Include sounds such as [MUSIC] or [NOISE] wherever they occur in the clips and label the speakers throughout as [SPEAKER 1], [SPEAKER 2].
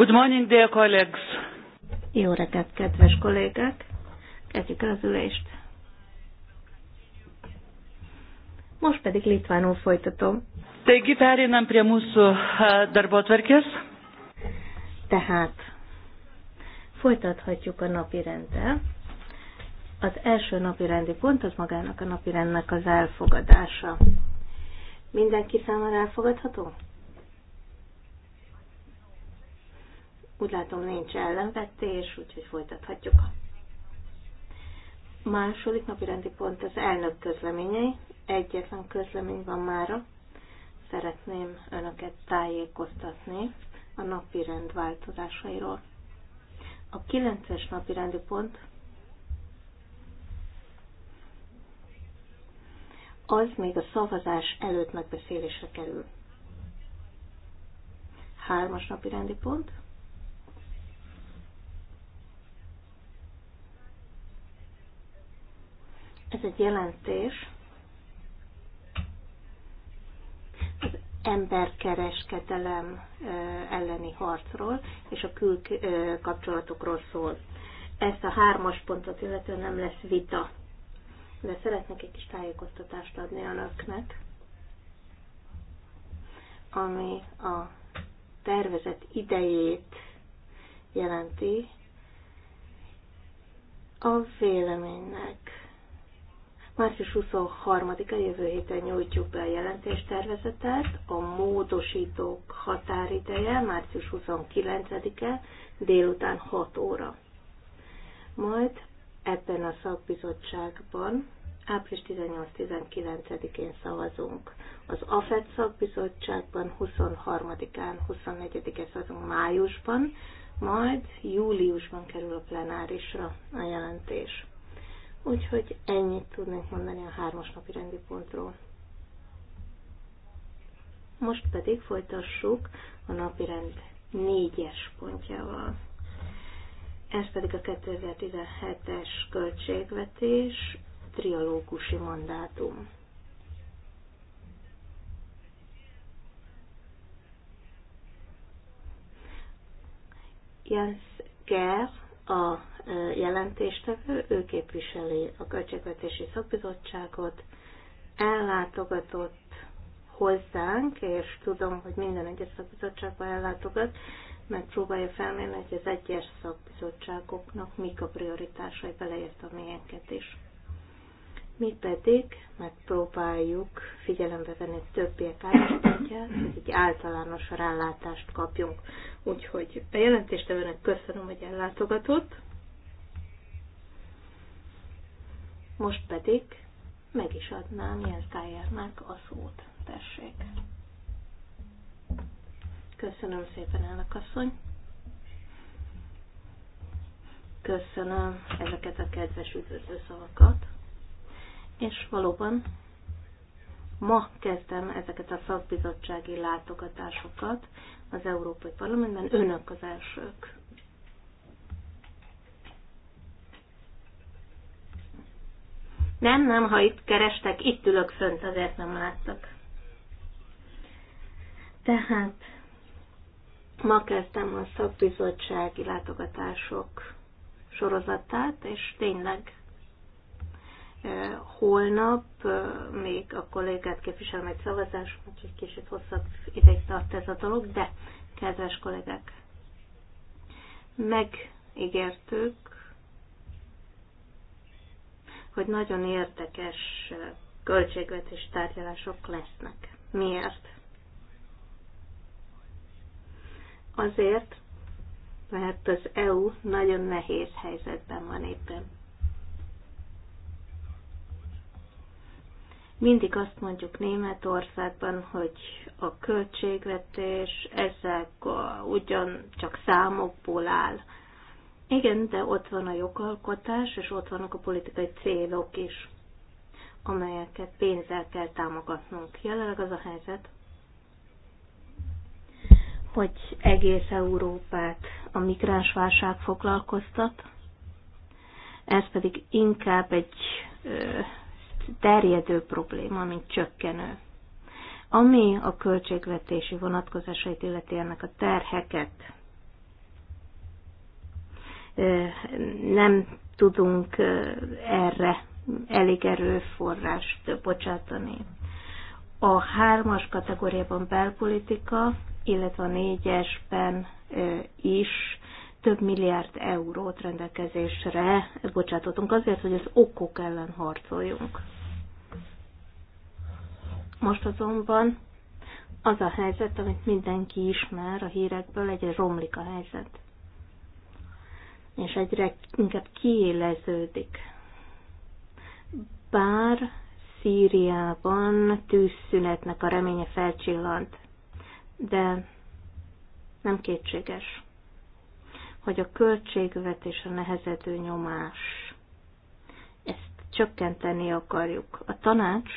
[SPEAKER 1] Good morning, dear colleagues.
[SPEAKER 2] Jó reggelt, kedves kollégák! Kezdjük az ülést. Most pedig litvánul folytatom.
[SPEAKER 1] Taigi pereinam prie mūsų e, darbotvarkės. Tehát
[SPEAKER 2] folytathatjuk a napi rendel. Az első napi rendi pont az magának a napi rendnek az elfogadása. Mindenki számára elfogadható? Úgy látom, nincs ellenvetés, úgyhogy folytathatjuk. A második napi rendi pont az elnök közleményei. Egyetlen közlemény van mára. Szeretném önöket tájékoztatni a napi rend változásairól. A kilences napi rendi pont az még a szavazás előtt megbeszélésre kerül. Hármas napi rendi pont – Ez egy jelentés az emberkereskedelem elleni harcról és a külkapcsolatokról szól. Ezt a hármas pontot illetően nem lesz vita, de szeretnék egy kis tájékoztatást adni a önöknek, ami a tervezett idejét jelenti a véleménynek Március 23-a jövő héten nyújtjuk be a jelentéstervezetet, a módosítók határideje március 29-e délután 6 óra. Majd ebben a szakbizottságban április 18-19-én szavazunk. Az AFED szakbizottságban 23-án, 24 e szavazunk májusban, majd júliusban kerül a plenárisra a jelentés. Úgyhogy ennyit tudnék mondani a hármas napi rendi pontról. Most pedig folytassuk a napirend négyes pontjával. Ez pedig a 2017-es költségvetés trialógusi mandátum. Jens Gerr a e, jelentéstevő, ő képviseli a Költségvetési Szakbizottságot, ellátogatott hozzánk, és tudom, hogy minden egyes szakbizottságba ellátogat, próbálja felmérni, hogy az egyes szakbizottságoknak mik a prioritásai, beleért a miénket is. Mi pedig megpróbáljuk figyelembe venni a többiek álláspontját, hogy egy általános rálátást kapjunk. Úgyhogy a jelentést önök köszönöm, hogy ellátogatott. Most pedig meg is adnám Jens Gájernek a szót. Tessék. Köszönöm szépen, elnök asszony. Köszönöm ezeket a kedves üdvözlő szavakat. És valóban ma kezdtem ezeket a szakbizottsági látogatásokat az Európai Parlamentben. Önök az elsők. Nem, nem, ha itt kerestek, itt ülök fönt, azért nem láttak. Tehát ma kezdtem a szakbizottsági látogatások sorozatát, és tényleg Holnap még a kollégát képviselem egy szavazás, úgyhogy kicsit hosszabb ideig tart ez a dolog, de kedves kollégák, megígértük, hogy nagyon érdekes költségvetés tárgyalások lesznek. Miért? Azért, mert az EU nagyon nehéz helyzetben van éppen. Mindig azt mondjuk Németországban, hogy a költségvetés ezek a ugyan csak számokból áll. Igen, de ott van a jogalkotás, és ott vannak a politikai célok is, amelyeket pénzzel kell támogatnunk. Jelenleg az a helyzet, hogy egész Európát a migránsválság foglalkoztat, ez pedig inkább egy terjedő probléma, mint csökkenő. Ami a költségvetési vonatkozásait illeti ennek a terheket, nem tudunk erre elég erőforrást bocsátani. A hármas kategóriában belpolitika, illetve a négyesben is több milliárd eurót rendelkezésre bocsátottunk azért, hogy az okok ellen harcoljunk. Most azonban az a helyzet, amit mindenki ismer a hírekből, egyre romlik a helyzet. És egyre inkább kiéleződik. Bár Szíriában tűzszünetnek a reménye felcsillant, de nem kétséges, hogy a költségvetés a nehezedő nyomás, ezt csökkenteni akarjuk. A tanács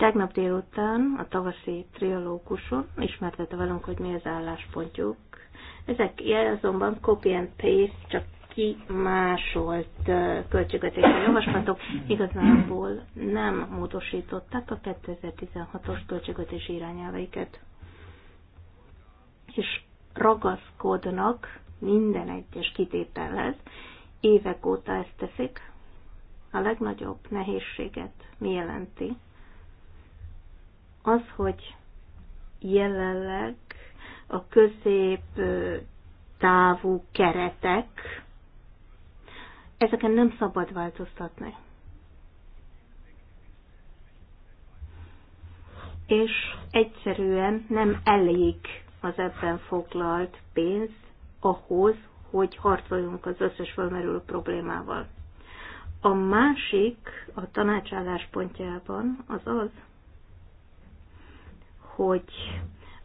[SPEAKER 2] Tegnap délután a tavaszi trialókuson ismertette velünk, hogy mi az álláspontjuk. Ezek azonban copy and paste, csak másolt költségvetési javaslatok igazából nem módosították a 2016-os költségvetési irányelveiket. És ragaszkodnak minden egyes kitételhez. Évek óta ezt teszik. A legnagyobb nehézséget mi jelenti? az, hogy jelenleg a közép távú keretek, ezeken nem szabad változtatni. És egyszerűen nem elég az ebben foglalt pénz ahhoz, hogy harcoljunk az összes felmerülő problémával. A másik a pontjában az az, hogy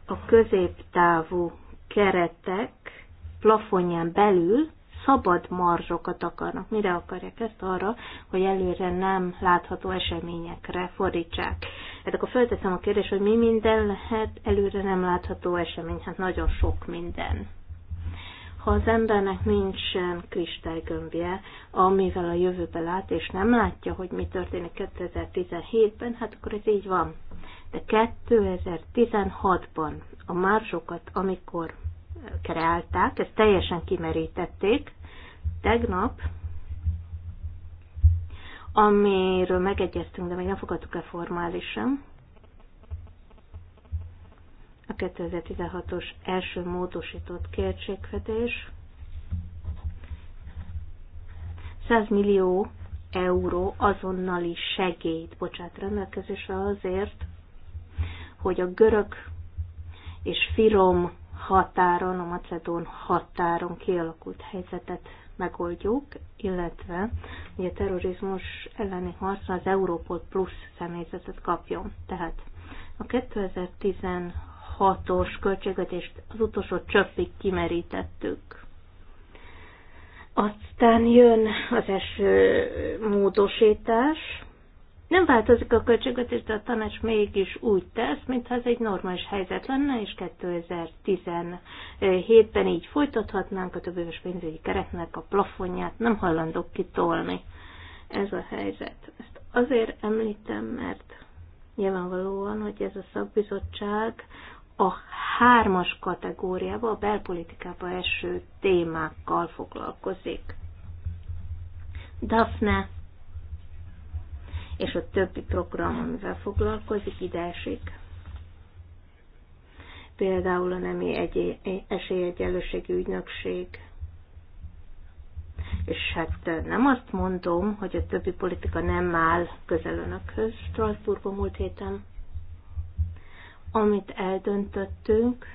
[SPEAKER 2] a középtávú keretek plafonján belül szabad marzsokat akarnak. Mire akarják ezt? Arra, hogy előre nem látható eseményekre fordítsák. Hát akkor felteszem a kérdést, hogy mi minden lehet előre nem látható esemény. Hát nagyon sok minden. Ha az embernek nincsen kristálygömbje, amivel a jövőbe lát, és nem látja, hogy mi történik 2017-ben, hát akkor ez így van. 2016-ban a márzsokat, amikor kreálták, ezt teljesen kimerítették. Tegnap, amiről megegyeztünk, de még nem fogadtuk el formálisan, a 2016-os első módosított kértségfedés 100 millió euró azonnali segélyt bocsát rendelkezésre azért, hogy a görög és firom határon, a macedón határon kialakult helyzetet megoldjuk, illetve hogy a terrorizmus elleni harcra az Európol plusz személyzetet kapjon. Tehát a 2016-os költségvetést az utolsó csöppig kimerítettük. Aztán jön az első módosítás, nem változik a költségvetés, de a tanács mégis úgy tesz, mintha ez egy normális helyzet lenne, és 2017-ben így folytathatnánk a több éves pénzügyi keretnek a plafonját, nem hajlandók kitolni. Ez a helyzet. Ezt azért említem, mert nyilvánvalóan, hogy ez a szakbizottság a hármas kategóriába, a belpolitikába eső témákkal foglalkozik. Daphne és a többi program, amivel foglalkozik, ide esik. Például a Nemi Esélyegyenlőségi Ügynökség. És hát nem azt mondom, hogy a többi politika nem áll közel önökhöz. Strasbourgban múlt héten, amit eldöntöttünk,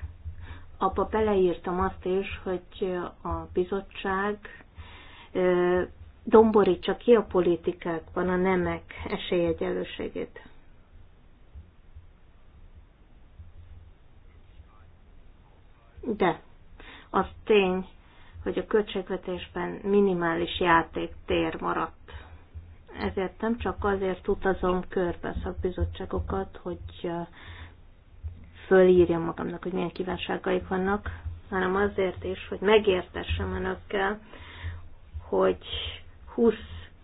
[SPEAKER 2] abba beleírtam azt is, hogy a bizottság domborítsa ki a politikákban a nemek esélyegyelőségét. De az tény, hogy a költségvetésben minimális játéktér maradt. Ezért nem csak azért utazom körbe szakbizottságokat, hogy fölírjam magamnak, hogy milyen kívánságaik vannak, hanem azért is, hogy megértessem önökkel, hogy 20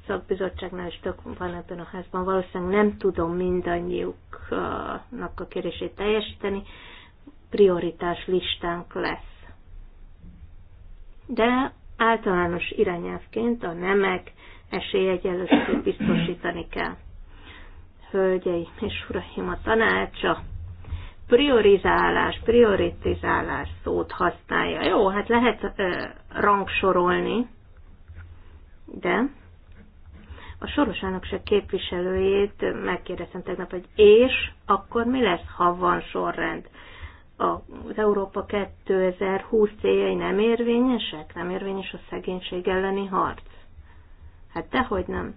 [SPEAKER 2] szakbizottságnál is tök van ebben a házban. Valószínűleg nem tudom mindannyiuknak a kérését teljesíteni. Prioritás listánk lesz. De általános irányelvként a nemek esélyegyenlőségét biztosítani kell. Hölgyeim és uraim, a tanácsa priorizálás, prioritizálás szót használja. Jó, hát lehet ö, rangsorolni, de a soros elnökség képviselőjét megkérdeztem tegnap, hogy és akkor mi lesz, ha van sorrend? Az Európa 2020 céljai nem érvényesek? Nem érvényes a szegénység elleni harc? Hát dehogy nem.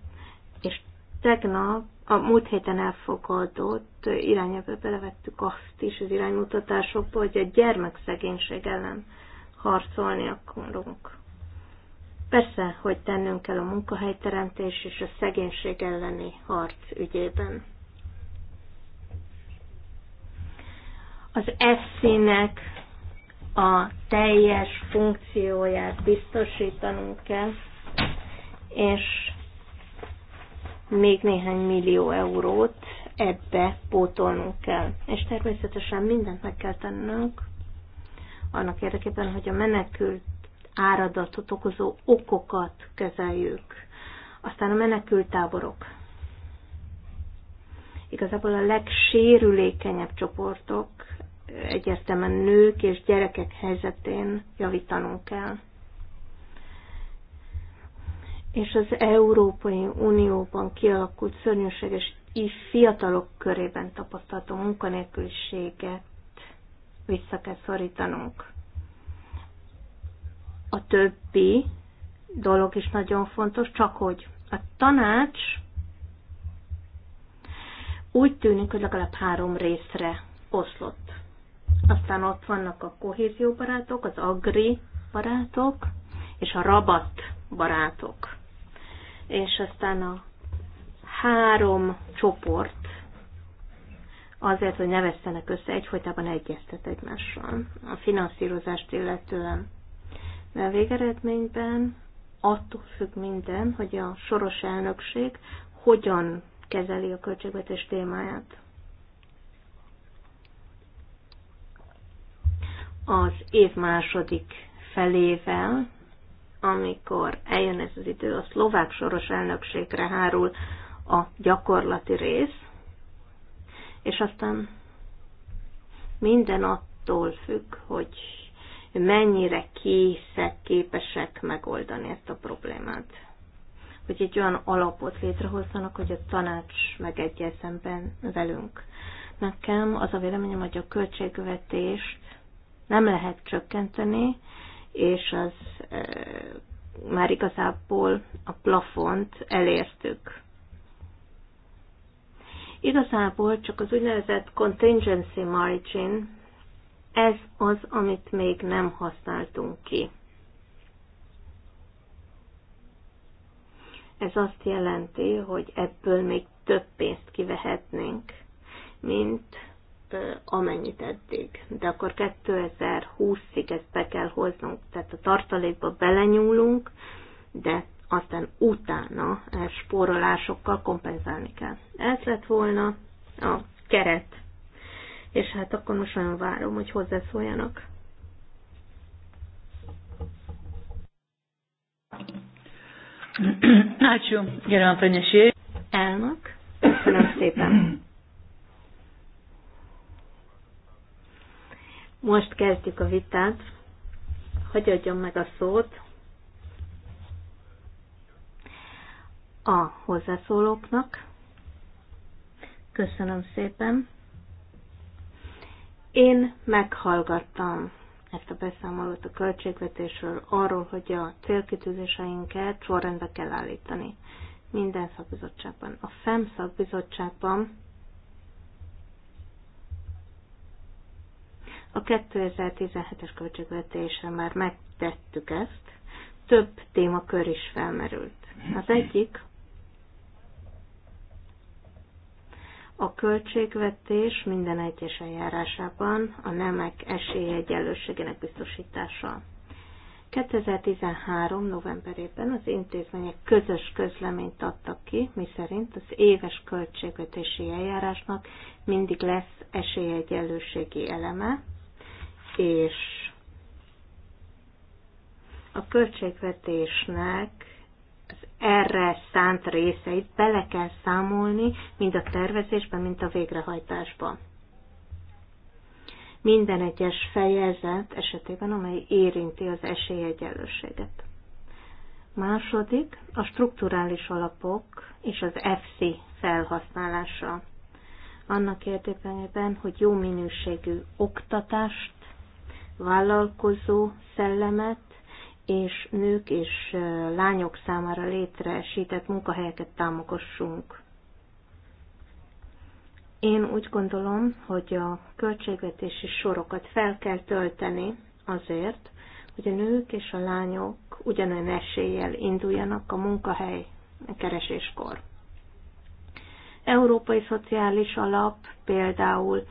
[SPEAKER 2] És tegnap, a múlt héten elfogadott irányába belevettük azt is az iránymutatásokba, hogy a gyermekszegénység ellen harcolni akarunk Persze, hogy tennünk kell a munkahelyteremtés és a szegénység elleni harc ügyében. Az eszének a teljes funkcióját biztosítanunk kell, és még néhány millió eurót ebbe pótolnunk kell. És természetesen mindent meg kell tennünk annak érdekében, hogy a menekült áradatot okozó okokat kezeljük. Aztán a menekültáborok. Igazából a legsérülékenyebb csoportok egyértelműen nők és gyerekek helyzetén javítanunk kell. És az Európai Unióban kialakult szörnyűséges és fiatalok körében tapasztalható munkanélküliséget vissza kell szorítanunk a többi dolog is nagyon fontos, csak hogy a tanács úgy tűnik, hogy legalább három részre oszlott. Aztán ott vannak a kohézió barátok, az agri barátok, és a rabat barátok. És aztán a három csoport azért, hogy ne vesztenek össze, egyfolytában egyeztet egymással a finanszírozást illetően mert a végeredményben attól függ minden, hogy a soros elnökség hogyan kezeli a költségvetés témáját. Az év második felével, amikor eljön ez az idő, a szlovák soros elnökségre hárul a gyakorlati rész, és aztán minden attól függ, hogy mennyire készek, képesek megoldani ezt a problémát. Hogy egy olyan alapot létrehozzanak, hogy a tanács megegyezzen velünk. Nekem az a véleményem, hogy a költségvetést nem lehet csökkenteni, és az e, már igazából a plafont elértük. Igazából csak az úgynevezett contingency margin, ez az, amit még nem használtunk ki. Ez azt jelenti, hogy ebből még több pénzt kivehetnénk, mint amennyit eddig. De akkor 2020-ig ezt be kell hoznunk, tehát a tartalékba belenyúlunk, de aztán utána spórolásokkal kompenzálni kell. Ez lett volna a keret és hát akkor most nagyon várom, hogy hozzászóljanak.
[SPEAKER 1] Ácsú, gyere a Elnök, köszönöm szépen.
[SPEAKER 2] Most kezdjük a vitát. Hogy adjam meg a szót a hozzászólóknak. Köszönöm szépen. Én meghallgattam ezt a beszámolót a költségvetésről arról, hogy a célkitűzéseinket sorrendbe kell állítani. Minden szakbizottságban. A FEM szakbizottságban a 2017-es költségvetésre már megtettük ezt, több témakör is felmerült. Az egyik A költségvetés minden egyes eljárásában a nemek esélyegyenlőségének biztosítása. 2013. novemberében az intézmények közös közleményt adtak ki, miszerint az éves költségvetési eljárásnak mindig lesz esélyegyenlőségi eleme, és a költségvetésnek erre szánt részeit bele kell számolni, mind a tervezésbe, mind a végrehajtásba. Minden egyes fejezet esetében, amely érinti az esélyegyenlőséget. Második, a strukturális alapok és az FC felhasználása. Annak érdekében, hogy jó minőségű oktatást, vállalkozó szellemet és nők és lányok számára létresített munkahelyeket támogassunk. Én úgy gondolom, hogy a költségvetési sorokat fel kell tölteni azért, hogy a nők és a lányok ugyanolyan eséllyel induljanak a munkahely kereséskor. Európai Szociális Alap például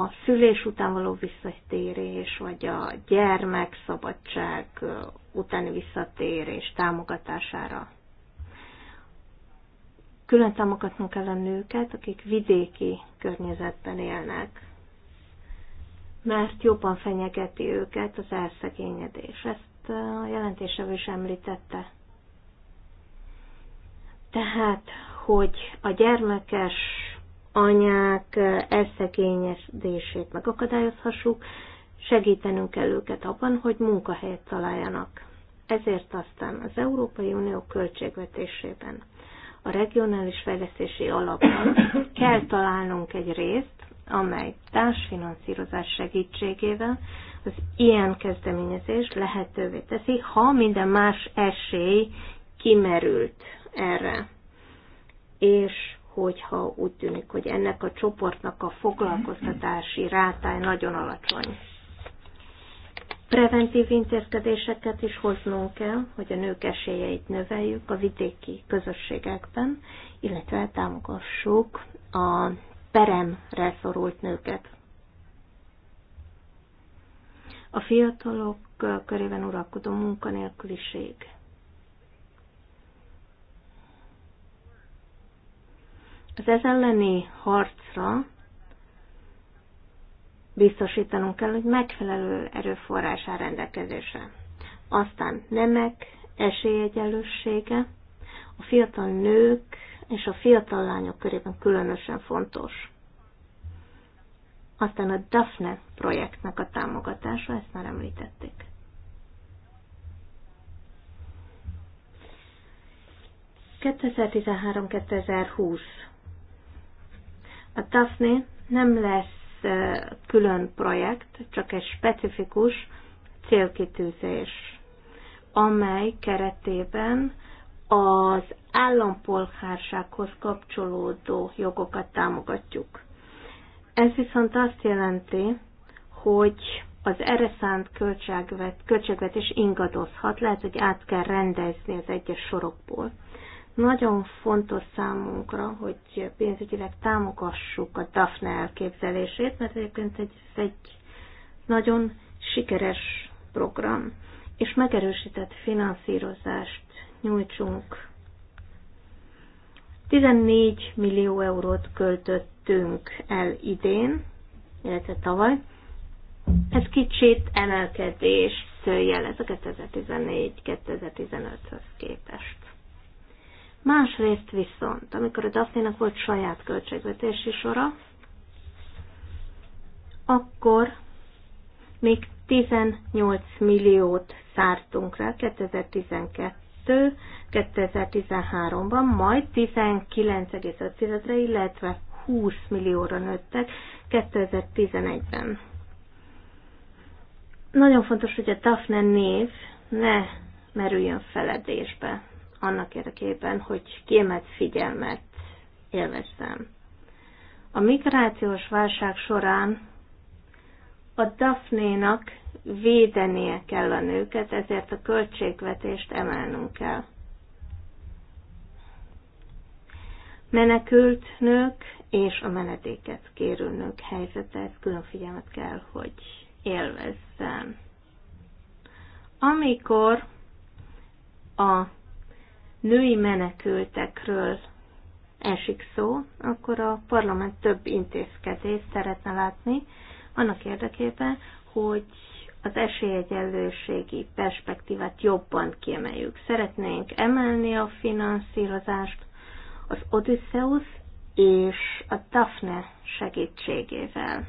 [SPEAKER 2] a szülés után való visszatérés, vagy a gyermek szabadság utáni visszatérés támogatására. Külön támogatnunk kell a nőket, akik vidéki környezetben élnek, mert jobban fenyegeti őket az elszegényedés. Ezt a jelentésevő is említette. Tehát, hogy a gyermekes anyák elszegényedését megakadályozhassuk, segítenünk kell őket abban, hogy munkahelyet találjanak. Ezért aztán az Európai Unió költségvetésében a regionális fejlesztési alapban kell találnunk egy részt, amely társfinanszírozás segítségével az ilyen kezdeményezés lehetővé teszi, ha minden más esély kimerült erre. És hogyha úgy tűnik, hogy ennek a csoportnak a foglalkoztatási rátája nagyon alacsony. Preventív intézkedéseket is hoznunk kell, hogy a nők esélyeit növeljük a vidéki közösségekben, illetve támogassuk a peremre szorult nőket. A fiatalok körében uralkodó munkanélküliség Az ez elleni harcra biztosítanunk kell, hogy megfelelő erőforrás áll rendelkezésre. Aztán nemek, esélyegyenlőssége, a fiatal nők és a fiatal lányok körében különösen fontos. Aztán a DAFNE projektnek a támogatása, ezt már említették. ...2013-2020 a TAFNE nem lesz külön projekt, csak egy specifikus célkitűzés, amely keretében az állampolgársághoz kapcsolódó jogokat támogatjuk. Ez viszont azt jelenti, hogy az erre szánt költségvet, költségvetés ingadozhat, lehet, hogy át kell rendezni az egyes sorokból. Nagyon fontos számunkra, hogy pénzügyileg támogassuk a DAFNE elképzelését, mert egyébként ez egy nagyon sikeres program, és megerősített finanszírozást nyújtsunk. 14 millió eurót költöttünk el idén, illetve tavaly. Ez kicsit emelkedést jelez a 2014-2015-höz képest. Másrészt viszont, amikor a Daphne-nak volt saját költségvetési sora, akkor még 18 milliót szártunk rá 2012-2013-ban, majd 19,5-re, illetve 20 millióra nőttek 2011-ben. Nagyon fontos, hogy a Daphne név ne merüljön feledésbe annak érdekében, hogy kiemelt figyelmet élvezzen. A migrációs válság során a Daphne-nak védenie kell a nőket, ezért a költségvetést emelnünk kell. Menekült nők és a menedéket kérő nők helyzetet külön figyelmet kell, hogy élvezzen. Amikor a női menekültekről esik szó, akkor a parlament több intézkedést szeretne látni annak érdekében, hogy az esélyegyenlőségi perspektívát jobban kiemeljük. Szeretnénk emelni a finanszírozást az Odysseus és a Daphne segítségével.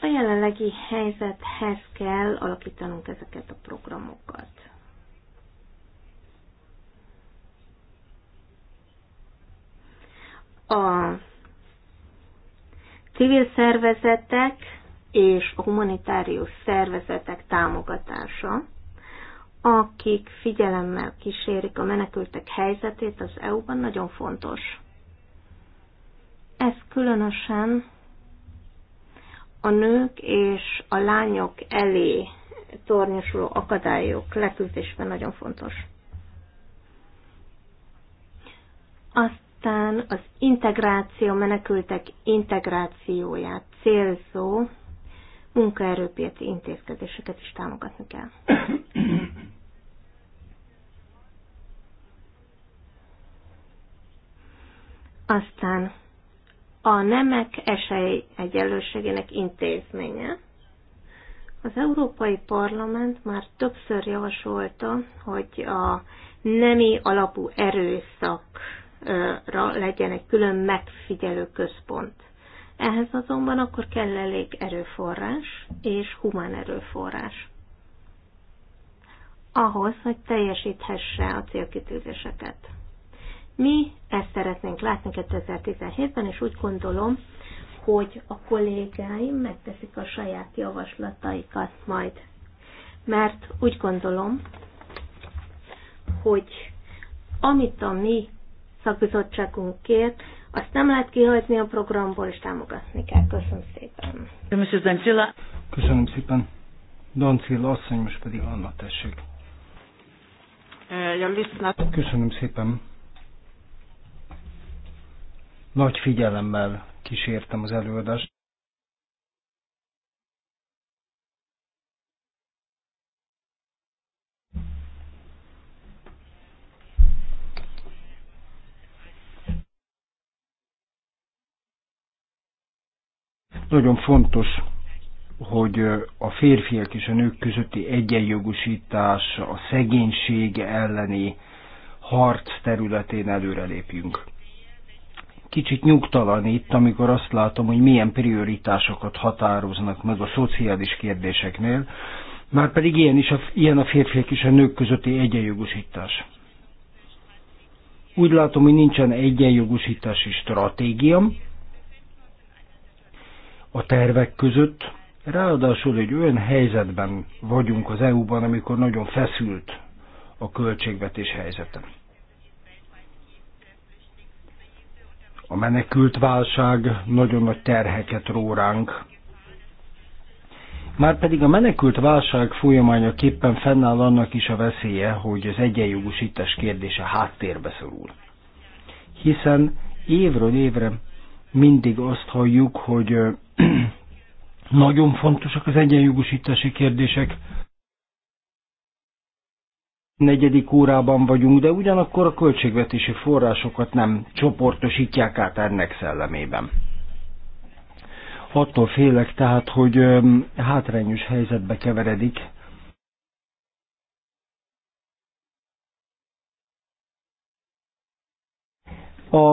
[SPEAKER 2] A jelenlegi helyzethez kell alakítanunk ezeket a programokat. a civil szervezetek és a humanitárius szervezetek támogatása, akik figyelemmel kísérik a menekültek helyzetét az EU-ban, nagyon fontos. Ez különösen a nők és a lányok elé tornyosuló akadályok leküzdésben nagyon fontos. Azt aztán az integráció, menekültek integrációját célzó munkaerőpiaci intézkedéseket is támogatni kell. Aztán a nemek esély egyenlőségének intézménye. Az Európai Parlament már többször javasolta, hogy a nemi alapú erőszak ra legyen egy külön megfigyelő központ. Ehhez azonban akkor kell elég erőforrás és humán erőforrás. Ahhoz, hogy teljesíthesse a célkitűzéseket. Mi ezt szeretnénk látni 2017-ben, és úgy gondolom, hogy a kollégáim megteszik a saját javaslataikat majd. Mert úgy gondolom, hogy amit a mi szakbizottságunkért, azt nem lehet kihagyni a programból, és támogatni kell. Köszönöm szépen.
[SPEAKER 3] Köszönöm szépen. Cilla asszony, most pedig Anna, tessék. Eh, Köszönöm szépen. Nagy figyelemmel kísértem az előadást. Nagyon fontos, hogy a férfiak és a nők közötti egyenjogosítás, a szegénység elleni harc területén előrelépjünk. Kicsit nyugtalanít, amikor azt látom, hogy milyen prioritásokat határoznak meg a szociális kérdéseknél, már pedig ilyen, is a, ilyen a férfiak és a nők közötti egyenjogosítás. Úgy látom, hogy nincsen egyenjogosítási stratégiam, a tervek között. Ráadásul egy olyan helyzetben vagyunk az EU-ban, amikor nagyon feszült a költségvetés helyzete. A menekült válság nagyon nagy terheket ró ránk. Márpedig a menekült válság folyamányaképpen fennáll annak is a veszélye, hogy az egyenjogosítás kérdése háttérbe szorul. Hiszen évről évre mindig azt halljuk, hogy nagyon fontosak az egyenjogosítási kérdések. Negyedik órában vagyunk, de ugyanakkor a költségvetési forrásokat nem csoportosítják át ennek szellemében. Attól félek tehát, hogy hátrányos helyzetbe keveredik a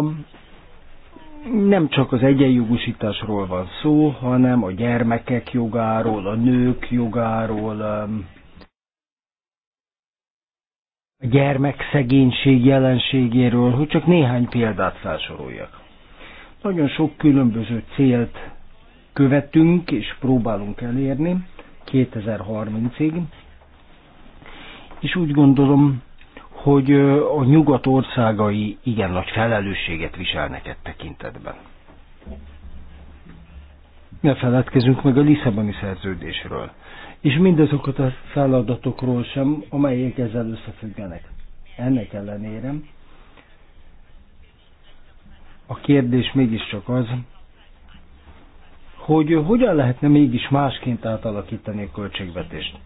[SPEAKER 3] nem csak az egyenjogosításról van szó, hanem a gyermekek jogáról, a nők jogáról, um, a gyermekszegénység jelenségéről, hogy csak néhány példát felsoroljak. Nagyon sok különböző célt követünk és próbálunk elérni 2030-ig, és úgy gondolom, hogy a nyugat országai igen nagy felelősséget viselnek egy tekintetben. Ne feledkezünk meg a Lisszaboni szerződésről, és mindazokat a feladatokról sem, amelyek ezzel összefüggenek. Ennek ellenére a kérdés mégiscsak az, hogy hogyan lehetne mégis másként átalakítani a költségvetést.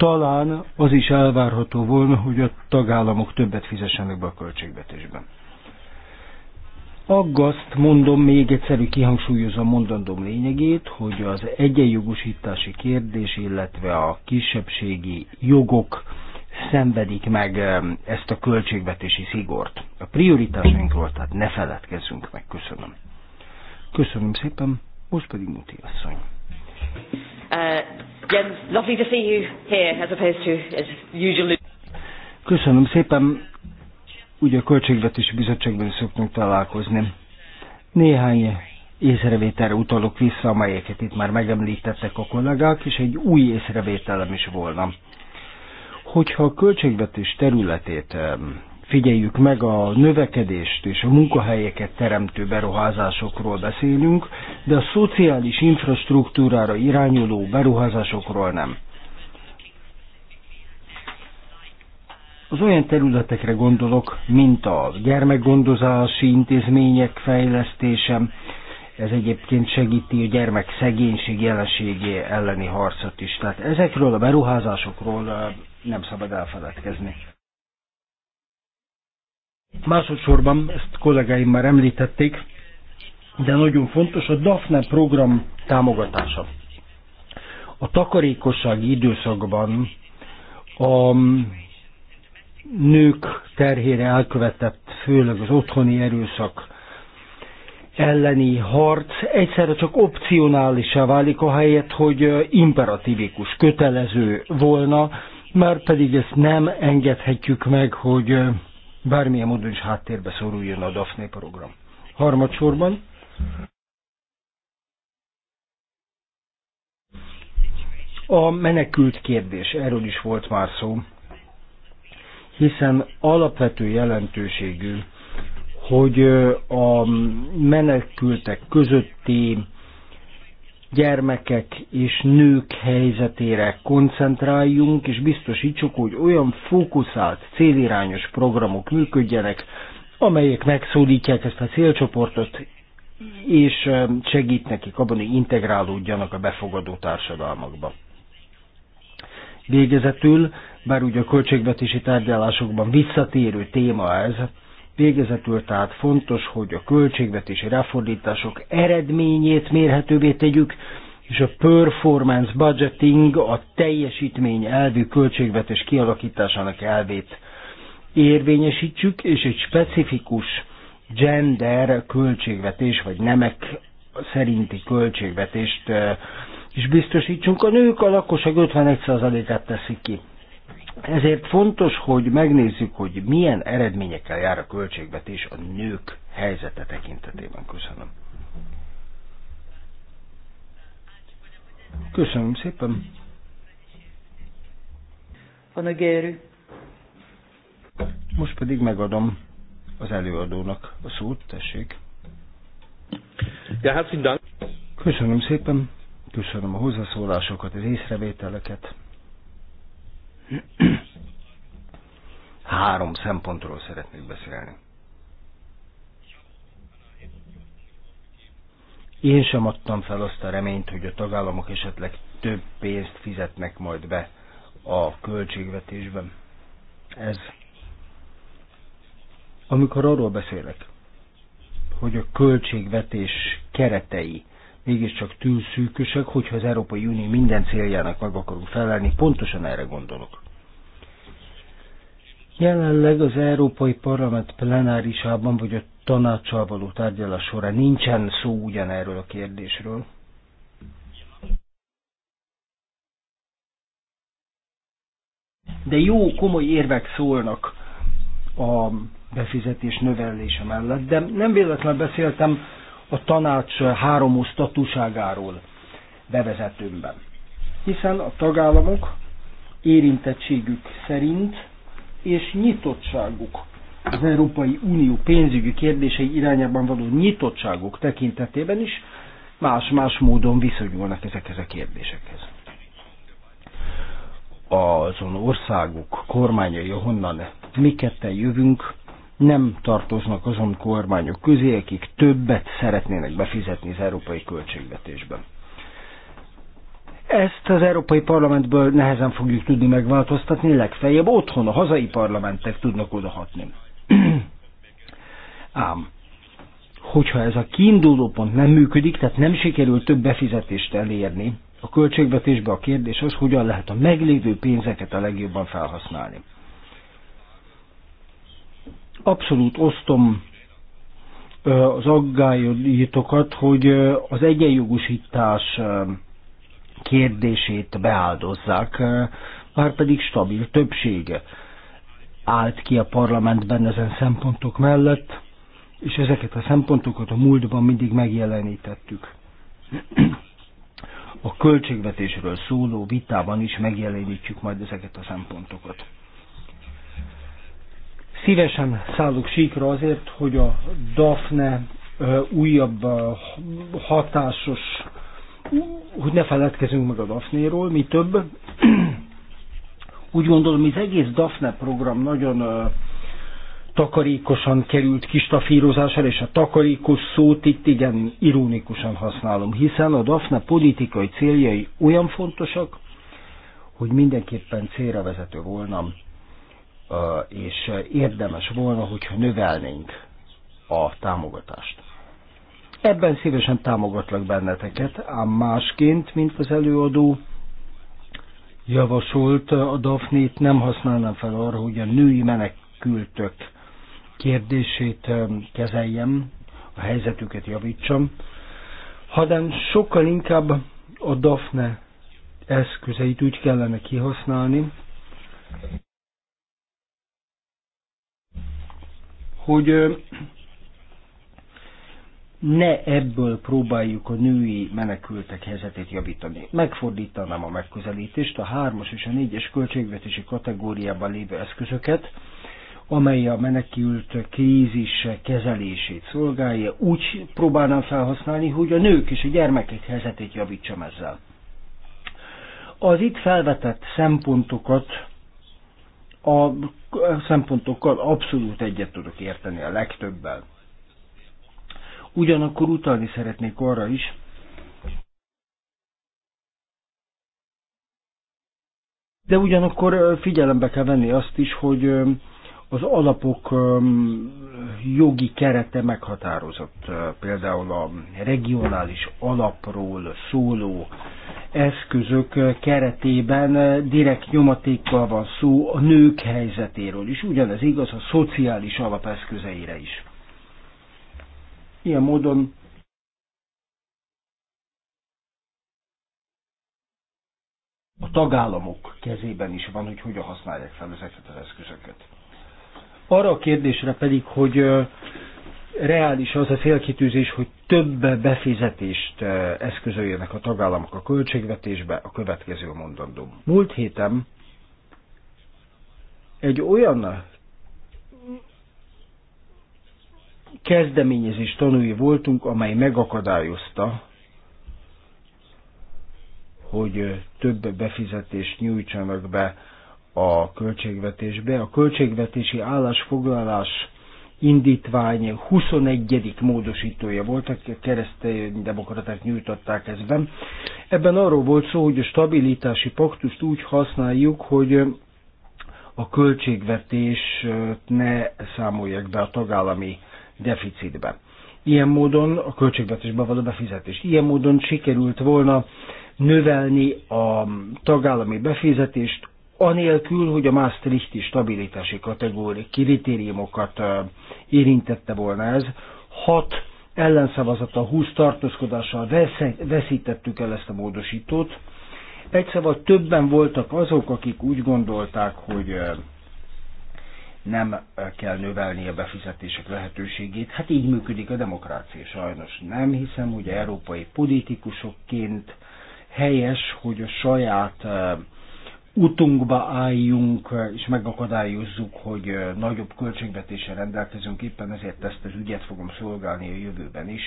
[SPEAKER 3] talán az is elvárható volna, hogy a tagállamok többet fizessenek be a költségvetésben. Aggaszt, mondom, még egyszerű kihangsúlyozom mondandóm lényegét, hogy az egyenjogosítási kérdés, illetve a kisebbségi jogok szenvedik meg ezt a költségvetési szigort. A prioritásainkról tehát ne feledkezzünk meg. Köszönöm. Köszönöm szépen, most pedig Muti asszony.
[SPEAKER 1] Uh, lovely to see you here as opposed to as
[SPEAKER 3] Köszönöm szépen. Ugye a Költségvetési Bizottságban szoktunk találkozni. Néhány észrevételre utalok vissza, amelyeket itt már megemlítettek a kollégák, és egy új észrevételem is volna. Hogyha a költségvetés területét figyeljük meg a növekedést és a munkahelyeket teremtő beruházásokról beszélünk, de a szociális infrastruktúrára irányuló beruházásokról nem. Az olyan területekre gondolok, mint a gyermekgondozási intézmények fejlesztése, ez egyébként segíti a gyermek szegénység jelenségé elleni harcot is. Tehát ezekről a beruházásokról nem szabad elfeledkezni. Másodszorban, ezt kollégáim már említették, de nagyon fontos a DAFNE program támogatása. A takarékossági időszakban a nők terhére elkövetett, főleg az otthoni erőszak elleni harc egyszerre csak opcionálisá válik, ahelyett, hogy imperatívikus, kötelező volna, már pedig ezt nem engedhetjük meg, hogy bármilyen módon is háttérbe szoruljon a Daphne program. Harmadsorban a menekült kérdés, erről is volt már szó, hiszen alapvető jelentőségű, hogy a menekültek közötti gyermekek és nők helyzetére koncentráljunk, és biztosítsuk, hogy olyan fókuszált, célirányos programok működjenek, amelyek megszólítják ezt a célcsoportot, és segít nekik abban, hogy integrálódjanak a befogadó társadalmakba. Végezetül, bár ugye a költségvetési tárgyalásokban visszatérő téma ez, Végezetül tehát fontos, hogy a költségvetési ráfordítások eredményét mérhetővé tegyük, és a performance budgeting a teljesítmény elvű költségvetés kialakításának elvét érvényesítsük, és egy specifikus gender költségvetés, vagy nemek szerinti költségvetést eh, is biztosítsunk. A nők a lakosság 51%-át teszik ki. Ezért fontos, hogy megnézzük, hogy milyen eredményekkel jár a költségvetés a nők helyzete tekintetében. Köszönöm. Köszönöm szépen. Van a gérű. Most pedig megadom az előadónak a szót, tessék. Ja, Dank. Hát köszönöm szépen, köszönöm a hozzászólásokat, az észrevételeket három szempontról szeretnék beszélni. Én sem adtam fel azt a reményt, hogy a tagállamok esetleg több pénzt fizetnek majd be a költségvetésben. Ez. Amikor arról beszélek, hogy a költségvetés keretei mégiscsak szűkösek, hogyha az Európai Unió minden céljának meg akarunk felelni, pontosan erre gondolok. Jelenleg az Európai Parlament plenárisában vagy a tanácsal való tárgyalás során nincsen szó ugyanerről a kérdésről. De jó, komoly érvek szólnak a befizetés növelése mellett, de nem véletlen beszéltem a tanács statuságáról bevezetőmben. Hiszen a tagállamok érintettségük szerint és nyitottságuk az Európai Unió pénzügyi kérdései irányában való nyitottságuk tekintetében is más-más módon viszonyulnak ezekhez a kérdésekhez. Azon országok kormányai, honnan mi ketten jövünk, nem tartoznak azon kormányok közé, akik többet szeretnének befizetni az európai költségvetésben. Ezt az Európai Parlamentből nehezen fogjuk tudni megváltoztatni, legfeljebb otthon a hazai parlamentek tudnak odahatni. [CLEARS THROAT] Ám, hogyha ez a kiinduló pont nem működik, tehát nem sikerül több befizetést elérni, a költségvetésbe a kérdés az, hogyan lehet a meglévő pénzeket a legjobban felhasználni. Abszolút osztom az aggályítokat, hogy az egyenjogosítás kérdését beáldozzák, már pedig stabil többsége állt ki a parlamentben ezen szempontok mellett, és ezeket a szempontokat a múltban mindig megjelenítettük. A költségvetésről szóló vitában is megjelenítjük majd ezeket a szempontokat. Szívesen szállok síkra azért, hogy a DAFNE újabb hatásos hogy ne feledkezünk meg a Daphne-ról, mi több. Úgy gondolom, hogy az egész Daphne program nagyon takarékosan került kistafírozására, és a takarékos szót itt igen irónikusan használom, hiszen a Daphne politikai céljai olyan fontosak, hogy mindenképpen célra vezető volna, és érdemes volna, hogyha növelnénk a támogatást. Ebben szívesen támogatlak benneteket, ám másként, mint az előadó javasolt a Daphnét, nem használnám fel arra, hogy a női menekültök kérdését kezeljem, a helyzetüket javítsam, hanem sokkal inkább a Daphne eszközeit úgy kellene kihasználni, hogy ne ebből próbáljuk a női menekültek helyzetét javítani. Megfordítanám a megközelítést, a hármas és a négyes költségvetési kategóriában lévő eszközöket, amely a menekült krízis kezelését szolgálja, úgy próbálnám felhasználni, hogy a nők és a gyermekek helyzetét javítsam ezzel. Az itt felvetett szempontokat a szempontokkal abszolút egyet tudok érteni a legtöbbel. Ugyanakkor utalni szeretnék arra is, de ugyanakkor figyelembe kell venni azt is, hogy az alapok jogi kerete meghatározott. Például a regionális alapról szóló eszközök keretében direkt nyomatékkal van szó a nők helyzetéről is. Ugyanez igaz a szociális alapeszközeire is. Ilyen módon a tagállamok kezében is van, hogy hogyan használják fel ezeket az eszközöket. Arra a kérdésre pedig, hogy reális az a célkitűzés, hogy több befizetést eszközöljenek a tagállamok a költségvetésbe, a következő mondandó. Múlt héten egy olyan kezdeményezés tanúi voltunk, amely megakadályozta, hogy több befizetést nyújtsanak be a költségvetésbe. A költségvetési állásfoglalás indítvány 21. módosítója volt, a keresztény demokraták nyújtották ezben. Ebben arról volt szó, hogy a stabilitási paktust úgy használjuk, hogy a költségvetés ne számolják be a tagállami deficitbe. Ilyen módon a költségvetésbe való befizetés. Ilyen módon sikerült volna növelni a tagállami befizetést, anélkül, hogy a Maastrichti stabilitási kategóri kritériumokat érintette volna ez. Hat ellenszavazata, 20 tartózkodással veszítettük el ezt a módosítót. Egy szóval többen voltak azok, akik úgy gondolták, hogy nem kell növelni a befizetések lehetőségét. Hát így működik a demokrácia sajnos. Nem hiszem, hogy európai politikusokként helyes, hogy a saját utunkba álljunk, és megakadályozzuk, hogy nagyobb költségvetéssel rendelkezünk, éppen ezért ezt az ügyet fogom szolgálni a jövőben is.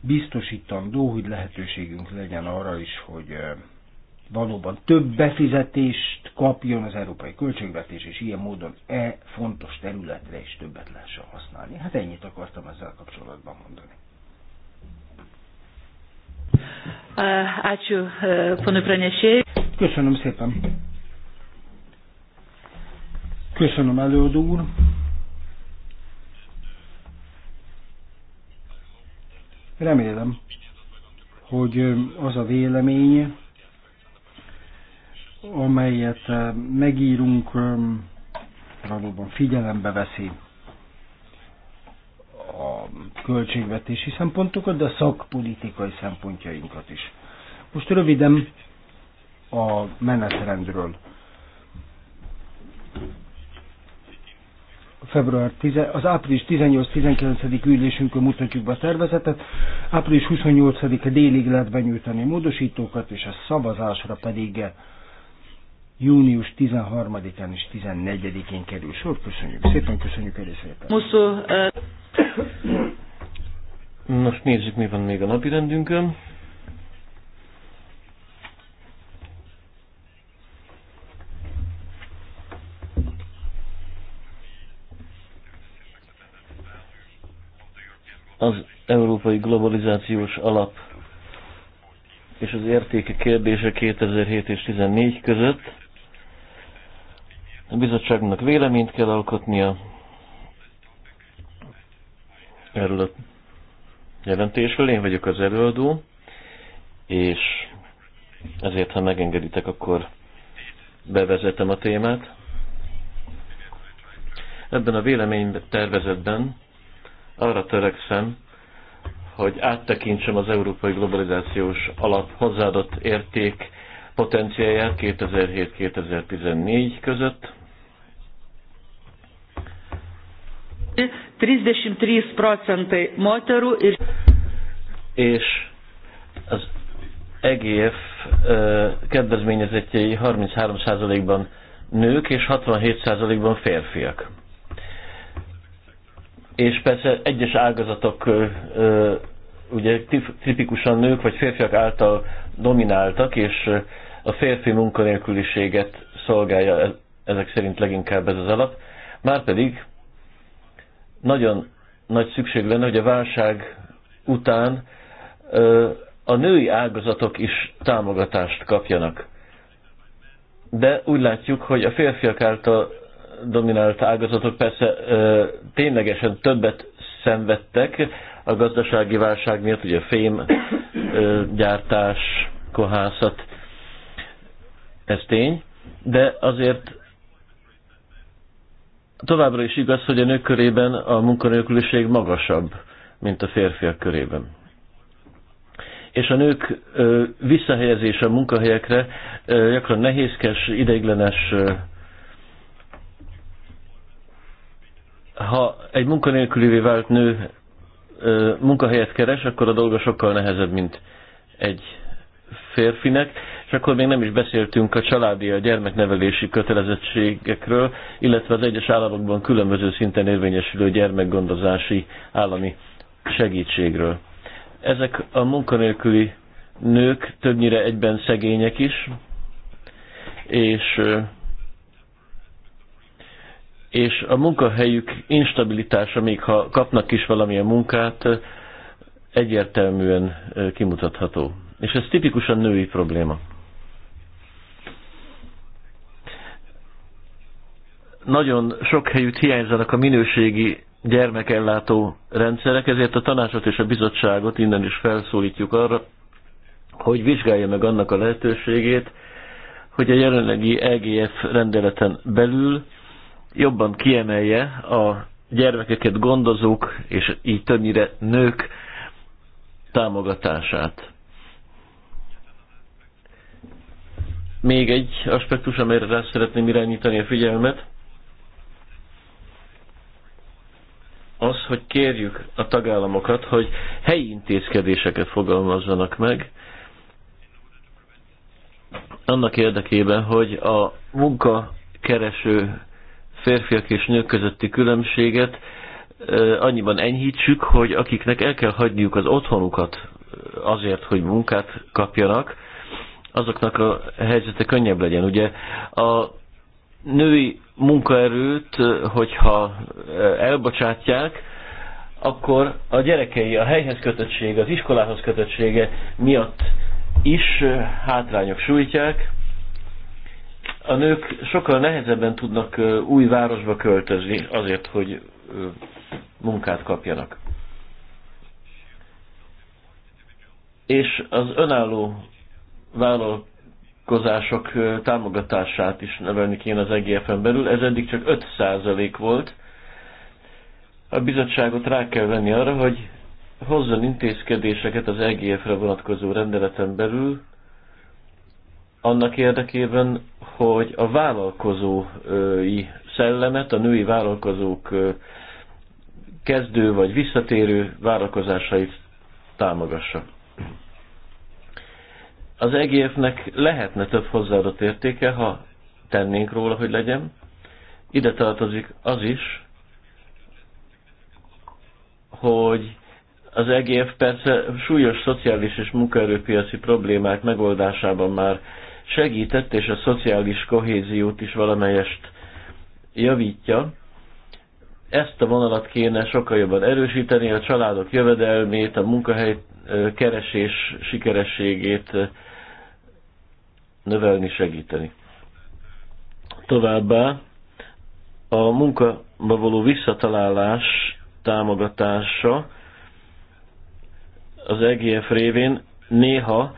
[SPEAKER 3] Biztosítandó, hogy lehetőségünk legyen arra is, hogy valóban több befizetést kapjon az európai költségvetés, és ilyen módon e fontos területre is többet lehessen használni. Hát ennyit akartam ezzel kapcsolatban mondani.
[SPEAKER 1] E, Köszönöm szépen.
[SPEAKER 3] Köszönöm előadó úr. Remélem, hogy az a vélemény, amelyet eh, megírunk, eh, valóban figyelembe veszi a költségvetési szempontokat, de a szakpolitikai szempontjainkat is. Most röviden a menetrendről. február 10, az április 18-19. ülésünkön mutatjuk be a tervezetet, április 28-a délig lehet benyújtani módosítókat, és a szavazásra pedig június 13-án és 14-én kerül sor. Köszönjük szépen, köszönjük elég szépen.
[SPEAKER 1] Muszó,
[SPEAKER 4] Most nézzük, mi van még a napi rendünkön. Az Európai Globalizációs Alap és az értéke kérdése 2007 és 2014 között a bizottságnak véleményt kell alkotnia erről a jelentésről. Én vagyok az előadó, és ezért, ha megengeditek, akkor bevezetem a témát. Ebben a véleményben, tervezetben arra törekszem, hogy áttekintsem az európai globalizációs alap hozzáadott érték potenciáját 2007-2014 között,
[SPEAKER 1] 33 procentai moterų ir...
[SPEAKER 4] És az EGF kedvezményezettjei 33%-ban nők és 67%-ban férfiak. És persze egyes ágazatok ugye tipikusan nők vagy férfiak által domináltak, és a férfi munkanélküliséget szolgálja e-, ezek szerint leginkább ez az alap. Márpedig nagyon nagy szükség lenne, hogy a válság után a női ágazatok is támogatást kapjanak. De úgy látjuk, hogy a férfiak által dominált ágazatok persze ténylegesen többet szenvedtek a gazdasági válság miatt, ugye fém, gyártás, kohászat, ez tény, de azért Továbbra is igaz, hogy a nők körében a munkanélküliség magasabb, mint a férfiak körében. És a nők ö, visszahelyezése a munkahelyekre ö, gyakran nehézkes, ideiglenes. Ö, ha egy munkanélkülévé vált nő ö, munkahelyet keres, akkor a dolga sokkal nehezebb, mint egy férfinek, és akkor még nem is beszéltünk a családi, a gyermeknevelési kötelezettségekről, illetve az egyes államokban különböző szinten érvényesülő gyermekgondozási állami segítségről. Ezek a munkanélküli nők többnyire egyben szegények is, és, és a munkahelyük instabilitása, még ha kapnak is valamilyen munkát, egyértelműen kimutatható. És ez tipikusan női probléma. nagyon sok helyütt hiányzanak a minőségi gyermekellátó rendszerek, ezért a tanácsot és a bizottságot innen is felszólítjuk arra, hogy vizsgálja meg annak a lehetőségét, hogy a jelenlegi EGF rendeleten belül jobban kiemelje a gyermekeket gondozók, és így többnyire nők támogatását. Még egy aspektus, amelyre rá szeretném irányítani a figyelmet, az, hogy kérjük a tagállamokat, hogy helyi intézkedéseket fogalmazzanak meg, annak érdekében, hogy a munkakereső férfiak és nők közötti különbséget annyiban enyhítsük, hogy akiknek el kell hagyniuk az otthonukat azért, hogy munkát kapjanak, azoknak a helyzete könnyebb legyen. Ugye a női munkaerőt, hogyha elbocsátják, akkor a gyerekei, a helyhez kötöttsége, az iskolához kötöttsége miatt is hátrányok sújtják. A nők sokkal nehezebben tudnak új városba költözni azért, hogy munkát kapjanak. És az önálló vállalat vállalkozások támogatását is nevelni kéne az EGF-en belül. Ez eddig csak 5% volt. A bizottságot rá kell venni arra, hogy hozzon intézkedéseket az EGF-re vonatkozó rendeleten belül, annak érdekében, hogy a vállalkozói szellemet, a női vállalkozók kezdő vagy visszatérő vállalkozásait támogassa. Az egérnek lehetne több hozzáadott értéke, ha tennénk róla, hogy legyen. Ide tartozik az is, hogy az EGF persze súlyos szociális és munkaerőpiaci problémák megoldásában már segített, és a szociális kohéziót is valamelyest javítja. Ezt a vonalat kéne sokkal jobban erősíteni, a családok jövedelmét, a munkahely keresés sikerességét növelni, segíteni. Továbbá a munkába való visszatalálás támogatása az EGF révén néha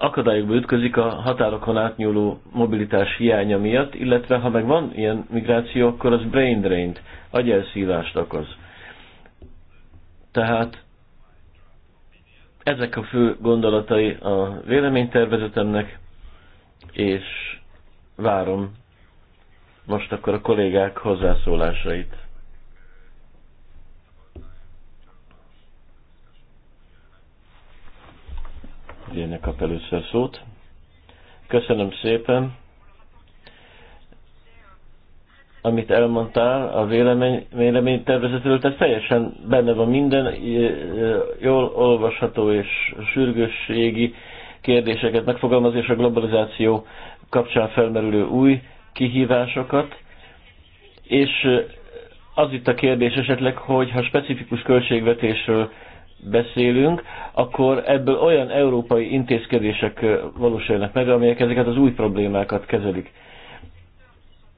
[SPEAKER 4] akadályokba ütközik a határokon átnyúló mobilitás hiánya miatt, illetve ha meg van ilyen migráció, akkor az brain drain-t, agyelszívást okoz. Tehát ezek a fő gondolatai a véleménytervezetemnek és várom most akkor a kollégák hozzászólásait. Én kap először szót. Köszönöm szépen. Amit elmondtál, a vélemény, tervezetről, tehát teljesen benne van minden, jól olvasható és sürgősségi kérdéseket megfogalmazni, és a globalizáció kapcsán felmerülő új kihívásokat. És az itt a kérdés esetleg, hogy ha specifikus költségvetésről beszélünk, akkor ebből olyan európai intézkedések valósulnak meg, amelyek ezeket az új problémákat kezelik.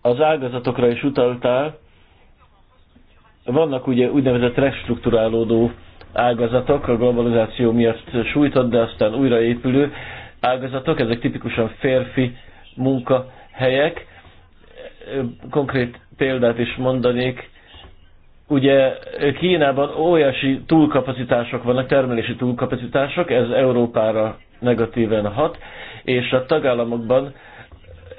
[SPEAKER 4] Az ágazatokra is utaltál, vannak ugye úgynevezett restrukturálódó ágazatok, a globalizáció miatt sújtott, de aztán újraépülő ágazatok, ezek tipikusan férfi munkahelyek. Konkrét példát is mondanék, ugye Kínában óriási túlkapacitások vannak, termelési túlkapacitások, ez Európára negatíven hat, és a tagállamokban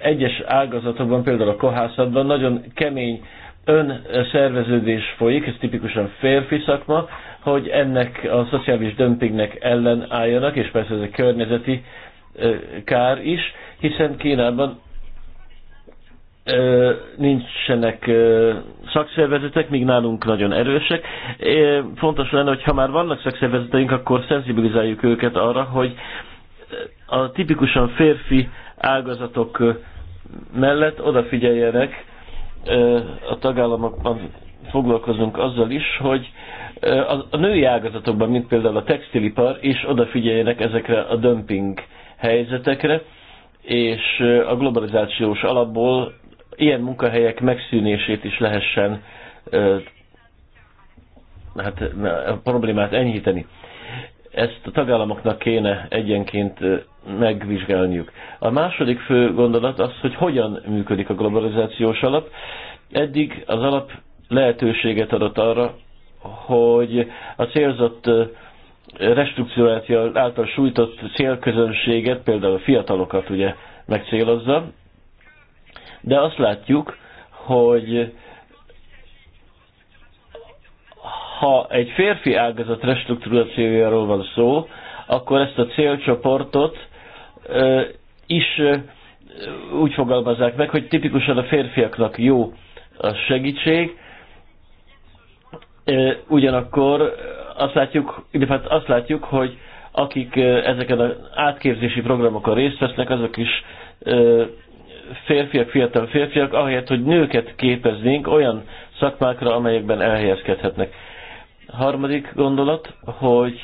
[SPEAKER 4] egyes ágazatokban, például a kohászatban nagyon kemény önszerveződés folyik, ez tipikusan férfi szakma, hogy ennek a szociális dömpingnek ellen álljanak, és persze ez egy környezeti kár is, hiszen Kínában nincsenek szakszervezetek, míg nálunk nagyon erősek. Fontos lenne, hogy ha már vannak szakszervezeteink, akkor szenzibilizáljuk őket arra, hogy a tipikusan férfi ágazatok mellett odafigyeljenek a tagállamokban foglalkozunk azzal is, hogy a női ágazatokban, mint például a textilipar, is odafigyeljenek ezekre a dömping helyzetekre, és a globalizációs alapból ilyen munkahelyek megszűnését is lehessen hát, a problémát enyhíteni. Ezt a tagállamoknak kéne egyenként megvizsgálniuk. A második fő gondolat az, hogy hogyan működik a globalizációs alap. Eddig az alap lehetőséget adott arra, hogy a célzott restrukturáció által sújtott célközönséget, például a fiatalokat ugye megcélozza, de azt látjuk, hogy ha egy férfi ágazat restrukturációjáról van szó, akkor ezt a célcsoportot is úgy fogalmazzák meg, hogy tipikusan a férfiaknak jó a segítség, ugyanakkor azt látjuk, hát azt látjuk, hogy akik ezeken az átképzési programokon részt vesznek, azok is férfiak, fiatal férfiak, ahelyett, hogy nőket képeznénk olyan szakmákra, amelyekben elhelyezkedhetnek. Harmadik gondolat, hogy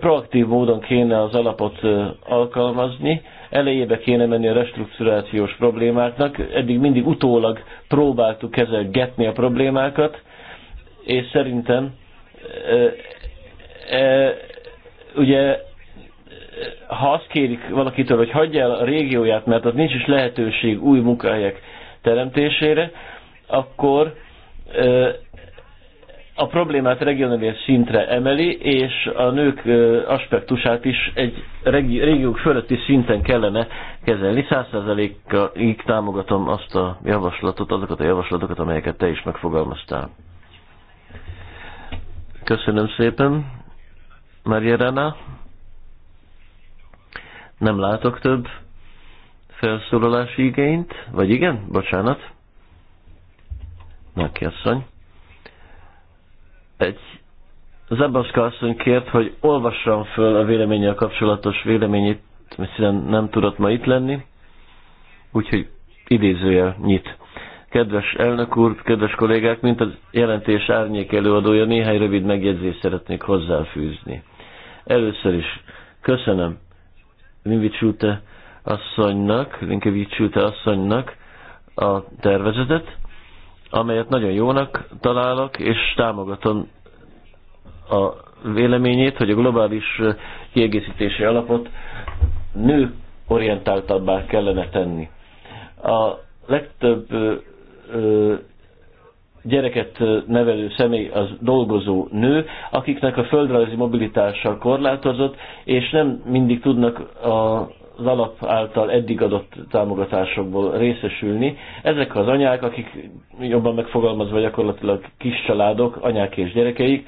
[SPEAKER 4] proaktív módon kéne az alapot alkalmazni, elejébe kéne menni a restrukturációs problémáknak, eddig mindig utólag próbáltuk kezelgetni a problémákat, és szerintem ugye ha azt kérik valakitől, hogy hagyja el a régióját, mert az nincs is lehetőség új munkahelyek teremtésére, akkor a problémát regionális szintre emeli, és a nők aspektusát is egy régiók fölötti szinten kellene kezelni. Százszerzelékig támogatom azt a javaslatot, azokat a javaslatokat, amelyeket te is megfogalmaztál. Köszönöm szépen. Maria Rana. Nem látok több felszólalási igényt, vagy igen? Bocsánat. Neki asszony. Egy Zabaszka asszony kért, hogy olvassam föl a véleménnyel kapcsolatos véleményét, mert nem tudott ma itt lenni, úgyhogy idézőjel nyit. Kedves elnök úr, kedves kollégák, mint az jelentés árnyék előadója, néhány rövid megjegyzést szeretnék hozzáfűzni. Először is köszönöm Linkevicsúte asszonynak, Linkevicsúte asszonynak a tervezetet, amelyet nagyon jónak találok, és támogatom a véleményét, hogy a globális kiegészítési alapot nő orientáltabbá kellene tenni. A legtöbb gyereket nevelő személy az dolgozó nő, akiknek a földrajzi mobilitással korlátozott, és nem mindig tudnak a az alap által eddig adott támogatásokból részesülni. Ezek az anyák, akik jobban megfogalmazva gyakorlatilag kis családok, anyák és gyerekeik,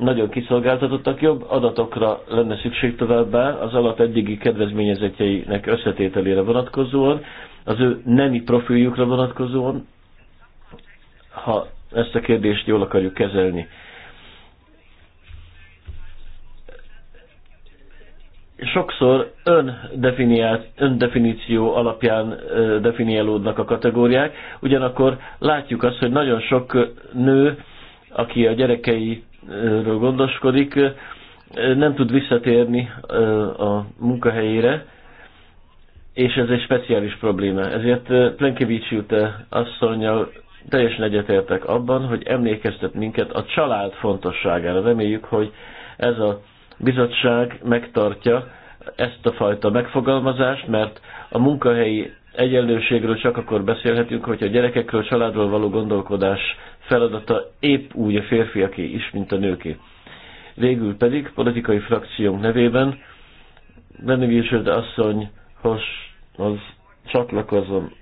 [SPEAKER 4] nagyon kiszolgáltatottak, jobb adatokra lenne szükség továbbá az alap eddigi kedvezményezetjeinek összetételére vonatkozóan, az ő nemi profiljukra vonatkozóan, ha ezt a kérdést jól akarjuk kezelni. Sokszor öndefiníció alapján definiálódnak a kategóriák, ugyanakkor látjuk azt, hogy nagyon sok nő, aki a gyerekei gondoskodik, nem tud visszatérni a munkahelyére, és ez egy speciális probléma. Ezért Plenkevics Jute asszonyjal teljesen egyetértek abban, hogy emlékeztet minket a család fontosságára. Reméljük, hogy ez a bizottság megtartja ezt a fajta megfogalmazást, mert a munkahelyi egyenlőségről csak akkor beszélhetünk, hogyha a gyerekekről, családról való gondolkodás feladata épp úgy a férfiaké is, mint a nőké. Végül pedig politikai frakciónk nevében Bennevisőd asszonyhoz az csatlakozom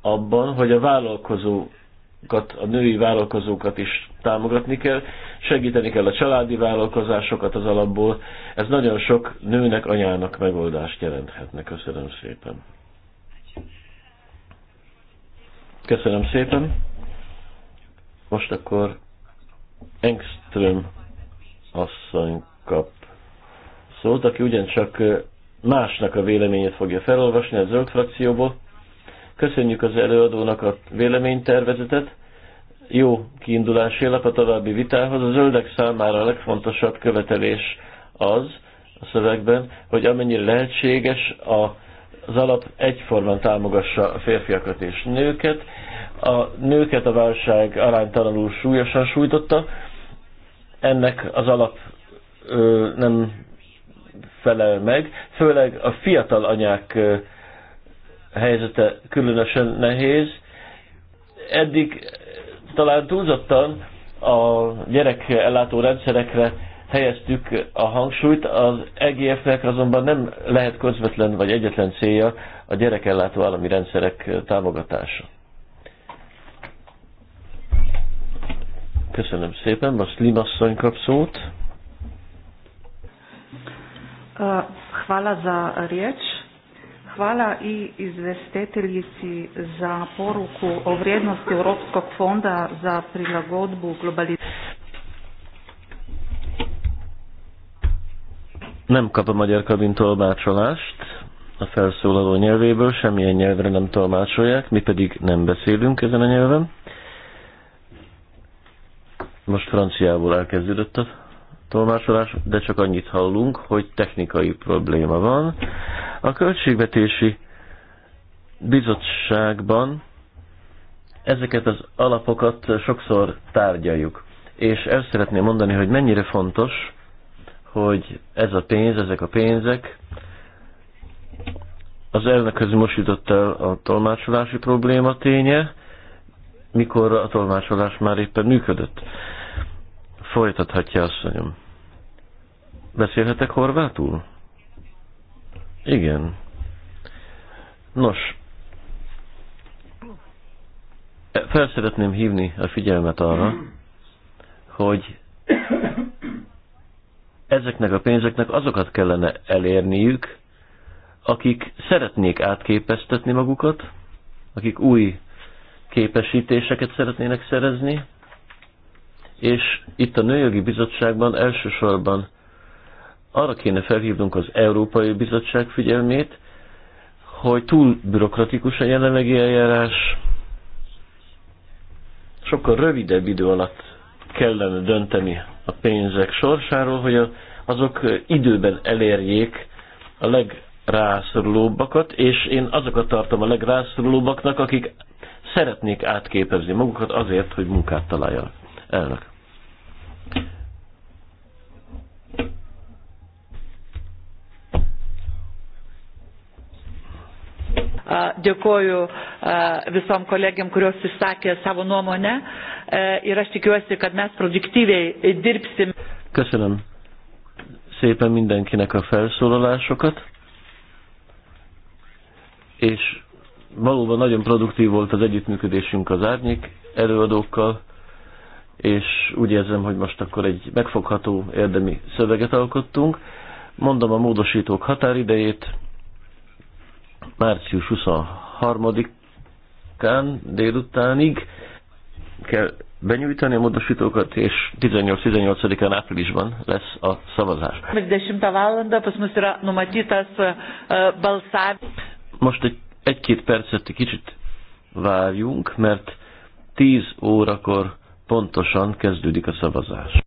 [SPEAKER 4] abban, hogy a vállalkozókat, a női vállalkozókat is támogatni kell, segíteni kell a családi vállalkozásokat az alapból. Ez nagyon sok nőnek, anyának megoldást jelenthetne. Köszönöm szépen. Köszönöm szépen. Most akkor Engström asszony kap szót, aki ugyancsak másnak a véleményét fogja felolvasni a zöld frakcióból. Köszönjük az előadónak a véleménytervezetet. Jó kiindulási lap a további vitához. A zöldek számára a legfontosabb követelés az a szövegben, hogy amennyire lehetséges a az alap egyformán támogassa a férfiakat és nőket. A nőket a válság aránytalanul súlyosan sújtotta. Ennek az alap ö, nem felel meg. Főleg a fiatal anyák ö, helyzete különösen nehéz. Eddig talán túlzottan a gyerek ellátó rendszerekre helyeztük a hangsúlyt, az EGF-nek azonban nem lehet közvetlen vagy egyetlen célja a gyerekellátó állami rendszerek támogatása. Köszönöm szépen, most Limasszony kap szót.
[SPEAKER 1] Hvala za riječ. Hvala i izvestiteljici za poruku o vrijednosti Europskog fonda za prilagodbu globalizaciji.
[SPEAKER 4] nem kap a magyar kabin tolmácsolást a felszólaló nyelvéből, semmilyen nyelvre nem tolmácsolják, mi pedig nem beszélünk ezen a nyelven. Most franciából elkezdődött a tolmácsolás, de csak annyit hallunk, hogy technikai probléma van. A költségvetési bizottságban ezeket az alapokat sokszor tárgyaljuk. És el szeretném mondani, hogy mennyire fontos, hogy ez a pénz, ezek a pénzek, az elnökhöz most jutott el a tolmácsolási probléma ténye, mikor a tolmácsolás már éppen működött. Folytathatja, asszonyom. Beszélhetek horvátul? Igen. Nos, fel szeretném hívni a figyelmet arra, hogy ezeknek a pénzeknek azokat kellene elérniük, akik szeretnék átképeztetni magukat, akik új képesítéseket szeretnének szerezni, és itt a Nőjogi Bizottságban elsősorban arra kéne felhívnunk az Európai Bizottság figyelmét, hogy túl bürokratikus a jelenlegi eljárás, sokkal rövidebb idő alatt kellene dönteni a pénzek sorsáról, hogy azok időben elérjék a legrászorulóbbakat, és én azokat tartom a legrászorulóbbaknak, akik szeretnék átképezni magukat azért, hogy munkát találjanak. Elnök.
[SPEAKER 1] Dėkoju visom kolegiam, kurios išsakė savo nuomonę e, ir aš tikiuosi, kad mes produktyviai dirbsim.
[SPEAKER 4] Köszönöm szépen mindenkinek a felszólalásokat, és valóban nagyon produktív volt az együttműködésünk az árnyék előadókkal, és úgy érzem, hogy most akkor egy megfogható érdemi szöveget alkottunk. Mondom a módosítók határidejét, március 23-án délutánig kell benyújtani a módosítókat, és 18-18-án áprilisban lesz a szavazás. Most egy, egy-két percet kicsit várjunk, mert 10 órakor pontosan kezdődik a szavazás.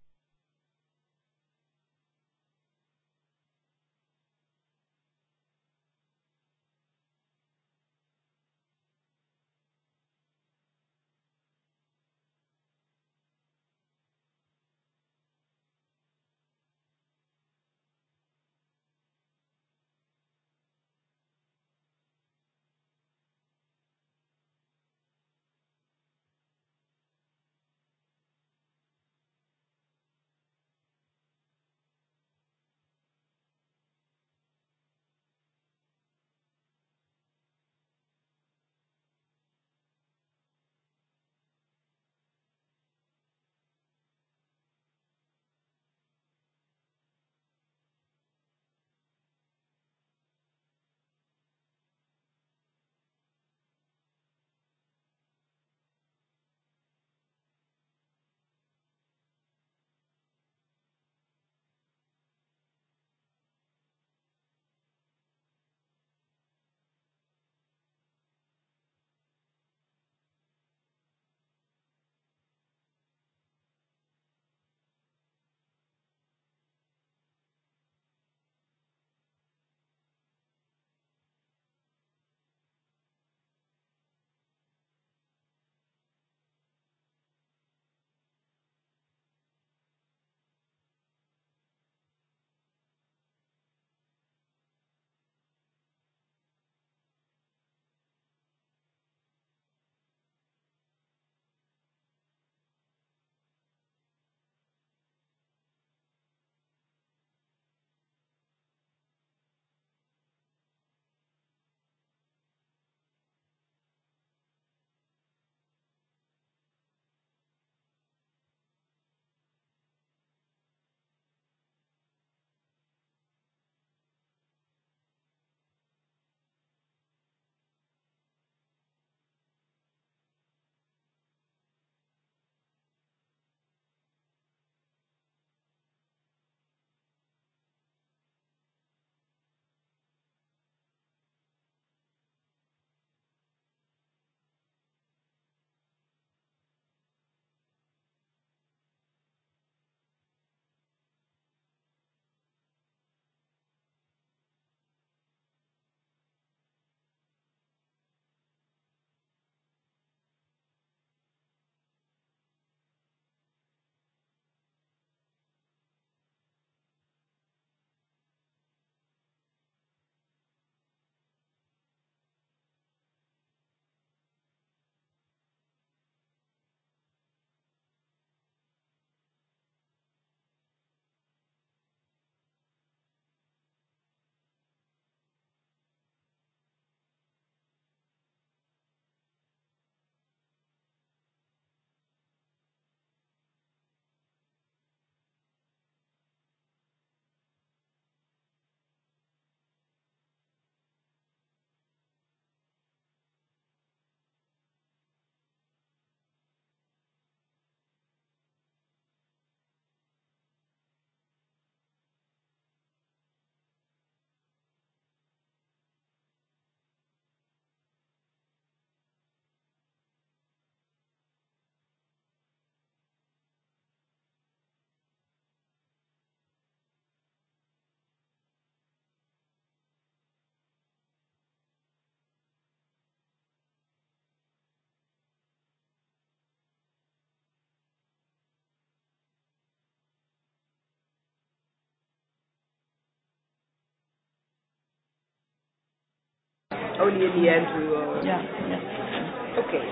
[SPEAKER 1] Only in the end we will. Yeah. yeah. Okay.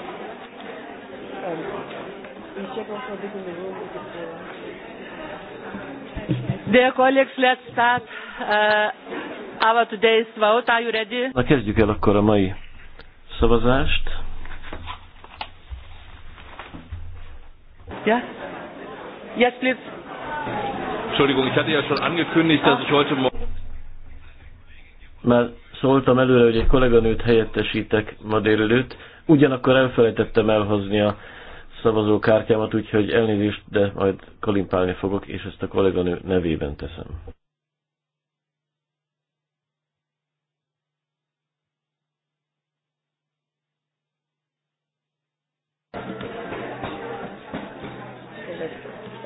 [SPEAKER 1] Um, we check also a bit in the room if it's. Uh... Dear colleagues, let's start uh, our today's vote. Are you ready? Na kezdjük
[SPEAKER 4] el akkor a mai szavazást.
[SPEAKER 1] Ja? Yes, please. Entschuldigung, ich hatte ja schon angekündigt, dass ah. ich heute Morgen
[SPEAKER 4] szóltam előre, hogy egy kolléganőt helyettesítek ma délelőtt, ugyanakkor elfelejtettem elhozni a szavazókártyámat, úgyhogy elnézést, de majd kalimpálni fogok, és ezt a kolléganő nevében teszem.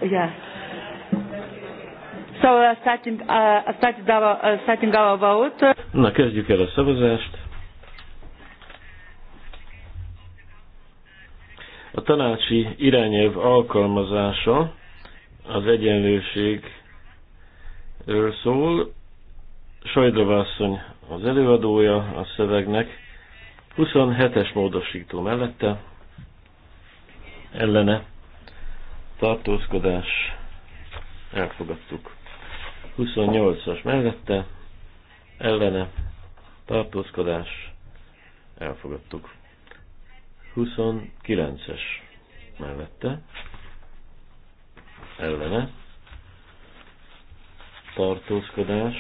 [SPEAKER 1] Yeah. So, uh, starting, uh, uh, starting, our, uh, starting our vote.
[SPEAKER 4] Na, kezdjük el a szavazást. A tanácsi irányelv alkalmazása az egyenlőségről szól. Sajdrova az előadója a szövegnek. 27-es módosító mellette ellene tartózkodás elfogadtuk. 28-as mellette ellene tartózkodás elfogadtuk. 29-es mellette ellene tartózkodás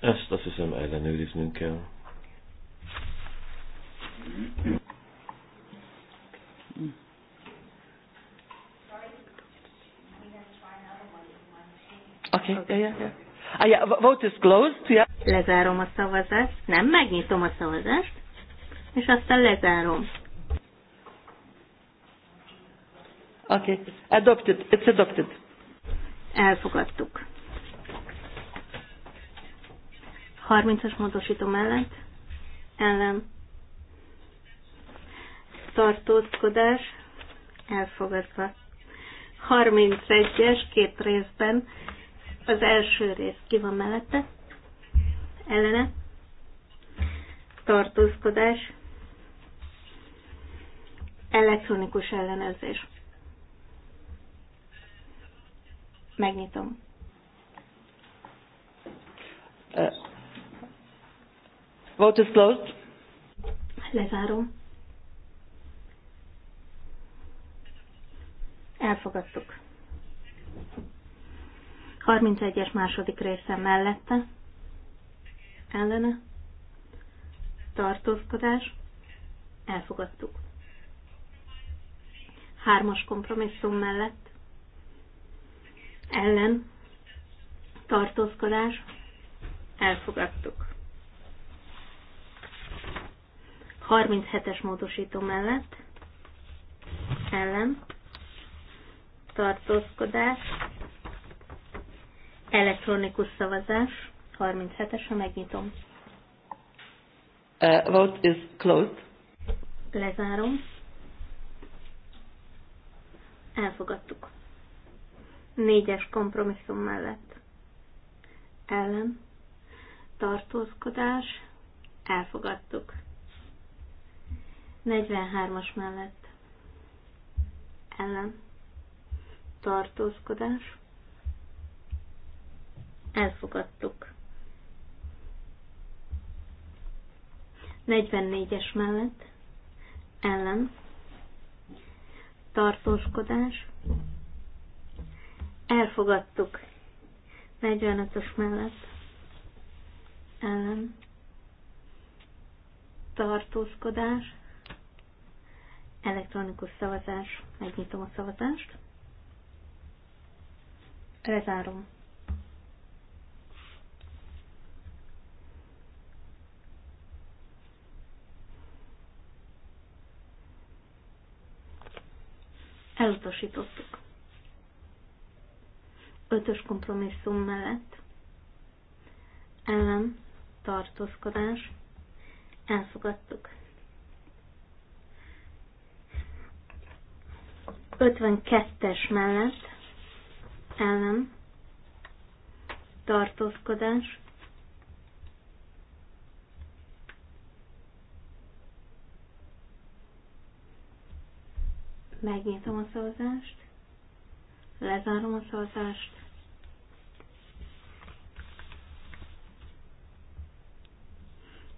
[SPEAKER 4] ezt azt hiszem ellenőriznünk kell.
[SPEAKER 1] Mm. Oké, okay. Yeah,
[SPEAKER 2] yeah, yeah. vote is closed. Yeah. Lezárom a szavazást. Nem, megnyitom a szavazást, és aztán lezárom. Okay. Adopted. It's adopted. Elfogadtuk. 30-as módosító mellett ellen tartózkodás elfogadva. 31-es két részben az első rész ki van mellette? Ellene? Tartózkodás? Elektronikus ellenőrzés.
[SPEAKER 1] Megnyitom. Uh, vote is closed.
[SPEAKER 2] Lezárom. Elfogadtuk. 31-es második része mellette, ellene, tartózkodás, elfogadtuk. Hármas kompromisszum mellett, ellen, tartózkodás, elfogadtuk. 37-es módosító mellett, ellen, tartózkodás, Elektronikus szavazás, 37-es, ha megnyitom.
[SPEAKER 1] Uh, vote is closed.
[SPEAKER 2] Lezárom. Elfogadtuk. Négyes kompromisszum mellett. Ellen. Tartózkodás. Elfogadtuk. 43-as mellett. Ellen. Tartózkodás elfogadtuk. 44-es mellett ellen tartózkodás elfogadtuk. 45-ös mellett ellen tartózkodás elektronikus szavazás megnyitom a szavazást lezárom elutasítottuk. Ötös kompromisszum mellett ellen tartózkodás elfogadtuk. 52-es mellett ellen tartózkodás Megnyitom a szavazást. Lezárom a szavazást.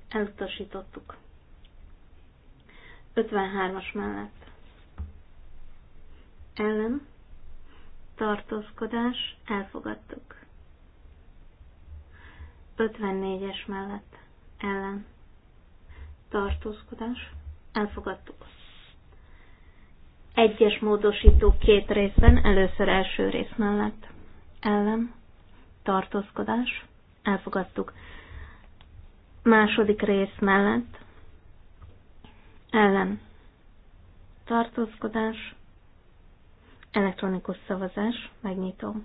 [SPEAKER 2] Elutasítottuk. 53-as mellett. Ellen. Tartózkodás. Elfogadtuk. 54-es mellett. Ellen. Tartózkodás. Elfogadtuk. Egyes módosító két részben, először első rész mellett. Ellen. Tartózkodás. Elfogadtuk. Második rész mellett. Ellen. Tartózkodás. Elektronikus szavazás. Megnyitom.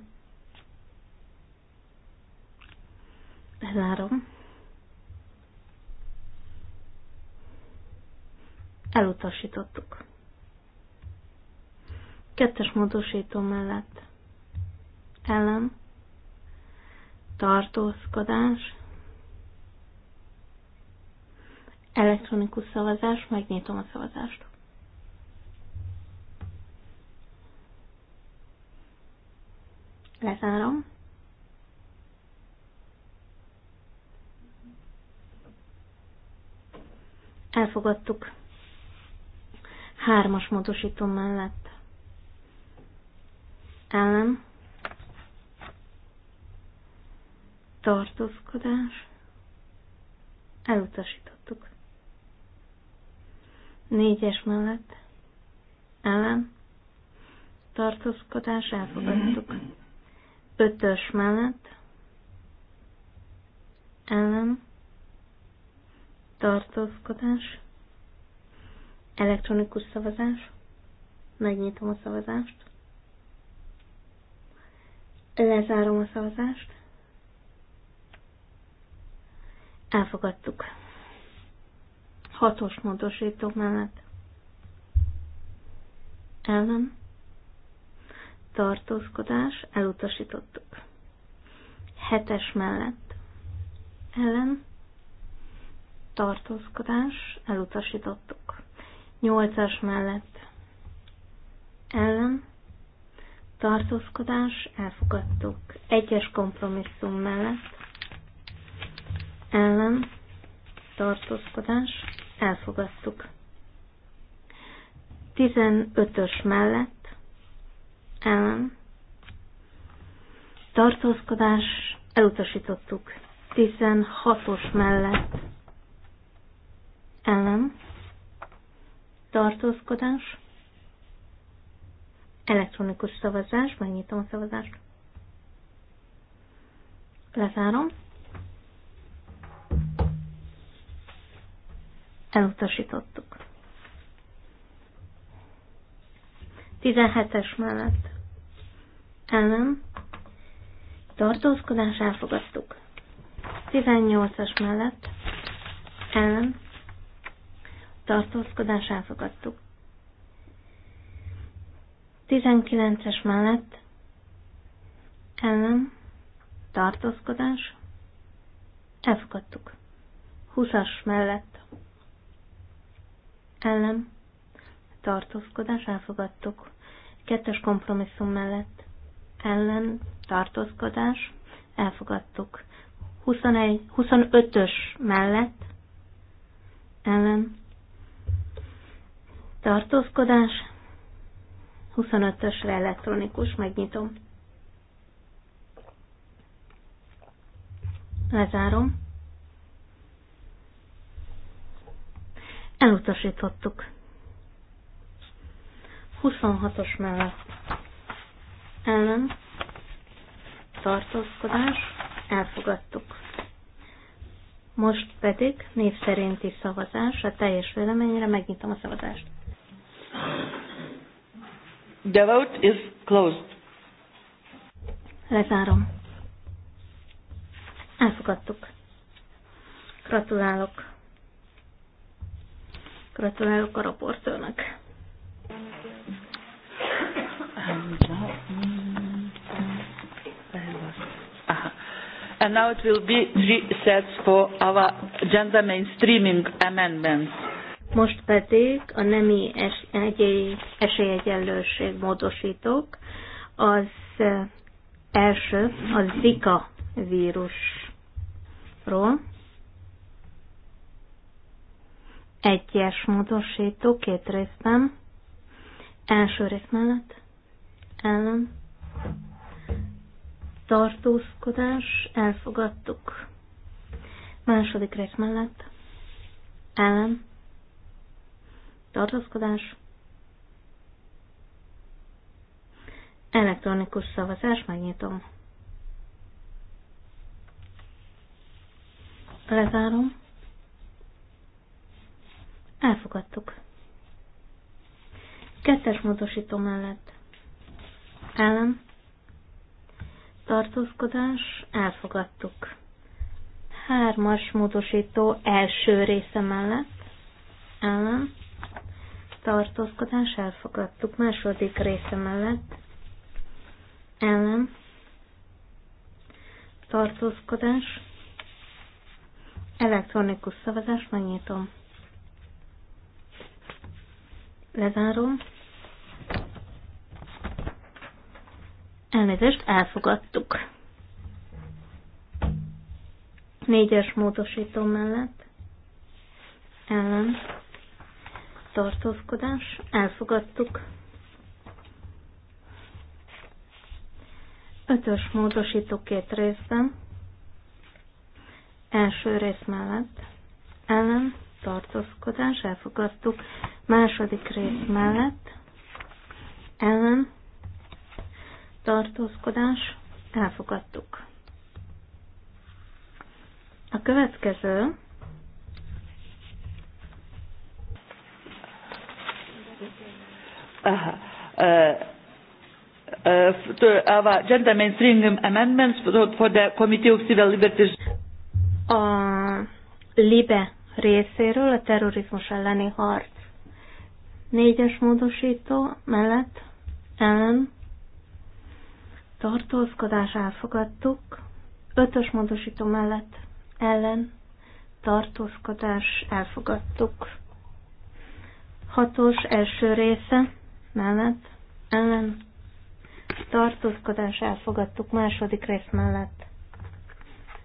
[SPEAKER 2] Lezárom. Elutasítottuk. Kettes módosító mellett ellen tartózkodás, elektronikus szavazás, megnyitom a szavazást. Lezárom. Elfogadtuk hármas módosító mellett ellen tartózkodás elutasítottuk. Négyes mellett ellen tartózkodás elfogadtuk. Ötös mellett ellen tartózkodás elektronikus szavazás megnyitom a szavazást Lezárom a szavazást. Elfogadtuk. Hatos módosítók mellett. Ellen. Tartózkodás. Elutasítottuk. Hetes mellett. Ellen. Tartózkodás. Elutasítottuk. Nyolcas mellett. Ellen tartózkodás, elfogadtuk. Egyes kompromisszum mellett, ellen, tartózkodás, elfogadtuk. 15-ös mellett, ellen, tartózkodás, elutasítottuk. 16-os mellett, ellen, tartózkodás, Elektronikus szavazás, megnyitom a szavazást. Lezárom. Elutasítottuk. 17-es mellett ellen tartózkodás elfogadtuk. 18-as mellett ellen tartózkodás elfogadtuk. 19-es mellett ellen tartózkodás elfogadtuk. 20-as mellett ellen tartózkodás elfogadtuk. Kettes kompromisszum mellett ellen tartózkodás elfogadtuk. 21, 25-ös mellett ellen tartózkodás 25-ösre elektronikus, megnyitom. Lezárom. Elutasítottuk. 26-os mellett ellen tartózkodás elfogadtuk. Most pedig név szerinti szavazás, a teljes véleményre megnyitom a szavazást. The
[SPEAKER 1] vote is closed.
[SPEAKER 2] Lezárom. Elfogadtuk. Gratulálok. Gratulálok a raportőrnek.
[SPEAKER 1] And now it will be three sets for our gender mainstreaming amendments.
[SPEAKER 2] Most pedig a nemi es- egy- esélyegyenlőség módosítók. Az első a Zika vírusról. Egyes módosító két részben. Első rész mellett ellen tartózkodás, elfogadtuk. Második rész mellett ellen tartózkodás, elektronikus szavazás, megnyitom. Lezárom. Elfogadtuk. Kettes módosító mellett. Ellen. Tartózkodás. Elfogadtuk. Hármas módosító első része mellett. Ellen tartózkodás elfogadtuk. Második része mellett ellen tartózkodás elektronikus szavazás megnyitom. Lezárom. Elnézést, elfogadtuk. Négyes módosító mellett ellen tartózkodás, elfogadtuk. Ötös módosító két részben, első rész mellett, ellen, tartózkodás, elfogadtuk. Második rész mellett, ellen, tartózkodás, elfogadtuk. A következő
[SPEAKER 1] our gentleman mainstreaming amendments for the Committee of Civil Liberties.
[SPEAKER 2] A LIBE részéről a terrorizmus elleni harc. Négyes módosító mellett ellen tartózkodás elfogadtuk. Ötös módosító mellett ellen tartózkodás elfogadtuk. Hatos első része mellett, ellen, tartózkodás elfogadtuk második rész mellett,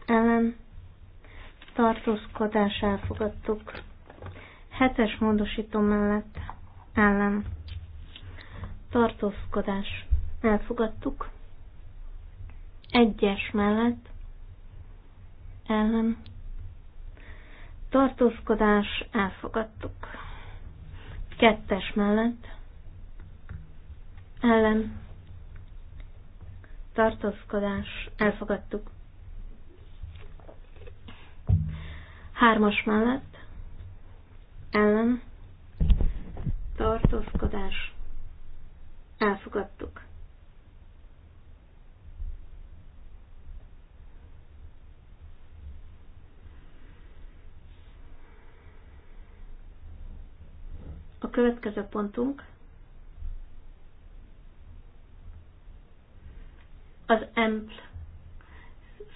[SPEAKER 2] ellen, tartózkodás elfogadtuk hetes módosító mellett, ellen, tartózkodás elfogadtuk egyes mellett, ellen, tartózkodás elfogadtuk kettes mellett, ellen tartózkodás elfogadtuk. Hármas mellett ellen tartózkodás elfogadtuk. A következő pontunk az emp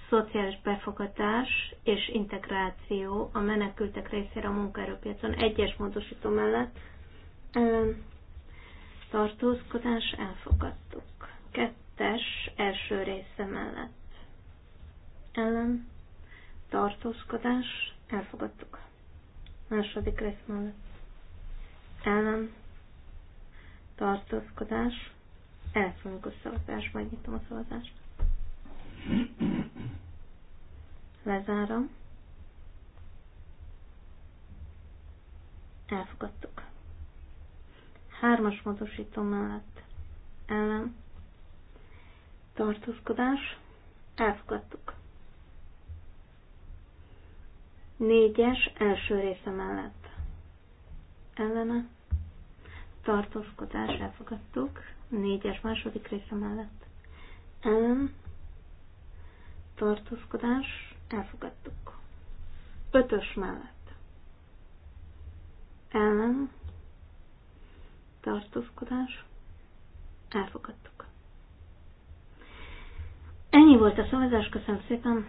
[SPEAKER 2] szociális befogadás és integráció a menekültek részére a munkaerőpiacon egyes módosító mellett ellen tartózkodás elfogadtuk. Kettes első része mellett ellen tartózkodás elfogadtuk. Második rész mellett ellen tartózkodás Elektronikus szavazás, nyitom a szavazást. Lezárom. Elfogadtuk. Hármas módosító mellett ellen tartózkodás. Elfogadtuk. Négyes első része mellett ellene tartózkodás elfogadtuk négyes második része mellett. Ellen tartózkodás elfogadtuk. Ötös mellett. Ellen tartózkodás elfogadtuk. Ennyi volt a szavazás, köszönöm szépen!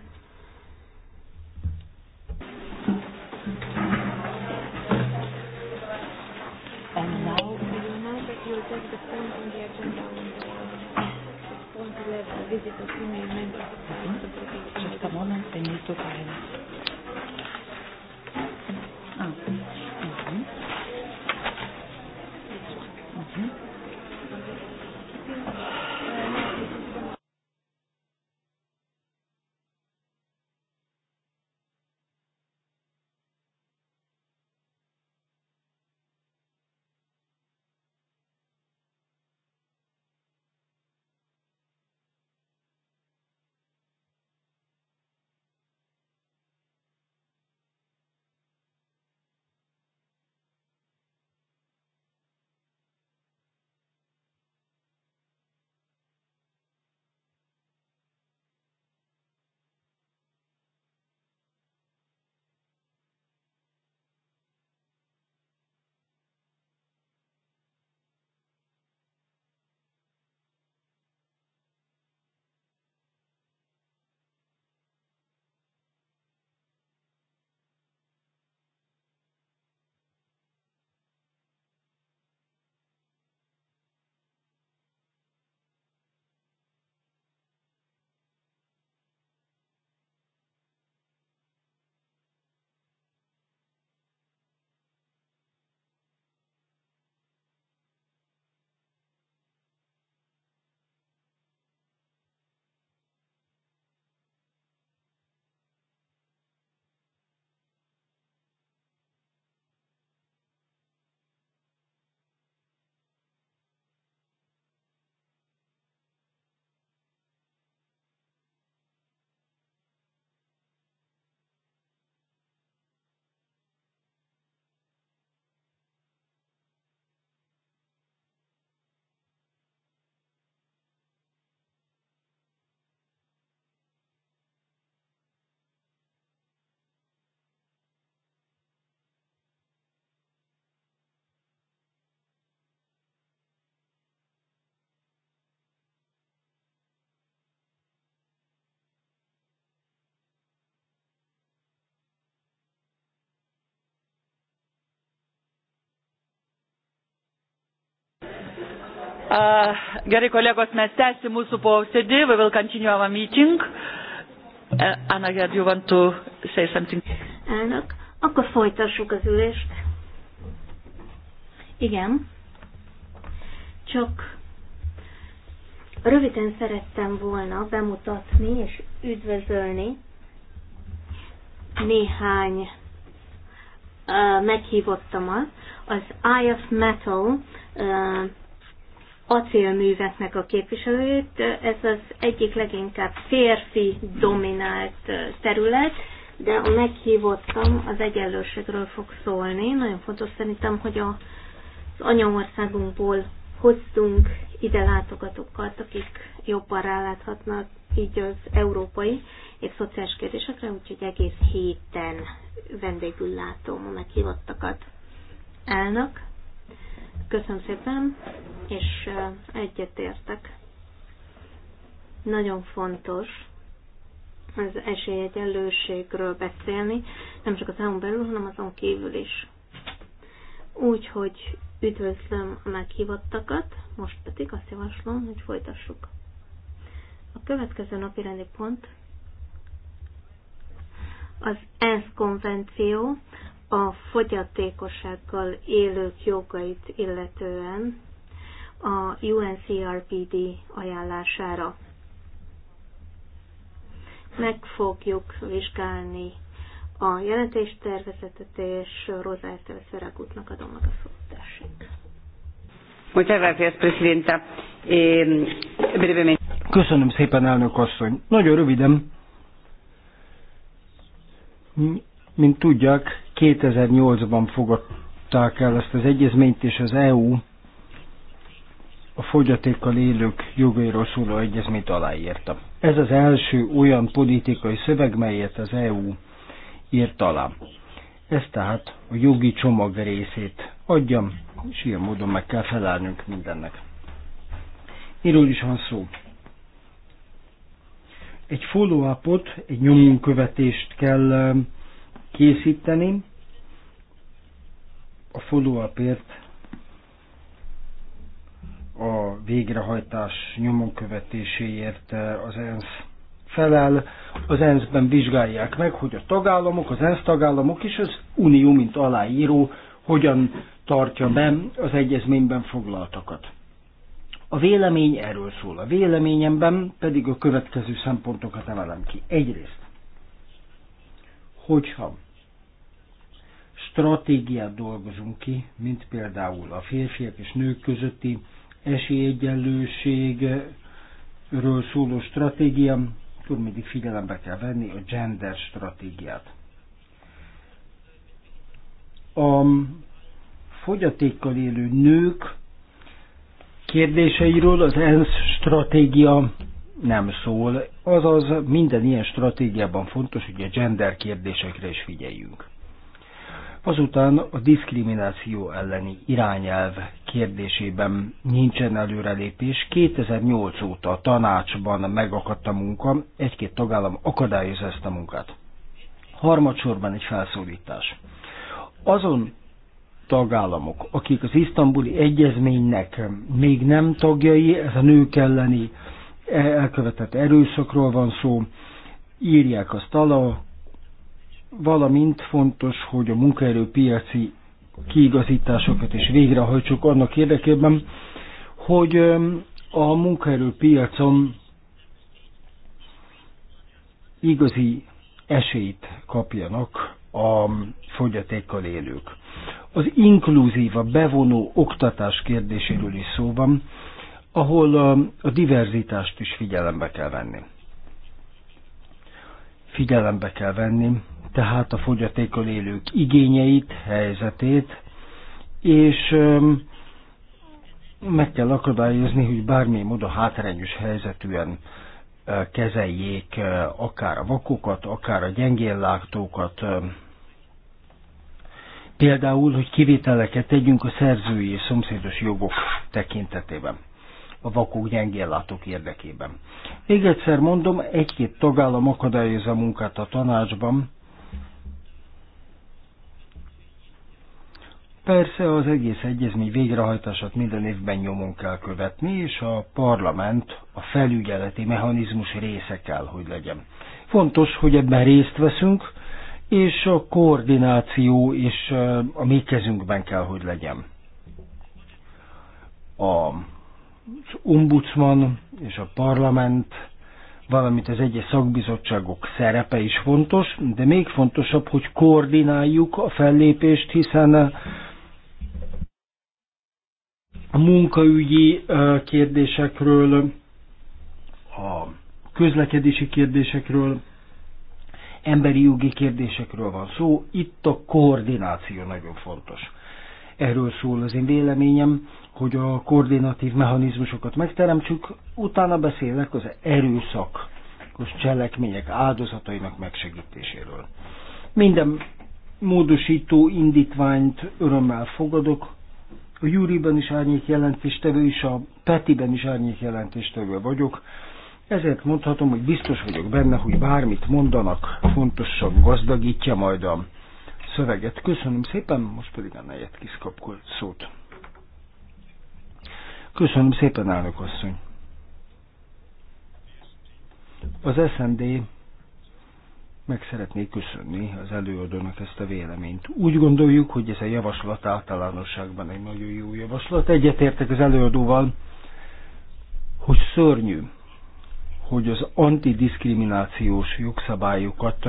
[SPEAKER 2] will take the point on the agenda on the point 11, visit of senior members of the
[SPEAKER 1] Just a moment, I need to find. Ah. Uh, gerai, kolegos, mes tęsime mūsų posėdį. We will continue our meeting. Uh, Anna, do you want to say something? Elnök, akkor
[SPEAKER 2] folytassuk az ülést. Igen. Csak röviden szerettem volna bemutatni és üdvözölni néhány uh, meghívottamat. Az Eye of Metal acélműveknek a képviselőjét. Ez az egyik leginkább férfi dominált terület, de a meghívottam az egyenlőségről fog szólni. Nagyon fontos szerintem, hogy a, az anyaországunkból hoztunk ide látogatókat, akik jobban ráláthatnak így az európai és szociális kérdésekre, úgyhogy egész héten vendégül látom a meghívottakat. Elnök, Köszönöm szépen, és egyetértek. Nagyon fontos az esélyegyenlőségről beszélni, nem csak az EU-n belül, hanem azon kívül is. Úgyhogy üdvözlöm a meghívottakat, most pedig azt javaslom, hogy folytassuk. A következő napi rendi pont az ENSZ konvenció a fogyatékossággal élők jogait illetően a UNCRPD ajánlására. Meg fogjuk vizsgálni a jelentéstervezetet, és Rozárt Szeregútnak adom a szót. Tessék.
[SPEAKER 1] Muchas gracias, Presidenta.
[SPEAKER 3] Köszönöm szépen, elnök asszony. Nagyon röviden. Mint tudják, 2008-ban fogadták el ezt az egyezményt, és az EU a fogyatékkal élők jogairól szóló egyezményt aláírta. Ez az első olyan politikai szöveg, melyet az EU írt alá. Ez tehát a jogi csomag részét adjam, és ilyen módon meg kell felelnünk mindennek. Miről is van szó? Egy follow-upot, egy nyomunkövetést kell készíteni a follow-upért a végrehajtás nyomon követéséért eh, az ENSZ felel. Az ENSZ-ben vizsgálják meg, hogy a tagállamok, az ENSZ tagállamok és az Unió, mint aláíró, hogyan tartja be az egyezményben foglaltakat. A vélemény erről szól. A véleményemben pedig a következő szempontokat emelem ki. Egyrészt, hogyha stratégiát dolgozunk ki, mint például a férfiak és nők közötti esélyegyenlőségről szóló stratégia, akkor mindig figyelembe kell venni a gender stratégiát. A fogyatékkal élő nők kérdéseiről az ENSZ stratégia nem szól, azaz minden ilyen stratégiában fontos, hogy a gender kérdésekre is figyeljünk. Azután a diszkrimináció elleni irányelv kérdésében nincsen előrelépés. 2008 óta a tanácsban megakadt a munka, egy-két tagállam akadályozza ezt a munkát. Harmadsorban egy felszólítás. Azon tagállamok, akik az isztambuli egyezménynek még nem tagjai, ez a nők elleni elkövetett erőszakról van szó, írják azt alá, valamint fontos, hogy a munkaerőpiaci kiigazításokat is végrehajtsuk annak érdekében, hogy a munkaerőpiacon igazi esélyt kapjanak a fogyatékkal élők. Az inkluzív, a bevonó oktatás kérdéséről is szó van, ahol a diverzitást is figyelembe kell venni. Figyelembe kell venni tehát a fogyatékkal élők igényeit, helyzetét, és meg kell akadályozni, hogy bármi módon hátrányos helyzetűen kezeljék akár a vakokat, akár a gyengéllátókat, például, hogy kivételeket tegyünk a szerzői és szomszédos jogok tekintetében a vakok gyengéllátók érdekében. Még egyszer mondom, egy-két tagállam akadályozza munkát a tanácsban, Persze az egész egyezmény végrehajtását minden évben nyomon kell követni, és a parlament a felügyeleti mechanizmus része kell, hogy legyen. Fontos, hogy ebben részt veszünk, és a koordináció és a mi kezünkben kell, hogy legyen. A ombudsman és a parlament, valamint az egyes szakbizottságok szerepe is fontos, de még fontosabb, hogy koordináljuk a fellépést, hiszen a munkaügyi kérdésekről, a közlekedési kérdésekről, emberi jogi kérdésekről van szó, itt a koordináció nagyon fontos. Erről szól az én véleményem, hogy a koordinatív mechanizmusokat megteremtsük, utána beszélek az erőszakos cselekmények áldozatainak megsegítéséről. Minden módosító indítványt örömmel fogadok, a Júriban is árnyék jelentéstevő, és a Petiben is árnyék jelentéstevő vagyok. Ezért mondhatom, hogy biztos vagyok benne, hogy bármit mondanak, fontosabb gazdagítja majd a szöveget. Köszönöm szépen, most pedig a negyed kis szót. Köszönöm szépen, elnök asszony. Az SND meg szeretnék köszönni az előadónak ezt a véleményt. Úgy gondoljuk, hogy ez a javaslat általánosságban egy nagyon jó javaslat. Egyetértek az előadóval, hogy szörnyű, hogy az antidiskriminációs jogszabályokat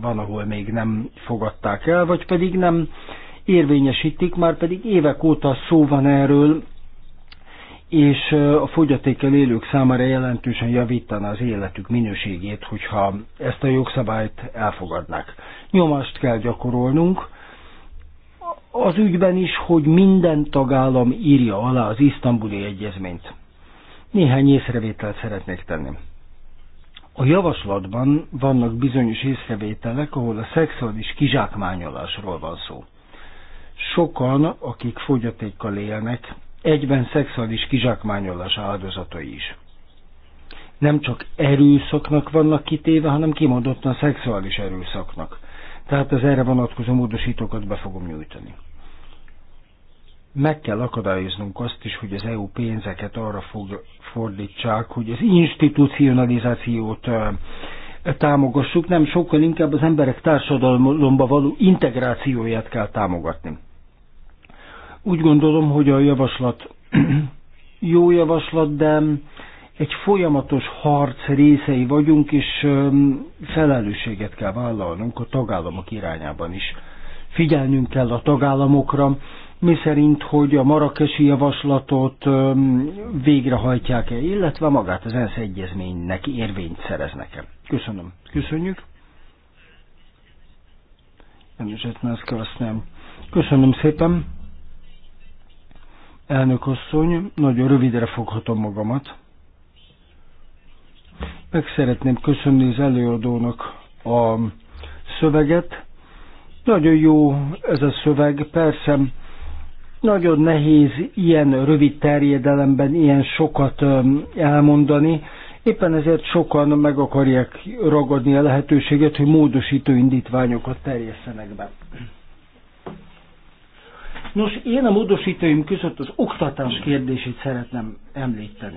[SPEAKER 3] van, ahol még nem fogadták el, vagy pedig nem érvényesítik, már pedig évek óta szó van erről, és a fogyatékkel élők számára jelentősen javítana az életük minőségét, hogyha ezt a jogszabályt elfogadnák. Nyomást kell gyakorolnunk az ügyben is, hogy minden tagállam írja alá az isztambuli egyezményt. Néhány észrevételt szeretnék tenni. A javaslatban vannak bizonyos észrevételek, ahol a szexuális kizsákmányolásról van szó. Sokan, akik fogyatékkal élnek, egyben szexuális kizsákmányolás áldozatai is. Nem csak erőszaknak vannak kitéve, hanem kimondottan szexuális erőszaknak. Tehát az erre vonatkozó módosítókat be fogom nyújtani. Meg kell akadályoznunk azt is, hogy az EU pénzeket arra fog, fordítsák, hogy az institucionalizációt támogassuk, nem sokkal inkább az emberek társadalomba való integrációját kell támogatni. Úgy gondolom, hogy a javaslat [CLEARS THROAT] jó javaslat, de egy folyamatos harc részei vagyunk, és um, felelősséget kell vállalnunk a tagállamok irányában is. Figyelnünk kell a tagállamokra, mi szerint, hogy a marakesi javaslatot um, végrehajtják-e, illetve magát az ENSZ egyezménynek érvényt szereznek-e. Köszönöm. Köszönjük. Köszönöm szépen. Elnök asszony, nagyon rövidre foghatom magamat. Meg szeretném köszönni az előadónak a szöveget. Nagyon jó ez a szöveg, persze nagyon nehéz ilyen rövid terjedelemben ilyen sokat elmondani, éppen ezért sokan meg akarják ragadni a lehetőséget, hogy módosító indítványokat terjesztenek be. Nos, én a módosítóim között az oktatás kérdését szeretném említeni.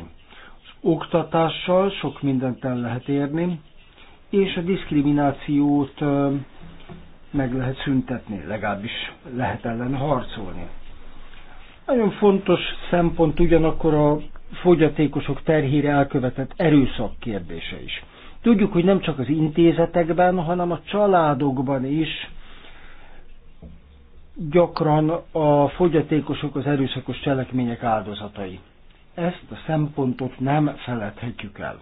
[SPEAKER 3] Az oktatással sok mindent el lehet érni, és a diszkriminációt meg lehet szüntetni, legalábbis lehet ellen harcolni. Nagyon fontos szempont ugyanakkor a fogyatékosok terhére elkövetett erőszak kérdése is. Tudjuk, hogy nem csak az intézetekben, hanem a családokban is gyakran a fogyatékosok az erőszakos cselekmények áldozatai. Ezt a szempontot nem feledhetjük el.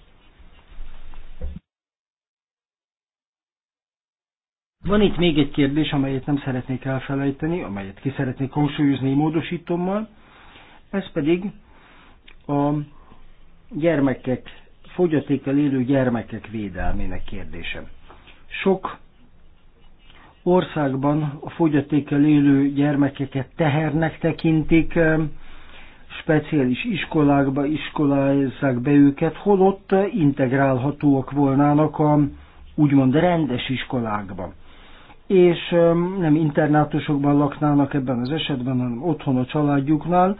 [SPEAKER 3] Van itt még egy kérdés, amelyet nem szeretnék elfelejteni, amelyet ki szeretnék hangsúlyozni módosítommal, ez pedig a gyermekek, fogyatékkal élő gyermekek védelmének kérdése. Sok országban a fogyatékkel élő gyermekeket tehernek tekintik, speciális iskolákba iskolázzák be őket, holott integrálhatóak volnának a úgymond rendes iskolákban. És nem internátusokban laknának ebben az esetben, hanem otthon a családjuknál,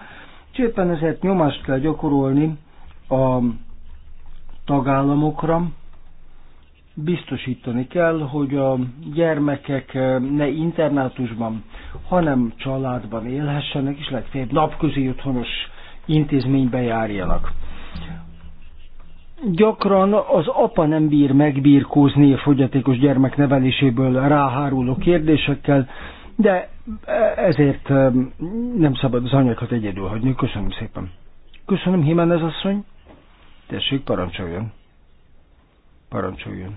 [SPEAKER 3] és éppen ezért nyomást kell gyakorolni a tagállamokra, biztosítani kell, hogy a gyermekek eh, ne internátusban, hanem családban élhessenek, és legfeljebb napközi otthonos intézménybe járjanak. Gyakran az apa nem bír megbírkózni a fogyatékos gyermek neveléséből ráháruló kérdésekkel, de eh, ezért eh, nem szabad az anyákat egyedül hagyni. Köszönöm szépen. Köszönöm, Jimenez asszony. Tessék, parancsoljon. Parancsoljon.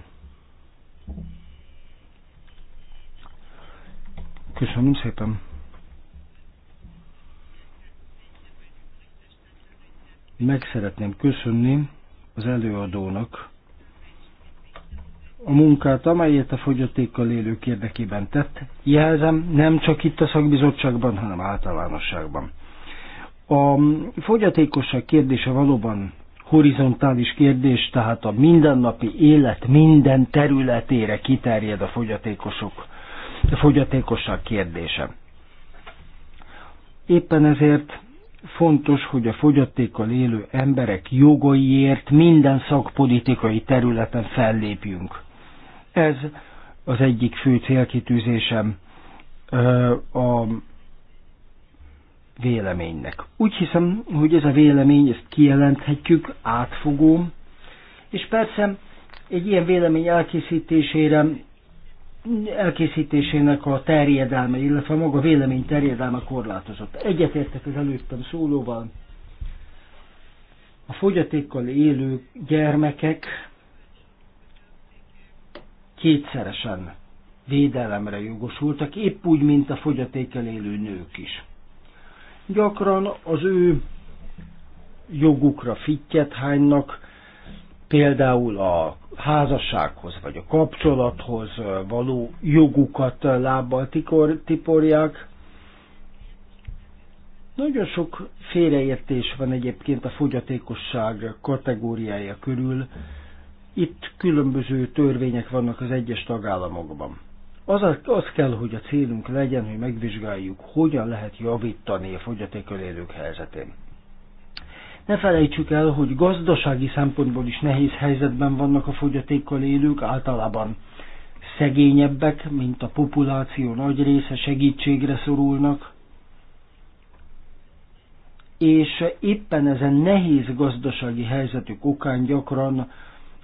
[SPEAKER 3] Köszönöm szépen. Meg szeretném köszönni az előadónak a munkát, amelyet a fogyatékkal élők érdekében tett. Jelzem, nem csak itt a szakbizottságban, hanem általánosságban. A fogyatékosság kérdése valóban horizontális kérdés, tehát a mindennapi élet minden területére kiterjed a fogyatékosok, a fogyatékosság kérdése. Éppen ezért fontos, hogy a fogyatékkal élő emberek jogaiért minden szakpolitikai területen fellépjünk. Ez az egyik fő célkitűzésem a véleménynek. Úgy hiszem, hogy ez a vélemény, ezt kijelenthetjük, átfogó, és persze egy ilyen vélemény elkészítésére elkészítésének a terjedelme, illetve a maga vélemény terjedelme korlátozott. Egyetértek az előttem szólóval. A fogyatékkal élő gyermekek kétszeresen védelemre jogosultak, épp úgy, mint a fogyatékkal élő nők is. Gyakran az ő jogukra fittyet hánynak, például a házassághoz vagy a kapcsolathoz való jogukat lábbal tikor, tiporják. Nagyon sok félreértés van egyébként a fogyatékosság kategóriája körül. Itt különböző törvények vannak az egyes tagállamokban. Az, az kell, hogy a célunk legyen, hogy megvizsgáljuk, hogyan lehet javítani a fogyatékkal élők helyzetén. Ne felejtsük el, hogy gazdasági szempontból is nehéz helyzetben vannak a fogyatékkal élők, általában szegényebbek, mint a populáció nagy része segítségre szorulnak, és éppen ezen nehéz gazdasági helyzetük okán gyakran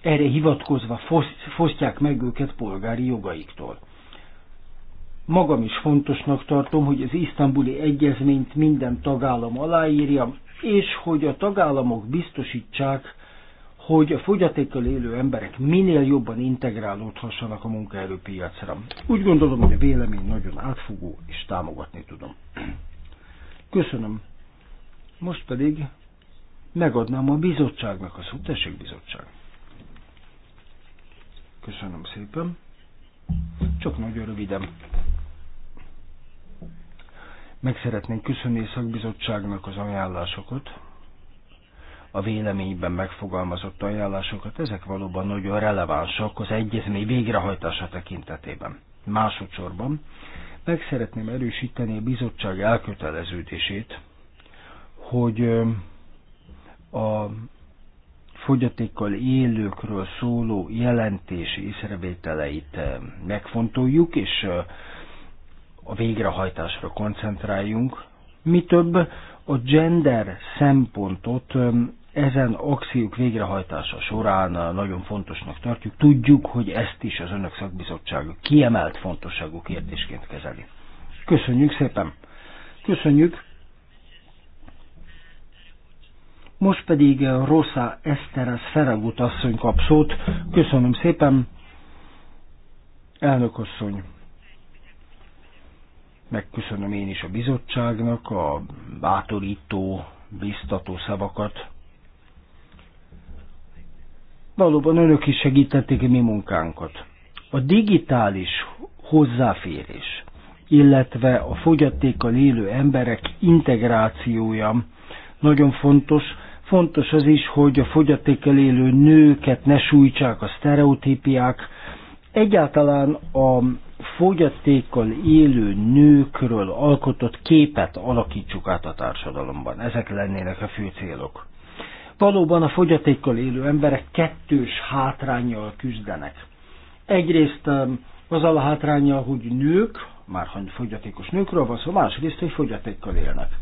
[SPEAKER 3] erre hivatkozva fosztják meg őket polgári jogaiktól. Magam is fontosnak tartom, hogy az isztambuli egyezményt minden tagállam aláírja, és hogy a tagállamok biztosítsák, hogy a fogyatékkal élő emberek minél jobban integrálódhassanak a munkaerőpiacra. Úgy gondolom, hogy a vélemény nagyon átfogó, és támogatni tudom. Köszönöm. Most pedig megadnám a bizottságnak a szót. Tessék, bizottság. Köszönöm szépen. Csak nagyon röviden. Meg szeretnénk köszönni a szakbizottságnak az ajánlásokat, a véleményben megfogalmazott ajánlásokat, ezek valóban nagyon relevánsak az egyezmény végrehajtása tekintetében. Másodszorban meg szeretném erősíteni a bizottság elköteleződését, hogy a fogyatékkal élőkről szóló jelentés észrevételeit megfontoljuk, és a végrehajtásra koncentráljunk. Mi több, a gender szempontot ezen axiók végrehajtása során nagyon fontosnak tartjuk. Tudjuk, hogy ezt is az Önök szakbizottsága kiemelt fontosságú kérdésként kezeli. Köszönjük szépen! Köszönjük! Most pedig Rosa Eszteres Feragut asszony kap szót. Köszönöm szépen! Elnök asszony! Megköszönöm én is a bizottságnak a bátorító, biztató szavakat. Valóban önök is segítették mi munkánkat. A digitális hozzáférés, illetve a fogyatékkal élő emberek integrációja nagyon fontos, fontos az is, hogy a fogyatékkal élő nőket ne sújtsák a sztereotípiák. Egyáltalán a fogyatékkal élő nőkről alkotott képet alakítsuk át a társadalomban. Ezek lennének a fő célok. Valóban a fogyatékkal élő emberek kettős hátrányjal küzdenek. Egyrészt az a hátrányjal, hogy nők, már fogyatékos nőkről van szó, másrészt, hogy fogyatékkal élnek.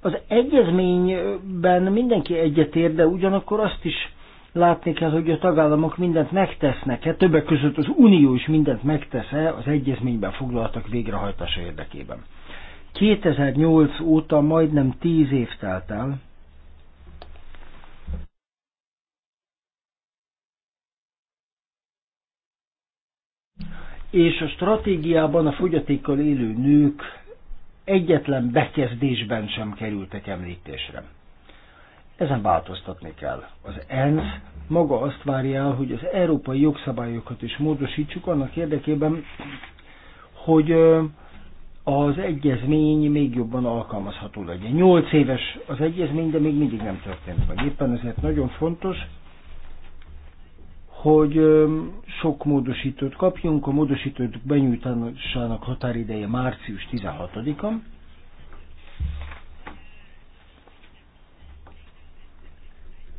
[SPEAKER 3] Az egyezményben mindenki egyetért, de ugyanakkor azt is Látni kell, hogy a tagállamok mindent megtesznek-e, hát többek között az Unió is mindent megtesz-e az egyezményben foglaltak végrehajtása érdekében. 2008 óta majdnem 10 év telt el, és a stratégiában a fogyatékkal élő nők egyetlen bekezdésben sem kerültek említésre. Ezen változtatni kell. Az ENSZ maga azt várja el, hogy az európai jogszabályokat is módosítsuk annak érdekében, hogy az egyezmény még jobban alkalmazható legyen. Nyolc éves az egyezmény, de még mindig nem történt meg. Éppen ezért nagyon fontos, hogy sok módosítót kapjunk. A módosítók benyújtásának határideje március 16-a,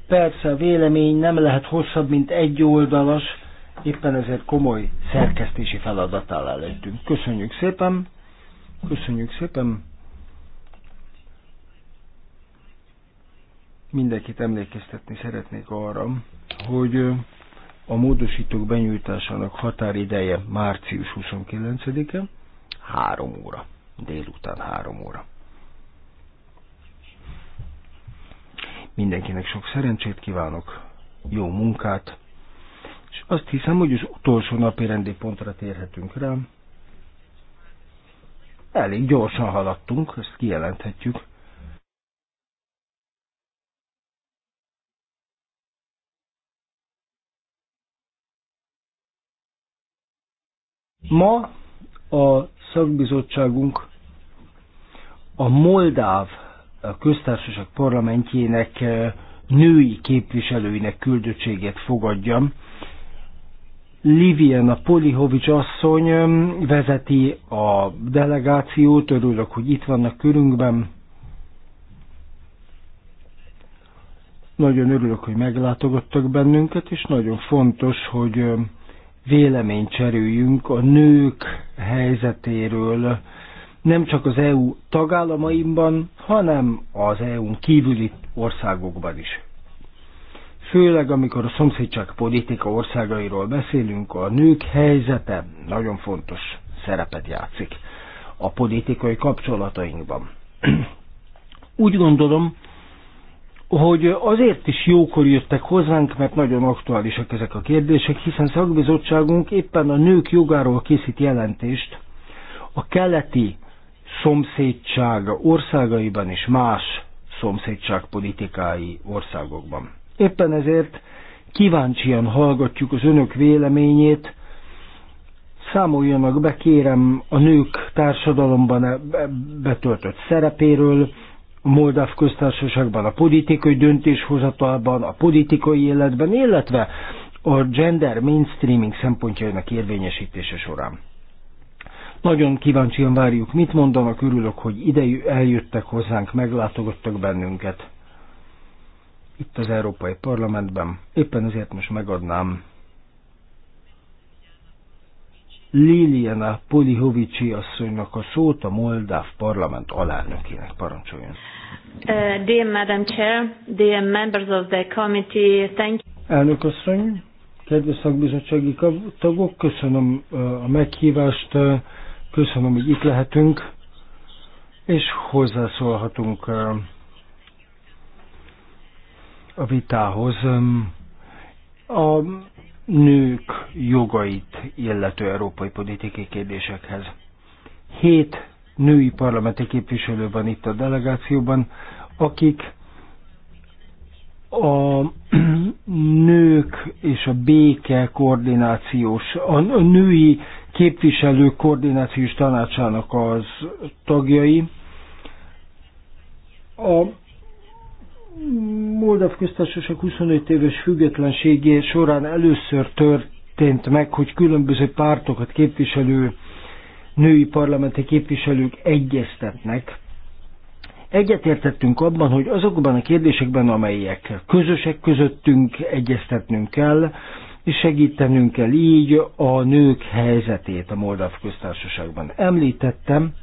[SPEAKER 3] Persze a vélemény nem lehet hosszabb, mint egy oldalas, éppen ezért komoly szerkesztési feladat áll előttünk. Köszönjük szépen! Köszönjük szépen! Mindenkit emlékeztetni szeretnék arra, hogy a módosítók benyújtásának határideje március 29-e, 3 óra, délután 3 óra. Mindenkinek sok szerencsét kívánok, jó munkát, és azt hiszem, hogy az utolsó napi rendi pontra térhetünk rá. Elég gyorsan haladtunk, ezt kijelenthetjük. Ma a szakbizottságunk a moldáv a köztársaság parlamentjének eh, női képviselőinek küldöttségét fogadjam. Liviana Polihovics asszony eh, vezeti a delegációt, örülök, hogy itt vannak körünkben. Nagyon örülök, hogy meglátogattak bennünket, és nagyon fontos, hogy eh, véleményt cseréljünk a nők helyzetéről, nem csak az EU tagállamaimban, hanem az EU-n kívüli országokban is. Főleg, amikor a szomszédság politika országairól beszélünk, a nők helyzete nagyon fontos szerepet játszik a politikai kapcsolatainkban. Úgy gondolom, hogy azért is jókor jöttek hozzánk, mert nagyon aktuálisak ezek a kérdések, hiszen szakbizottságunk éppen a nők jogáról készít jelentést, a keleti szomszédság országaiban és más szomszédságpolitikái országokban. Éppen ezért kíváncsian hallgatjuk az önök véleményét, számoljanak be, kérem, a nők társadalomban e- e- betöltött szerepéről, a Moldáv köztársaságban, a politikai döntéshozatalban, a politikai életben, illetve a gender mainstreaming szempontjainak érvényesítése során. Nagyon kíváncsian várjuk, mit mondanak, örülök, hogy ide eljöttek hozzánk, meglátogattak bennünket. Itt az Európai Parlamentben. Éppen ezért most megadnám Liliana Polihovicsi asszonynak a szót a Moldáv parlament alelnökének parancsoljon.
[SPEAKER 2] Uh, dear Madam Chair, dear members of the committee, thank
[SPEAKER 3] you. Elnök asszony, kedves szakbizottsági tagok, köszönöm uh, a meghívást, uh, Köszönöm, hogy itt lehetünk, és hozzászólhatunk a vitához. A nők jogait illető európai politikai kérdésekhez. Hét női parlamenti képviselő van itt a delegációban, akik a [CLEARS THROAT] nők és a béke koordinációs, a női képviselők koordinációs tanácsának az tagjai. A Moldav köztársaság 25 éves függetlenségé során először történt meg, hogy különböző pártokat képviselő női parlamenti képviselők egyeztetnek. Egyetértettünk abban, hogy azokban a kérdésekben, amelyek közösek közöttünk, egyeztetnünk kell, és segítenünk kell így a nők helyzetét a Moldav köztársaságban. Említettem,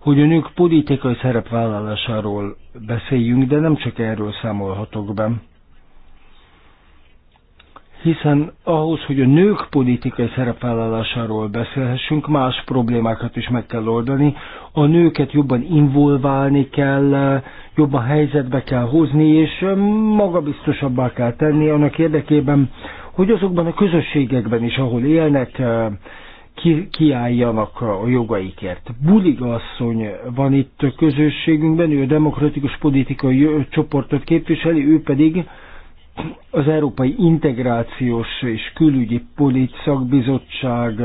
[SPEAKER 3] hogy a nők politikai szerepvállalásáról beszéljünk, de nem csak erről számolhatok be hiszen ahhoz, hogy a nők politikai szerepvállalásáról beszélhessünk, más problémákat is meg kell oldani. A nőket jobban involválni kell, jobban helyzetbe kell hozni, és magabiztosabbá kell tenni annak érdekében, hogy azokban a közösségekben is, ahol élnek, ki, kiálljanak a jogaikért. Bulig asszony van itt a közösségünkben, ő a demokratikus politikai csoportot képviseli, ő pedig az Európai Integrációs és Külügyi Polit Szakbizottság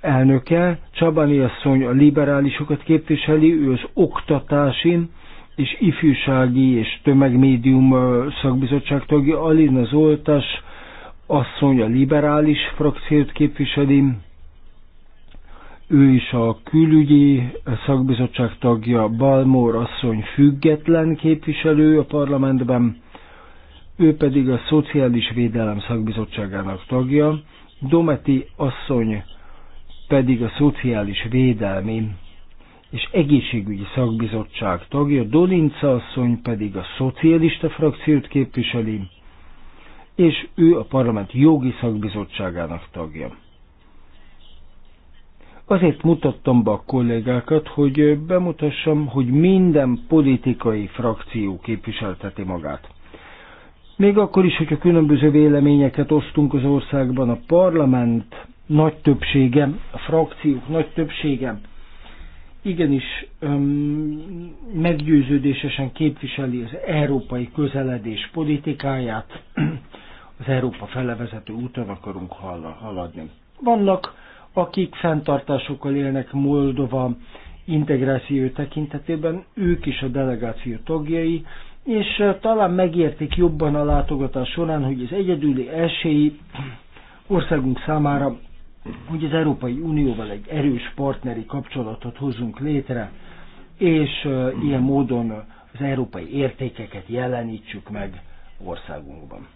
[SPEAKER 3] elnöke, Csabani asszony a liberálisokat képviseli, ő az oktatási és ifjúsági és tömegmédium szakbizottság tagja, Alina Zoltas asszony a liberális frakciót képviseli, ő is a külügyi szakbizottság tagja, Balmór asszony független képviselő a parlamentben, ő pedig a Szociális Védelem Szakbizottságának tagja, Dometi asszony pedig a Szociális Védelmi és Egészségügyi Szakbizottság tagja, Dolinca asszony pedig a Szocialista frakciót képviseli, és ő a Parlament Jogi Szakbizottságának tagja. Azért mutattam be a kollégákat, hogy bemutassam, hogy minden politikai frakció képviselteti magát. Még akkor is, hogyha különböző véleményeket osztunk az országban, a parlament nagy többsége, a frakciók nagy többsége igenis öm, meggyőződésesen képviseli az európai közeledés politikáját, az Európa felevezető úton akarunk haladni. Vannak, akik fenntartásokkal élnek Moldova integráció tekintetében, ők is a delegáció tagjai, és talán megértik jobban a látogatás során, hogy az egyedüli esély országunk számára, hogy az Európai Unióval egy erős partneri kapcsolatot hozunk létre, és ilyen módon az európai értékeket jelenítsük meg országunkban.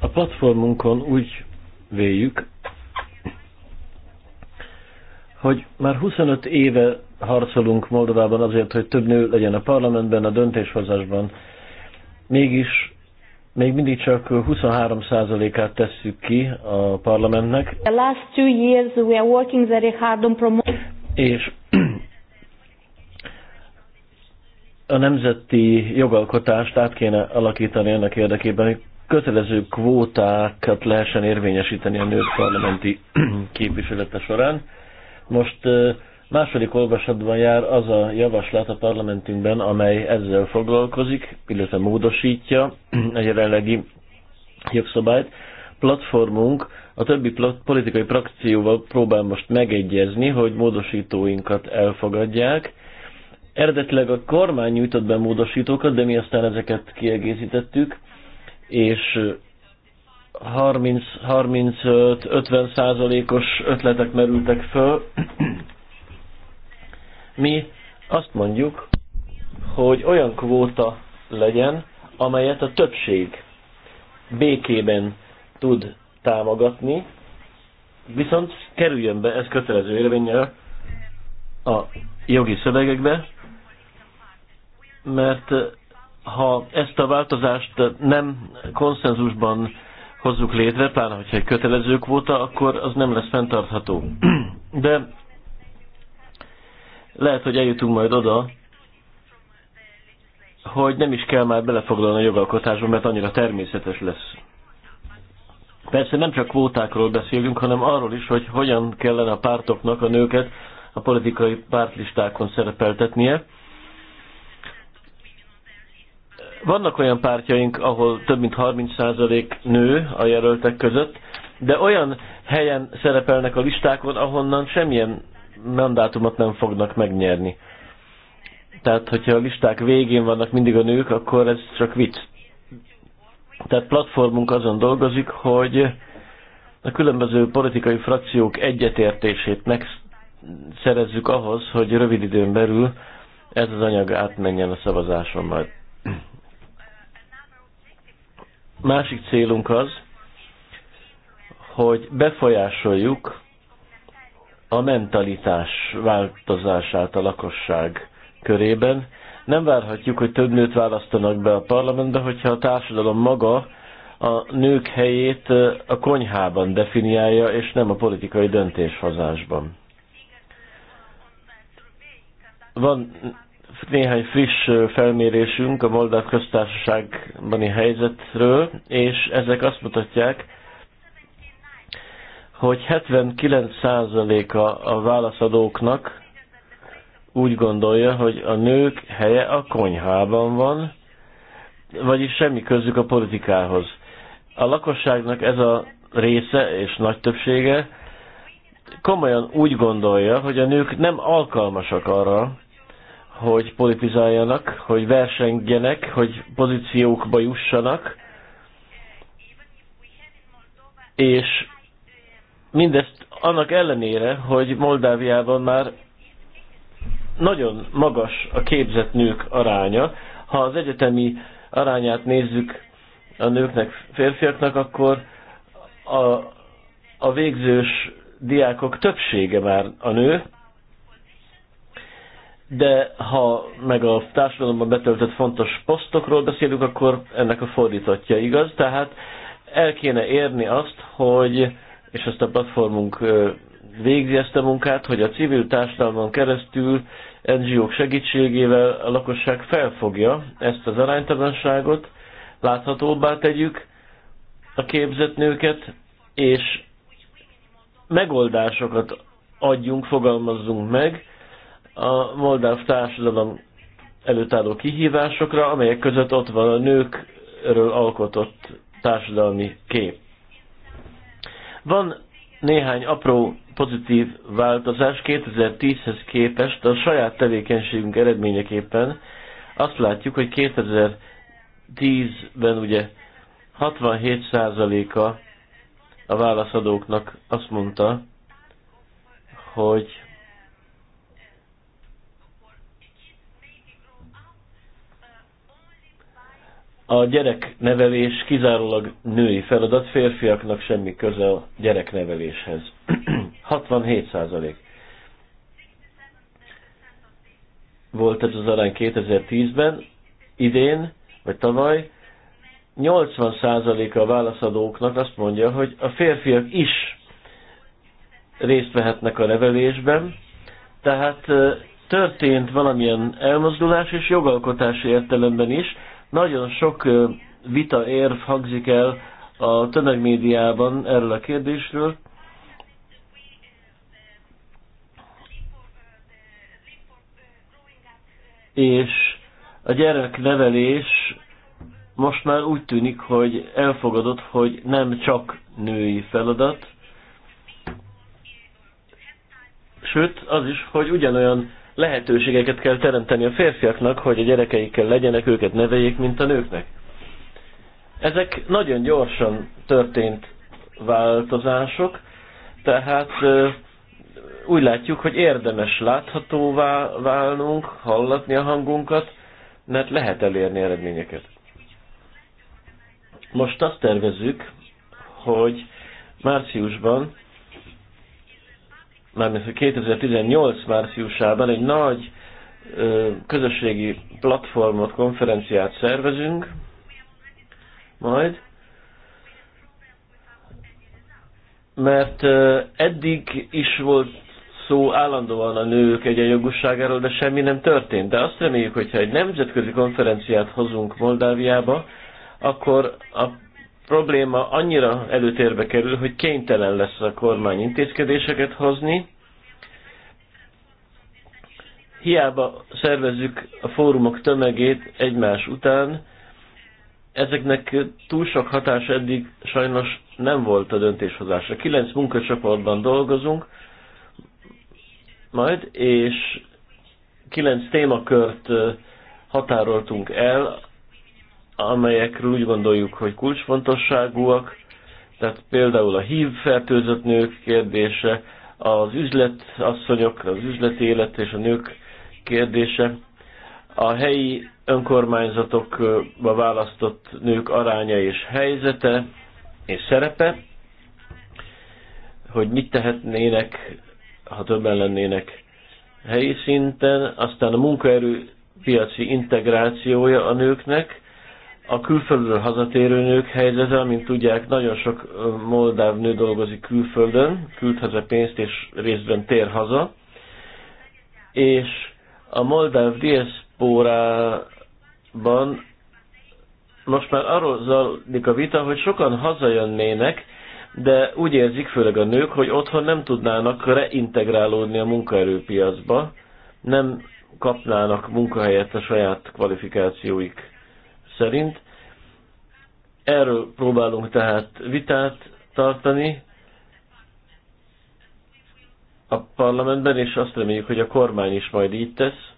[SPEAKER 4] A platformunkon úgy véljük, hogy már 25 éve harcolunk Moldovában azért, hogy több nő legyen a parlamentben, a döntéshozásban. Mégis még mindig csak 23 százalékát tesszük ki a parlamentnek.
[SPEAKER 2] The last two years we are working very
[SPEAKER 1] hard on promoting.
[SPEAKER 4] És a nemzeti jogalkotást át kéne alakítani ennek érdekében, hogy kötelező kvótákat lehessen érvényesíteni a nők parlamenti képviselete során. Most második olvasatban jár az a javaslat a parlamentünkben, amely ezzel foglalkozik, illetve módosítja a jelenlegi jogszabályt. Platformunk a többi politikai frakcióval próbál most megegyezni, hogy módosítóinkat elfogadják. Eredetileg a kormány nyújtott be módosítókat, de mi aztán ezeket kiegészítettük, és 30-50 százalékos ötletek merültek föl. Mi azt mondjuk, hogy olyan kvóta legyen, amelyet a többség békében tud támogatni, viszont kerüljön be ez kötelező érvényel a jogi szövegekbe, mert ha ezt a változást nem konszenzusban hozzuk létre, pláne hogyha egy kötelező kvóta, akkor az nem lesz fenntartható. [CLEARS THROAT] De lehet, hogy eljutunk majd oda, hogy nem is kell már belefoglalni a jogalkotásba, mert annyira természetes lesz. Persze nem csak kvótákról beszélünk, hanem arról is, hogy hogyan kellene a pártoknak a nőket a politikai pártlistákon szerepeltetnie, vannak olyan pártjaink, ahol több mint 30% nő a jelöltek között, de olyan helyen szerepelnek a listákon, ahonnan semmilyen mandátumot nem fognak megnyerni. Tehát, hogyha a listák végén vannak mindig a nők, akkor ez csak vicc. Tehát platformunk azon dolgozik, hogy a különböző politikai frakciók egyetértését megszerezzük ahhoz, hogy rövid időn belül ez az anyag átmenjen a szavazáson majd. Másik célunk az, hogy befolyásoljuk a mentalitás változását a lakosság körében. Nem várhatjuk, hogy több nőt választanak be a parlamentbe, hogyha a társadalom maga a nők helyét a konyhában definiálja, és nem a politikai döntéshozásban. Van néhány friss felmérésünk a Moldáv köztársaságbani helyzetről, és ezek azt mutatják, hogy 79%-a a válaszadóknak úgy gondolja, hogy a nők helye a konyhában van, vagyis semmi közük a politikához. A lakosságnak ez a része és nagy többsége komolyan úgy gondolja, hogy a nők nem alkalmasak arra, hogy politizáljanak, hogy versengjenek, hogy pozíciókba jussanak, és mindezt annak ellenére, hogy Moldáviában már nagyon magas a képzett nők aránya. Ha az egyetemi arányát nézzük a nőknek, férfiaknak, akkor a, a végzős diákok többsége már a nő, de ha meg a társadalomban betöltött fontos posztokról beszélünk, akkor ennek a fordítottja igaz. Tehát el kéne érni azt, hogy, és ezt a platformunk végzi ezt a munkát, hogy a civil társadalmon keresztül NGO-k segítségével a lakosság felfogja ezt az aránytalanságot, láthatóbbá tegyük a képzett nőket, és megoldásokat adjunk, fogalmazzunk meg, a moldáv társadalom előtt álló kihívásokra, amelyek között ott van a nőkről alkotott társadalmi kép. Van néhány apró pozitív változás 2010-hez képest a saját tevékenységünk eredményeképpen. Azt látjuk, hogy 2010-ben ugye 67%-a a válaszadóknak azt mondta, hogy A gyereknevelés kizárólag női feladat, férfiaknak semmi köze a gyerekneveléshez. 67 [CLEARS THROAT] százalék. Volt ez az arány 2010-ben, idén, vagy tavaly, 80%-a a válaszadóknak azt mondja, hogy a férfiak is részt vehetnek a nevelésben, tehát történt valamilyen elmozdulás, és jogalkotási értelemben is, nagyon sok vita érv hangzik el a tömegmédiában erről a kérdésről. És a gyereknevelés most már úgy tűnik, hogy elfogadott, hogy nem csak női feladat, sőt az is, hogy ugyanolyan lehetőségeket kell teremteni a férfiaknak, hogy a gyerekeikkel legyenek, őket neveljék, mint a nőknek. Ezek nagyon gyorsan történt változások, tehát úgy látjuk, hogy érdemes láthatóvá válnunk, hallatni a hangunkat, mert lehet elérni eredményeket. Most azt tervezzük, hogy márciusban mármint 2018 márciusában egy nagy közösségi platformot, konferenciát szervezünk, majd, mert eddig is volt szó állandóan a nők egyenjogúságáról, de semmi nem történt. De azt reméljük, hogyha egy nemzetközi konferenciát hozunk Moldáviába, akkor a probléma annyira előtérbe kerül, hogy kénytelen lesz a kormány intézkedéseket hozni. Hiába szervezzük a fórumok tömegét egymás után, ezeknek túl sok hatás eddig sajnos nem volt a döntéshozásra. Kilenc munkacsoportban dolgozunk, majd, és kilenc témakört határoltunk el, amelyekről úgy gondoljuk, hogy kulcsfontosságúak, tehát például a hív fertőzött nők kérdése, az üzletasszonyok, az üzleti élet és a nők kérdése, a helyi önkormányzatokba választott nők aránya és helyzete és szerepe, hogy mit tehetnének, ha többen lennének helyi szinten, aztán a munkaerő piaci integrációja a nőknek, a külföldről hazatérő nők helyzete, mint tudják, nagyon sok moldáv nő dolgozik külföldön, küld haza pénzt és részben tér haza, és a moldáv diaszpórában most már arról zajlik a vita, hogy sokan hazajönnének, de úgy érzik, főleg a nők, hogy otthon nem tudnának reintegrálódni a munkaerőpiacba, nem kapnának munkahelyet a saját kvalifikációik szerint. Erről próbálunk tehát vitát tartani a parlamentben, és azt reméljük, hogy a kormány is majd így tesz.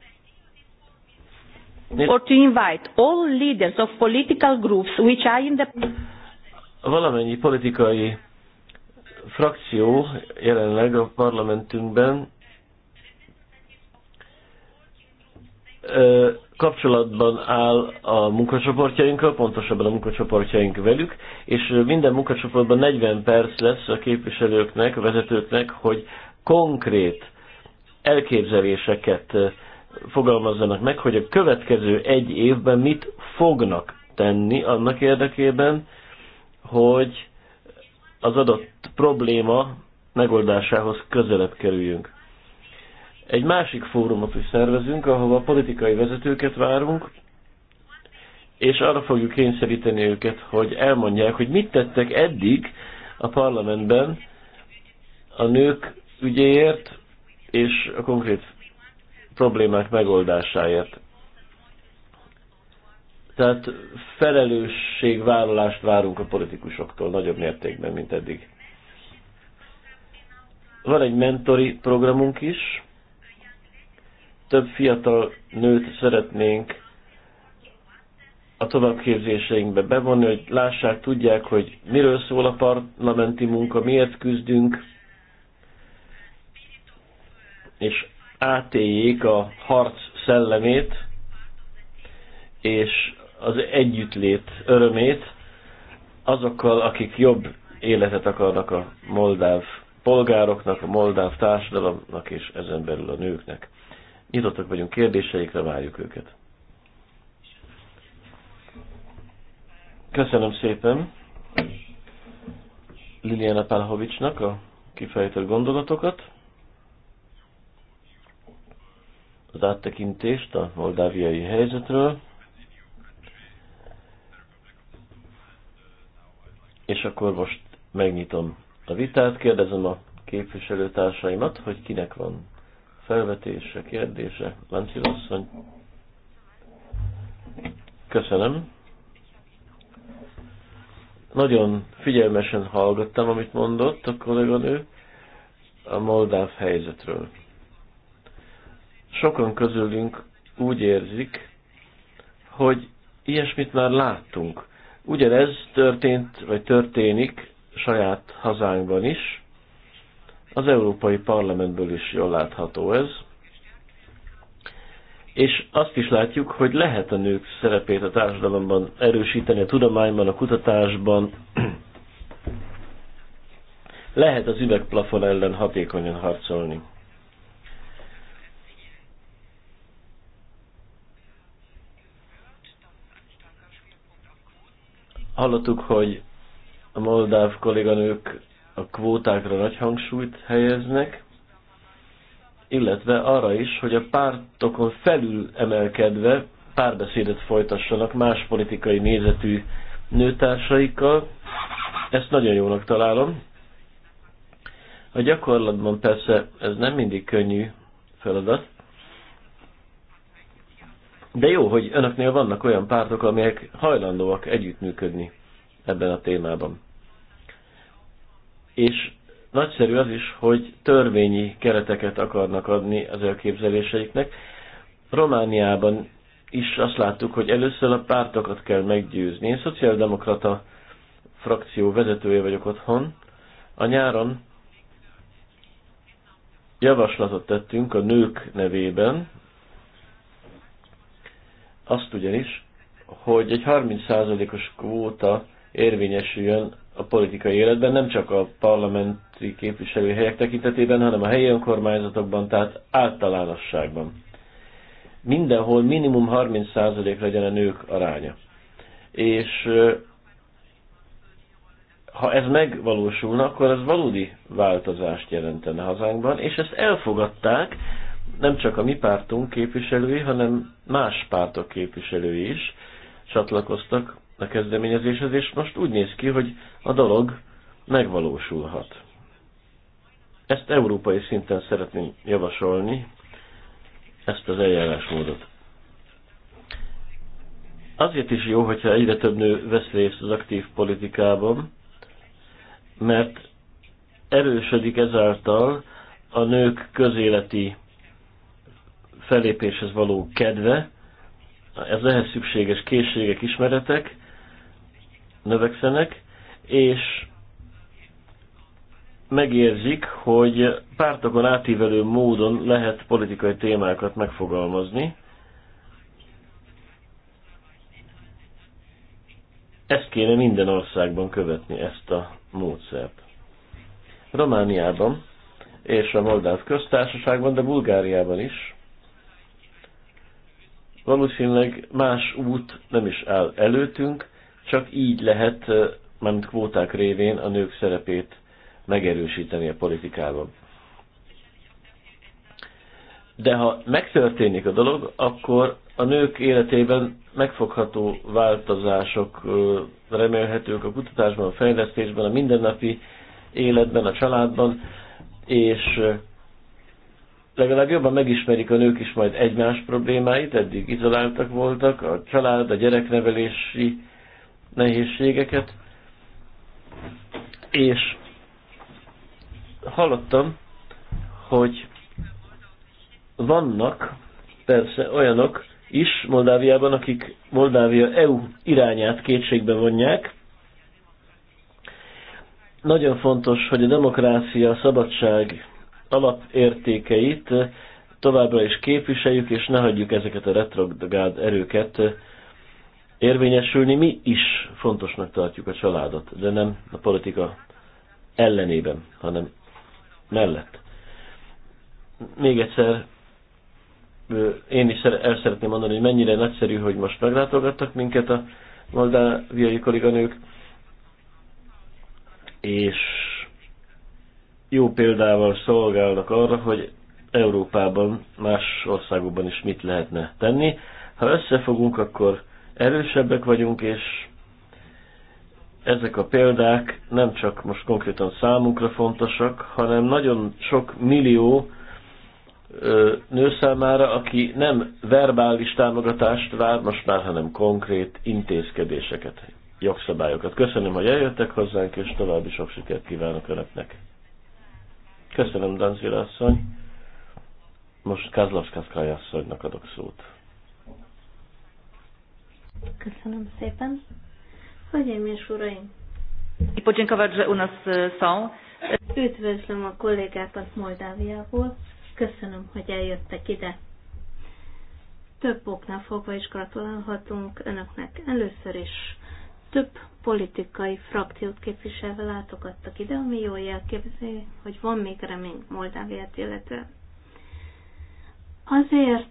[SPEAKER 4] Or
[SPEAKER 1] to invite all leaders of political groups which are in the...
[SPEAKER 4] Valamennyi politikai frakció jelenleg a parlamentünkben kapcsolatban áll a munkacsoportjainkkal, pontosabban a munkacsoportjaink velük, és minden munkacsoportban 40 perc lesz a képviselőknek, a vezetőknek, hogy konkrét elképzeléseket fogalmazzanak meg, hogy a következő egy évben mit fognak tenni annak érdekében, hogy az adott probléma megoldásához közelebb kerüljünk egy másik fórumot is szervezünk, ahova politikai vezetőket várunk, és arra fogjuk kényszeríteni őket, hogy elmondják, hogy mit tettek eddig a parlamentben a nők ügyéért és a konkrét problémák megoldásáért. Tehát felelősségvállalást várunk a politikusoktól nagyobb mértékben, mint eddig. Van egy mentori programunk is, több fiatal nőt szeretnénk a továbbképzéseinkbe bevonni, hogy lássák, tudják, hogy miről szól a parlamenti munka, miért küzdünk, és átéljék a harc szellemét, és az együttlét örömét azokkal, akik jobb életet akarnak a moldáv polgároknak, a moldáv társadalomnak és ezen belül a nőknek. Nyitottak vagyunk kérdéseikre, várjuk őket. Köszönöm szépen Liliana Pálhovicsnak a kifejtett gondolatokat, az áttekintést a moldáviai helyzetről, és akkor most megnyitom a vitát, kérdezem a képviselőtársaimat, hogy kinek van felvetése, kérdése. Lancil asszony. Köszönöm. Nagyon figyelmesen hallgattam, amit mondott a kolléganő a moldáv helyzetről. Sokan közülünk úgy érzik, hogy ilyesmit már láttunk. Ugyanez történt, vagy történik saját hazánkban is, az Európai Parlamentből is jól látható ez. És azt is látjuk, hogy lehet a nők szerepét a társadalomban erősíteni, a tudományban, a kutatásban. Lehet az üvegplafon ellen hatékonyan harcolni. Hallottuk, hogy a moldáv kolléganők a kvótákra nagy hangsúlyt helyeznek, illetve arra is, hogy a pártokon felül emelkedve párbeszédet folytassanak más politikai nézetű nőtársaikkal. Ezt nagyon jónak találom. A gyakorlatban persze ez nem mindig könnyű feladat, de jó, hogy önöknél vannak olyan pártok, amelyek hajlandóak együttműködni ebben a témában és nagyszerű az is, hogy törvényi kereteket akarnak adni az elképzeléseiknek. Romániában is azt láttuk, hogy először a pártokat kell meggyőzni. Én szociáldemokrata frakció vezetője vagyok otthon. A nyáron javaslatot tettünk a nők nevében, azt ugyanis, hogy egy 30%-os kvóta érvényesüljön a politikai életben, nem csak a parlamenti képviselőhelyek tekintetében, hanem a helyi önkormányzatokban, tehát általánosságban. Mindenhol minimum 30% legyen a nők aránya. És ha ez megvalósulna, akkor ez valódi változást jelentene hazánkban, és ezt elfogadták nem csak a mi pártunk képviselői, hanem más pártok képviselői is csatlakoztak a kezdeményezéshez, és most úgy néz ki, hogy a dolog megvalósulhat. Ezt európai szinten szeretném javasolni, ezt az eljárásmódot. Azért is jó, hogyha egyre több nő vesz részt az aktív politikában, mert erősödik ezáltal a nők közéleti felépéshez való kedve, ez ehhez szükséges készségek, ismeretek, növekszenek, és megérzik, hogy pártokon átívelő módon lehet politikai témákat megfogalmazni. Ezt kéne minden országban követni, ezt a módszert. Romániában és a Moldáv köztársaságban, de Bulgáriában is valószínűleg más út nem is áll előtünk, csak így lehet, mert kvóták révén a nők szerepét megerősíteni a politikában. De ha megtörténik a dolog, akkor a nők életében megfogható változások remélhetők a kutatásban, a fejlesztésben, a mindennapi életben, a családban, és legalább jobban megismerik a nők is majd egymás problémáit, eddig izoláltak voltak, a család, a gyereknevelési nehézségeket, és hallottam, hogy vannak persze olyanok is Moldáviában, akik Moldávia EU irányát kétségbe vonják. Nagyon fontos, hogy a demokrácia, a szabadság alapértékeit továbbra is képviseljük, és ne hagyjuk ezeket a retrográd erőket érvényesülni. Mi is fontosnak tartjuk a családot, de nem a politika ellenében, hanem mellett. Még egyszer én is el szeretném mondani, hogy mennyire nagyszerű, hogy most meglátogattak minket a moldáviai kolléganők, és jó példával szolgálnak arra, hogy Európában, más országokban is mit lehetne tenni. Ha összefogunk, akkor erősebbek vagyunk, és ezek a példák nem csak most konkrétan számunkra fontosak, hanem nagyon sok millió nő számára, aki nem verbális támogatást vár most már, hanem konkrét intézkedéseket, jogszabályokat. Köszönöm, hogy eljöttek hozzánk, és további sok sikert kívánok Önöknek. Köszönöm, Danzila asszony. Most Kázlavszkászkály asszonynak adok szót.
[SPEAKER 2] Köszönöm szépen. Hölgyeim és uraim!
[SPEAKER 1] I podziękować, że u nas e, są.
[SPEAKER 2] Üdvözlöm a kollégákat Moldáviából. Köszönöm, hogy eljöttek ide. Több oknál fogva is gratulálhatunk önöknek. Először is több politikai frakciót képviselve látogattak ide, ami jól jelképzi, hogy van még remény Moldáviát illetően. Azért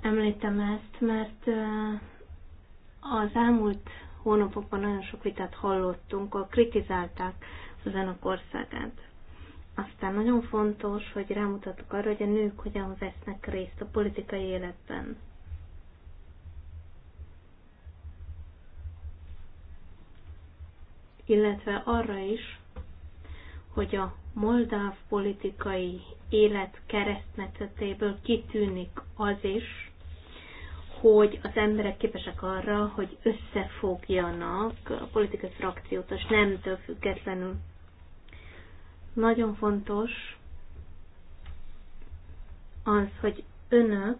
[SPEAKER 2] említem ezt, mert e, az elmúlt hónapokban nagyon sok vitát hallottunk, ahol kritizálták az önök országát. Aztán nagyon fontos, hogy rámutatok arra, hogy a nők hogyan vesznek részt a politikai életben. Illetve arra is, hogy a moldáv politikai élet keresztmetszetéből kitűnik az is, hogy az emberek képesek arra, hogy összefogjanak a politikai frakciót, és nem több függetlenül. Nagyon fontos az, hogy önök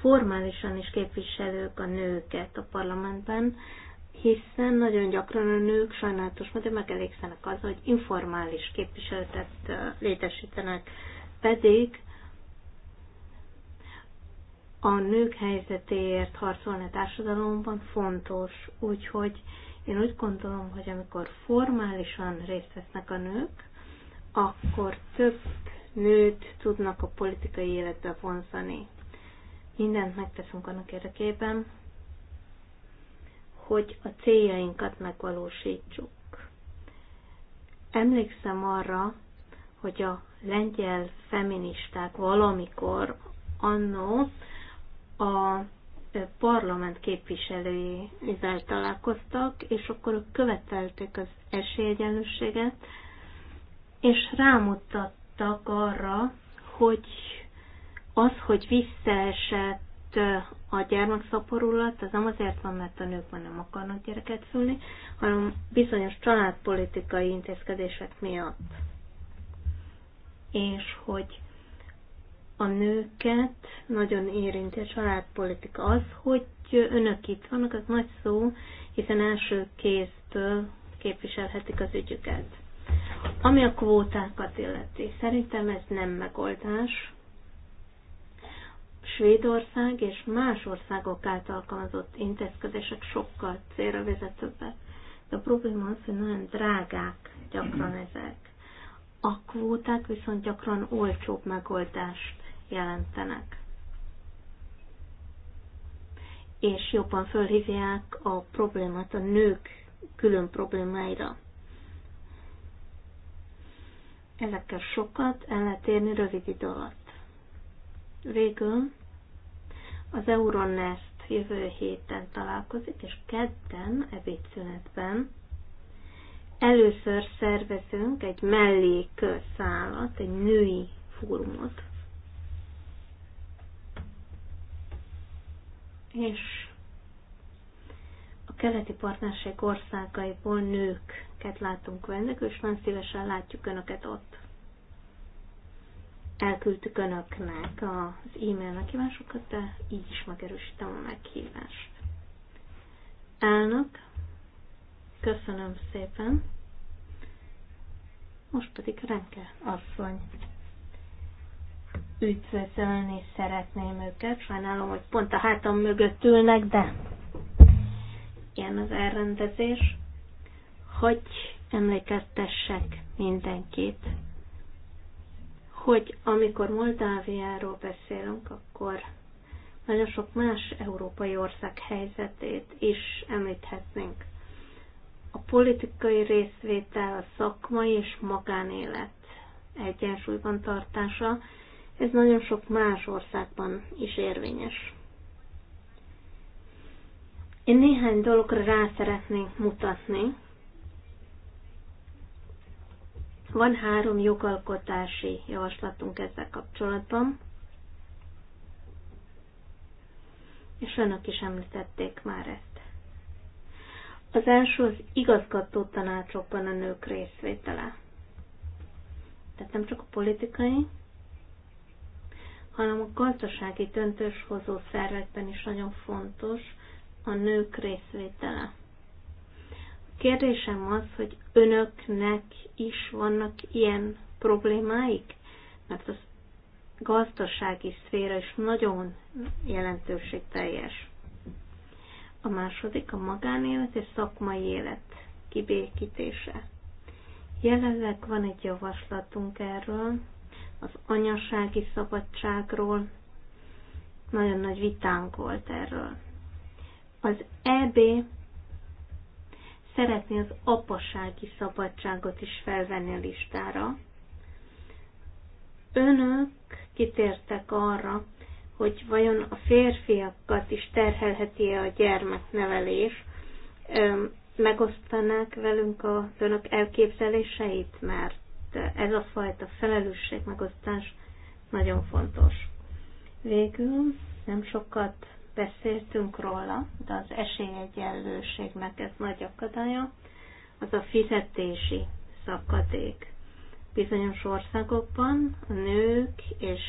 [SPEAKER 2] formálisan is képviselők a nőket a parlamentben, hiszen nagyon gyakran a nők sajnálatos módon megelégszenek az, hogy informális képviseletet létesítenek, pedig a nők helyzetéért harcolni a társadalomban fontos. Úgyhogy én úgy gondolom, hogy amikor formálisan részt vesznek a nők, akkor több nőt tudnak a politikai életbe vonzani. Mindent megteszünk annak érdekében, hogy a céljainkat megvalósítsuk. Emlékszem arra, hogy a lengyel feministák valamikor annó a parlament képviselőivel találkoztak, és akkor követelték az esélyegyenlőséget, és rámutattak arra, hogy az, hogy visszaesett a gyermekszaporulat, az nem azért van, mert a nők már nem akarnak gyereket szülni, hanem bizonyos családpolitikai intézkedések miatt. És hogy a nőket nagyon érinti a családpolitika. Az, hogy önök itt vannak, az nagy szó, hiszen első kéztől képviselhetik az ügyüket. Ami a kvótákat illeti, szerintem ez nem megoldás. Svédország és más országok által alkalmazott intézkedések sokkal célra vezetőbbek. De a probléma az, hogy nagyon drágák gyakran ezek. A kvóták viszont gyakran olcsóbb megoldást jelentenek. És jobban fölhívják a problémát a nők külön problémáira. Ezekkel sokat el lehet érni rövid idő alatt. Végül az Euronest jövő héten találkozik, és kedden ebédszünetben először szervezünk egy mellékszállat, egy női fórumot. és a keleti partnerség országaiból nőket látunk vendégül, és nagyon szívesen látjuk Önöket ott. Elküldtük Önöknek az e-mail meghívásokat, de így is megerősítem a meghívást. Elnök, köszönöm szépen. Most pedig Renke asszony üdvözölni szeretném őket. Sajnálom, hogy pont a hátam mögött ülnek, de ilyen az elrendezés, hogy emlékeztessek mindenkit, hogy amikor Moldáviáról beszélünk, akkor nagyon sok más európai ország helyzetét is említhetnénk. A politikai részvétel, a szakmai és magánélet egyensúlyban tartása, ez nagyon sok más országban is érvényes. Én néhány dologra rá szeretnék mutatni. Van három jogalkotási javaslatunk ezzel kapcsolatban, és önök is említették már ezt. Az első az igazgató tanácsokban a nők részvétele. Tehát nem csak a politikai, hanem a gazdasági döntéshozó szervekben is nagyon fontos a nők részvétele. A kérdésem az, hogy önöknek is vannak ilyen problémáik? Mert az gazdasági szféra is nagyon jelentőségteljes. A második a magánélet és szakmai élet kibékítése. Jelenleg van egy javaslatunk erről, az anyasági szabadságról. Nagyon nagy vitánk volt erről. Az EB szeretné az apasági szabadságot is felvenni a listára. Önök kitértek arra, hogy vajon a férfiakat is terhelheti -e a gyermeknevelés, megosztanák velünk a önök elképzeléseit, mert ez a fajta felelősség megosztás nagyon fontos. Végül nem sokat beszéltünk róla, de az esélyegyenlőségnek ez nagy akadálya, az a fizetési szakadék. Bizonyos országokban a nők és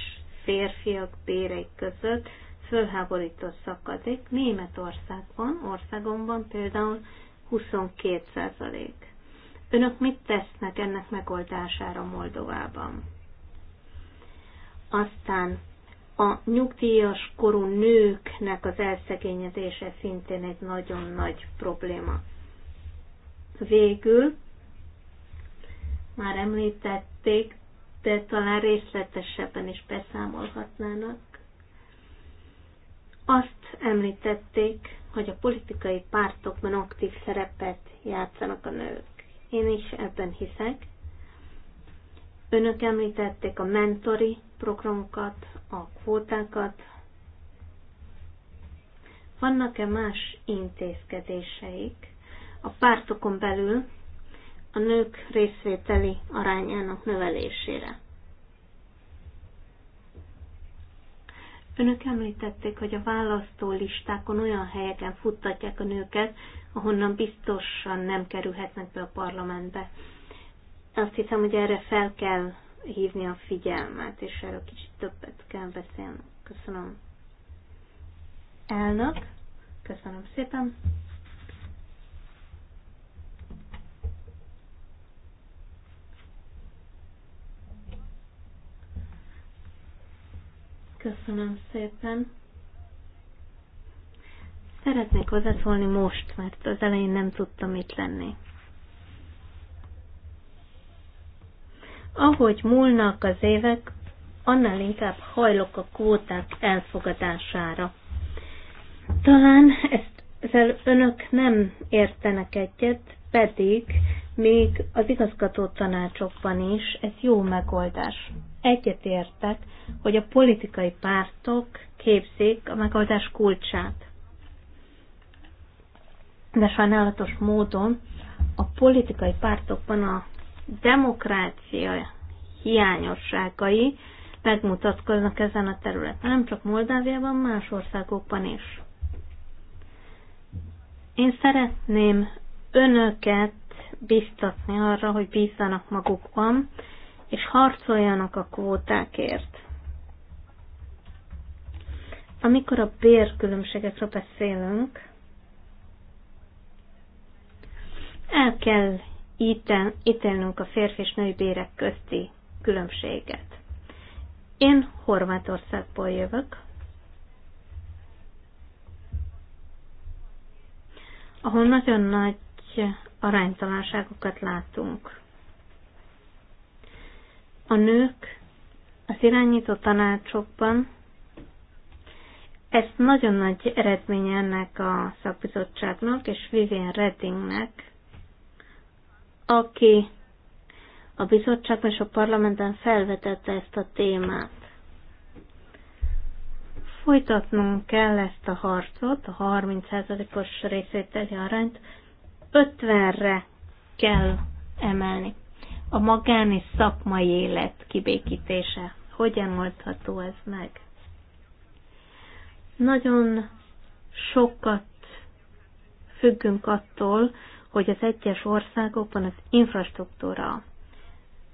[SPEAKER 2] férfiak bérei között fölháborító szakadék. Németországban, országomban például 22 százalék. Önök mit tesznek ennek megoldására Moldovában? Aztán a nyugdíjas korú nőknek az elszegényedése szintén egy nagyon nagy probléma. Végül, már említették, de talán részletesebben is beszámolhatnának. Azt említették, hogy a politikai pártokban aktív szerepet játszanak a nők. Én is ebben hiszek. Önök említették a mentori programokat, a kvótákat. Vannak-e más intézkedéseik a pártokon belül a nők részvételi arányának növelésére? Önök említették, hogy a választólistákon olyan helyeken futtatják a nőket, ahonnan biztosan nem kerülhetnek be a parlamentbe. Azt hiszem, hogy erre fel kell hívni a figyelmet, és erről kicsit többet kell beszélni. Köszönöm. Elnök, köszönöm szépen. Köszönöm szépen. Szeretnék hozzászólni most, mert az elején nem tudtam itt lenni. Ahogy múlnak az évek, annál inkább hajlok a kvóták elfogadására. Talán ezt ezzel önök nem értenek egyet, pedig még az igazgató tanácsokban is ez jó megoldás. Egyet értek, hogy a politikai pártok képzik a megoldás kulcsát de sajnálatos módon a politikai pártokban a demokrácia hiányosságai megmutatkoznak ezen a területen, nem csak Moldáviában, más országokban is. Én szeretném önöket biztatni arra, hogy bízzanak magukban, és harcoljanak a kvótákért. Amikor a bérkülönbségekről beszélünk, El kell ítélnünk a férfi és női bérek közti különbséget. Én Horvátországból jövök, ahol nagyon nagy aránytalanságokat látunk. A nők az irányító tanácsokban, ez nagyon nagy eredmény ennek a szakbizottságnak és Vivian Reddingnek, aki a bizottságban és a parlamenten felvetette ezt a témát. Folytatnunk kell ezt a harcot, a 30%-os részvételi arányt 50-re kell emelni. A magán és szakmai élet kibékítése. Hogyan oldható ez meg? Nagyon sokat függünk attól, hogy az egyes országokban az infrastruktúra,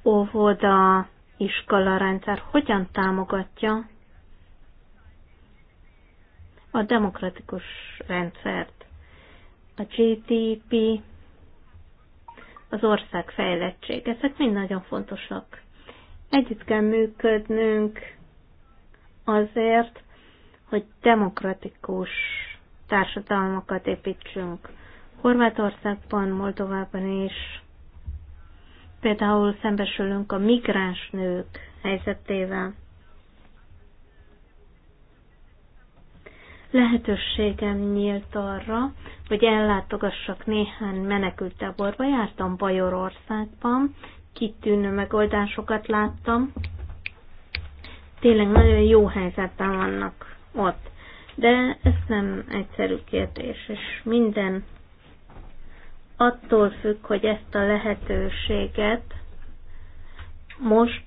[SPEAKER 2] óvoda, rendszer hogyan támogatja a demokratikus rendszert, a GDP, az ország fejlettség. Ezek mind nagyon fontosak. Együtt kell működnünk azért, hogy demokratikus társadalmakat építsünk. Horvátországban, Moldovában is például szembesülünk a migráns nők helyzetével. Lehetőségem nyílt arra, hogy ellátogassak néhány menekült táborba. Jártam Bajorországban, kitűnő megoldásokat láttam. Tényleg nagyon jó helyzetben vannak ott. De ez nem egyszerű kérdés, és minden attól függ, hogy ezt a lehetőséget most,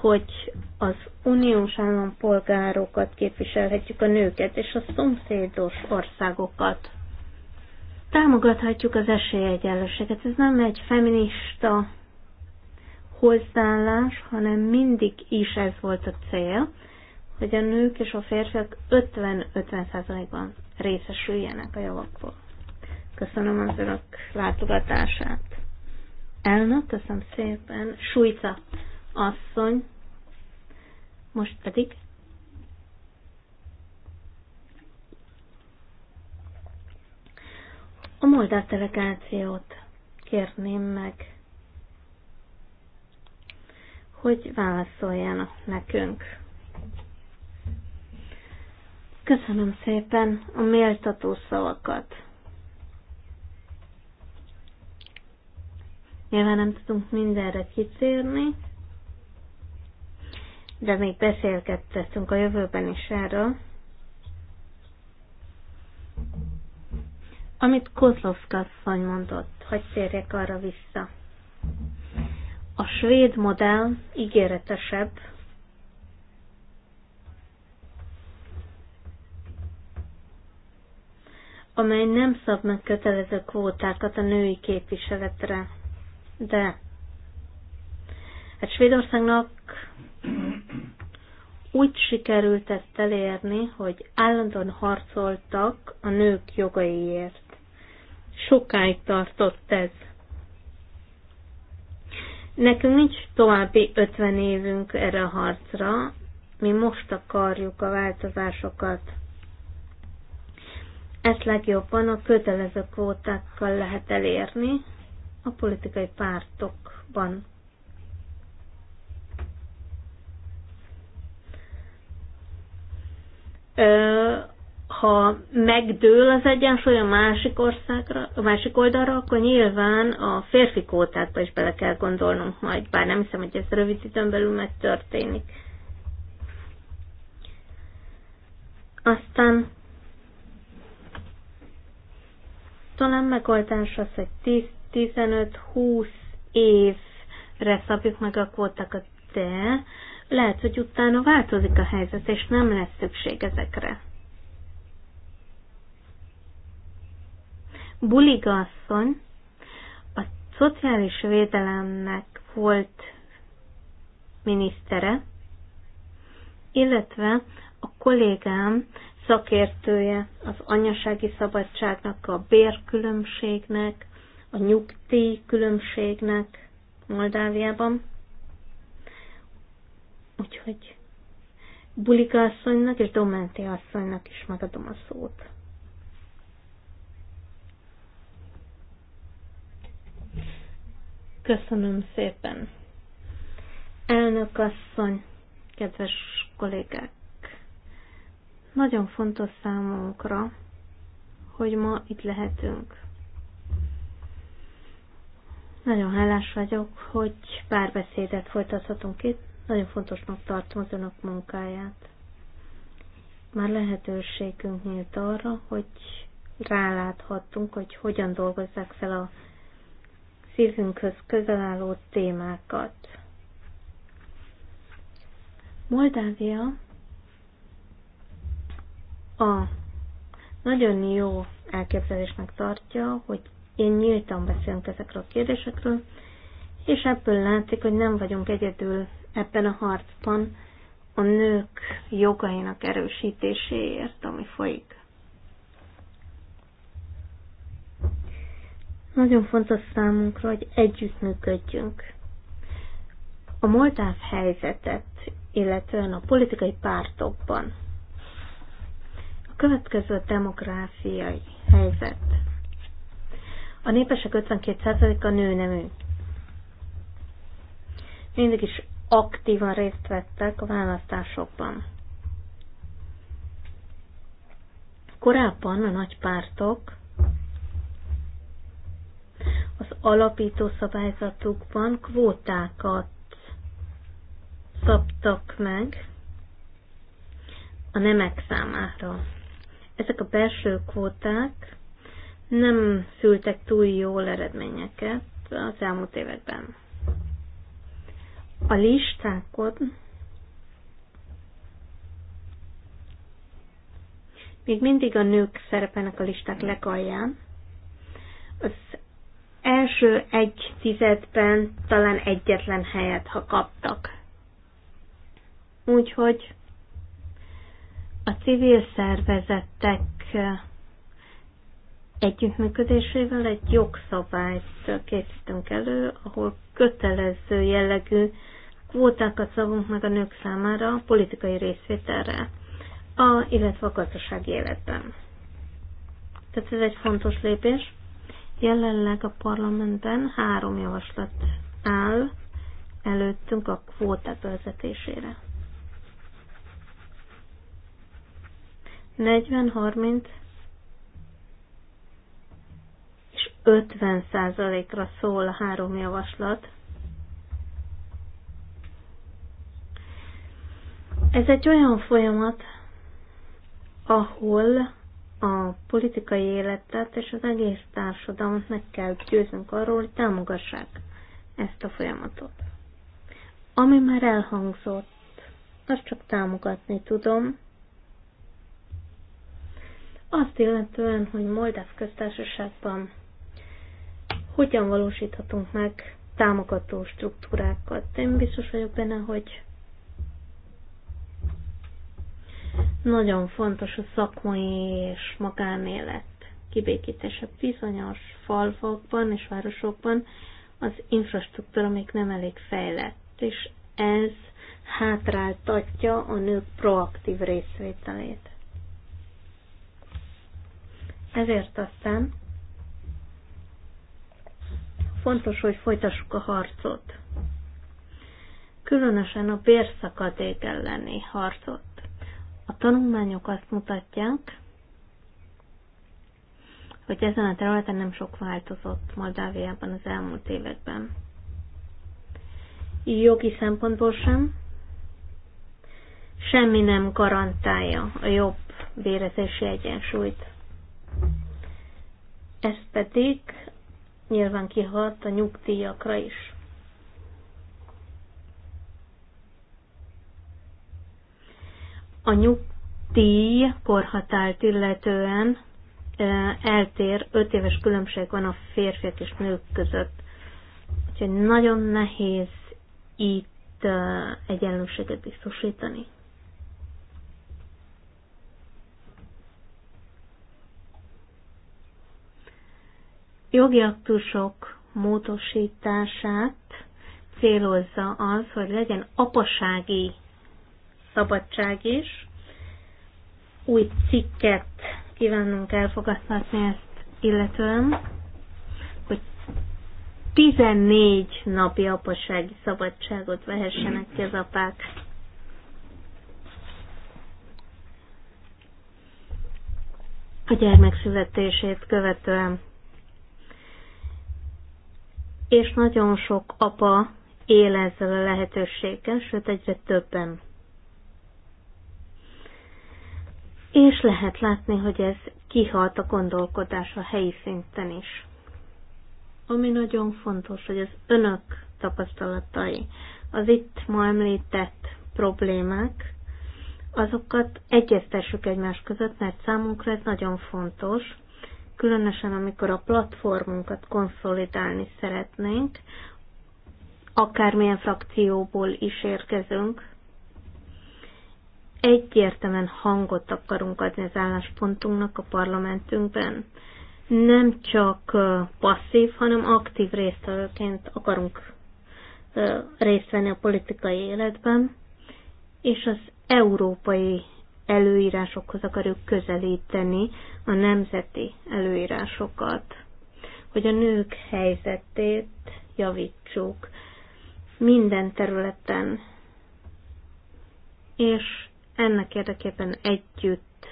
[SPEAKER 2] hogy az uniós állampolgárokat képviselhetjük, a nőket és a szomszédos országokat. Támogathatjuk az esélyegyenlőséget. Ez nem egy feminista hozzáállás, hanem mindig is ez volt a cél, hogy a nők és a férfiak 50-50%-ban részesüljenek a javakból. Köszönöm az önök látogatását. Elnök, köszönöm szépen. Sújca asszony. Most pedig a Moldáv delegációt kérném meg, hogy válaszoljanak nekünk. Köszönöm szépen a méltató szavakat. Nyilván nem tudunk mindenre kicérni, de még beszélgettünk a jövőben is erről. Amit Kozlovka asszony mondott, hogy térjek arra vissza. A svéd modell ígéretesebb, amely nem szab meg kötelező kvótákat a női képviseletre de hát Svédországnak úgy sikerült ezt elérni, hogy állandóan harcoltak a nők jogaiért. Sokáig tartott ez. Nekünk nincs további 50 évünk erre a harcra, mi most akarjuk a változásokat. Ezt legjobban a kötelező kvótákkal lehet elérni, a politikai pártokban. Ha megdől az egyensúly a másik országra, a másik oldalra, akkor nyilván a férfi kótákba is bele kell gondolnunk majd, bár nem hiszem, hogy ez rövid időn belül megtörténik. Aztán talán megoldás az, hogy 15-20 évre szabjuk meg a kvótákat, de lehet, hogy utána változik a helyzet, és nem lesz szükség ezekre. Buliga asszony a szociális védelemnek volt minisztere, illetve a kollégám szakértője az anyasági szabadságnak, a bérkülönbségnek, a nyugdíj különbségnek Moldáviában. Úgyhogy Bulika asszonynak és Domenti asszonynak is megadom a szót. Köszönöm szépen. Elnök asszony, kedves kollégák! Nagyon fontos számunkra, hogy ma itt lehetünk. Nagyon hálás vagyok, hogy párbeszédet folytathatunk itt. Nagyon fontosnak tartom az önök munkáját. Már lehetőségünk nyílt arra, hogy ráláthattunk, hogy hogyan dolgozzák fel a szívünkhöz közel álló témákat. Moldávia a nagyon jó elképzelésnek tartja, hogy én nyíltan beszélünk ezekről a kérdésekről, és ebből látszik, hogy nem vagyunk egyedül ebben a harcban a nők jogainak erősítéséért, ami folyik. Nagyon fontos számunkra, hogy együttműködjünk. A moldáv helyzetet, illetően a politikai pártokban a következő demográfiai helyzet a népesek 52%-a nő nem ő. Mindig is aktívan részt vettek a választásokban. Korábban a nagy pártok az alapító szabályzatukban kvótákat szabtak meg a nemek számára. Ezek a belső kvóták nem szültek túl jól eredményeket az elmúlt években. A listákon még mindig a nők szerepelnek a listák legalján. Az első egy tizedben talán egyetlen helyet, ha kaptak. Úgyhogy a civil szervezetek együttműködésével egy jogszabályt készítünk elő, ahol kötelező jellegű kvótákat szabunk meg a nők számára a politikai részvételre, a, illetve a gazdasági életben. Tehát ez egy fontos lépés. Jelenleg a parlamentben három javaslat áll előttünk a kvóta bevezetésére. 40, 30, 50%-ra szól a három javaslat. Ez egy olyan folyamat, ahol a politikai életet és az egész társadalmat meg kell győznünk arról, hogy támogassák ezt a folyamatot. Ami már elhangzott, azt csak támogatni tudom. Azt illetően, hogy Moldáv köztársaságban hogyan valósíthatunk meg támogató struktúrákat. Én biztos vagyok benne, hogy nagyon fontos a szakmai és magánélet kibékítése bizonyos falvakban és városokban az infrastruktúra még nem elég fejlett, és ez hátráltatja a nők proaktív részvételét. Ezért aztán fontos, hogy folytassuk a harcot. Különösen a bérszakadék elleni harcot. A tanulmányok azt mutatják, hogy ezen a területen nem sok változott Moldáviában az elmúlt években. Jogi szempontból sem. Semmi nem garantálja a jobb bérezési egyensúlyt. Ez pedig nyilván kihat a nyugdíjakra is. A nyugdíj korhatárt illetően eltér, 5 éves különbség van a férfiak és nők között. Úgyhogy nagyon nehéz itt egyenlőséget biztosítani. jogi aktusok módosítását célozza az, hogy legyen apasági szabadság is. Új cikket kívánunk elfogadtatni ezt illetően, hogy 14 napi apasági szabadságot vehessenek ki az apák. A gyermek születését követően és nagyon sok apa él ezzel a lehetőséggel, sőt egyre többen. És lehet látni, hogy ez kihalt a gondolkodás a helyi szinten is. Ami nagyon fontos, hogy az önök tapasztalatai, az itt ma említett problémák, azokat egyeztessük egymás között, mert számunkra ez nagyon fontos, különösen amikor a platformunkat konszolidálni szeretnénk, akármilyen frakcióból is érkezünk, egyértelműen hangot akarunk adni az álláspontunknak a parlamentünkben. Nem csak passzív, hanem aktív résztvevőként akarunk részt venni a politikai életben, és az európai előírásokhoz akarjuk közelíteni a nemzeti előírásokat, hogy a nők helyzetét javítsuk minden területen, és ennek érdekében együtt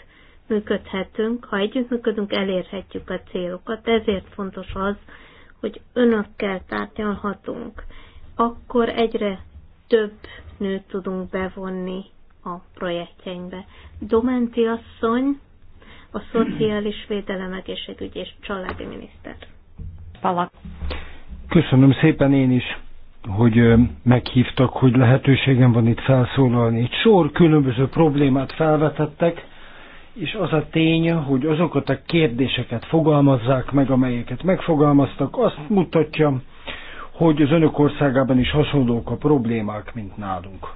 [SPEAKER 2] működhetünk, ha együttműködünk, elérhetjük a célokat. Ezért fontos az, hogy önökkel tárgyalhatunk. Akkor egyre több nőt tudunk bevonni a projektjeinkbe. Domenti asszony, a Szociális Védelem, Egészségügy és Családi Miniszter.
[SPEAKER 1] Palak.
[SPEAKER 3] Köszönöm szépen én is hogy meghívtak, hogy lehetőségem van itt felszólalni. Itt sor különböző problémát felvetettek, és az a tény, hogy azokat a kérdéseket fogalmazzák meg, amelyeket megfogalmaztak, azt mutatja, hogy az önök országában is hasonlók a problémák, mint nálunk.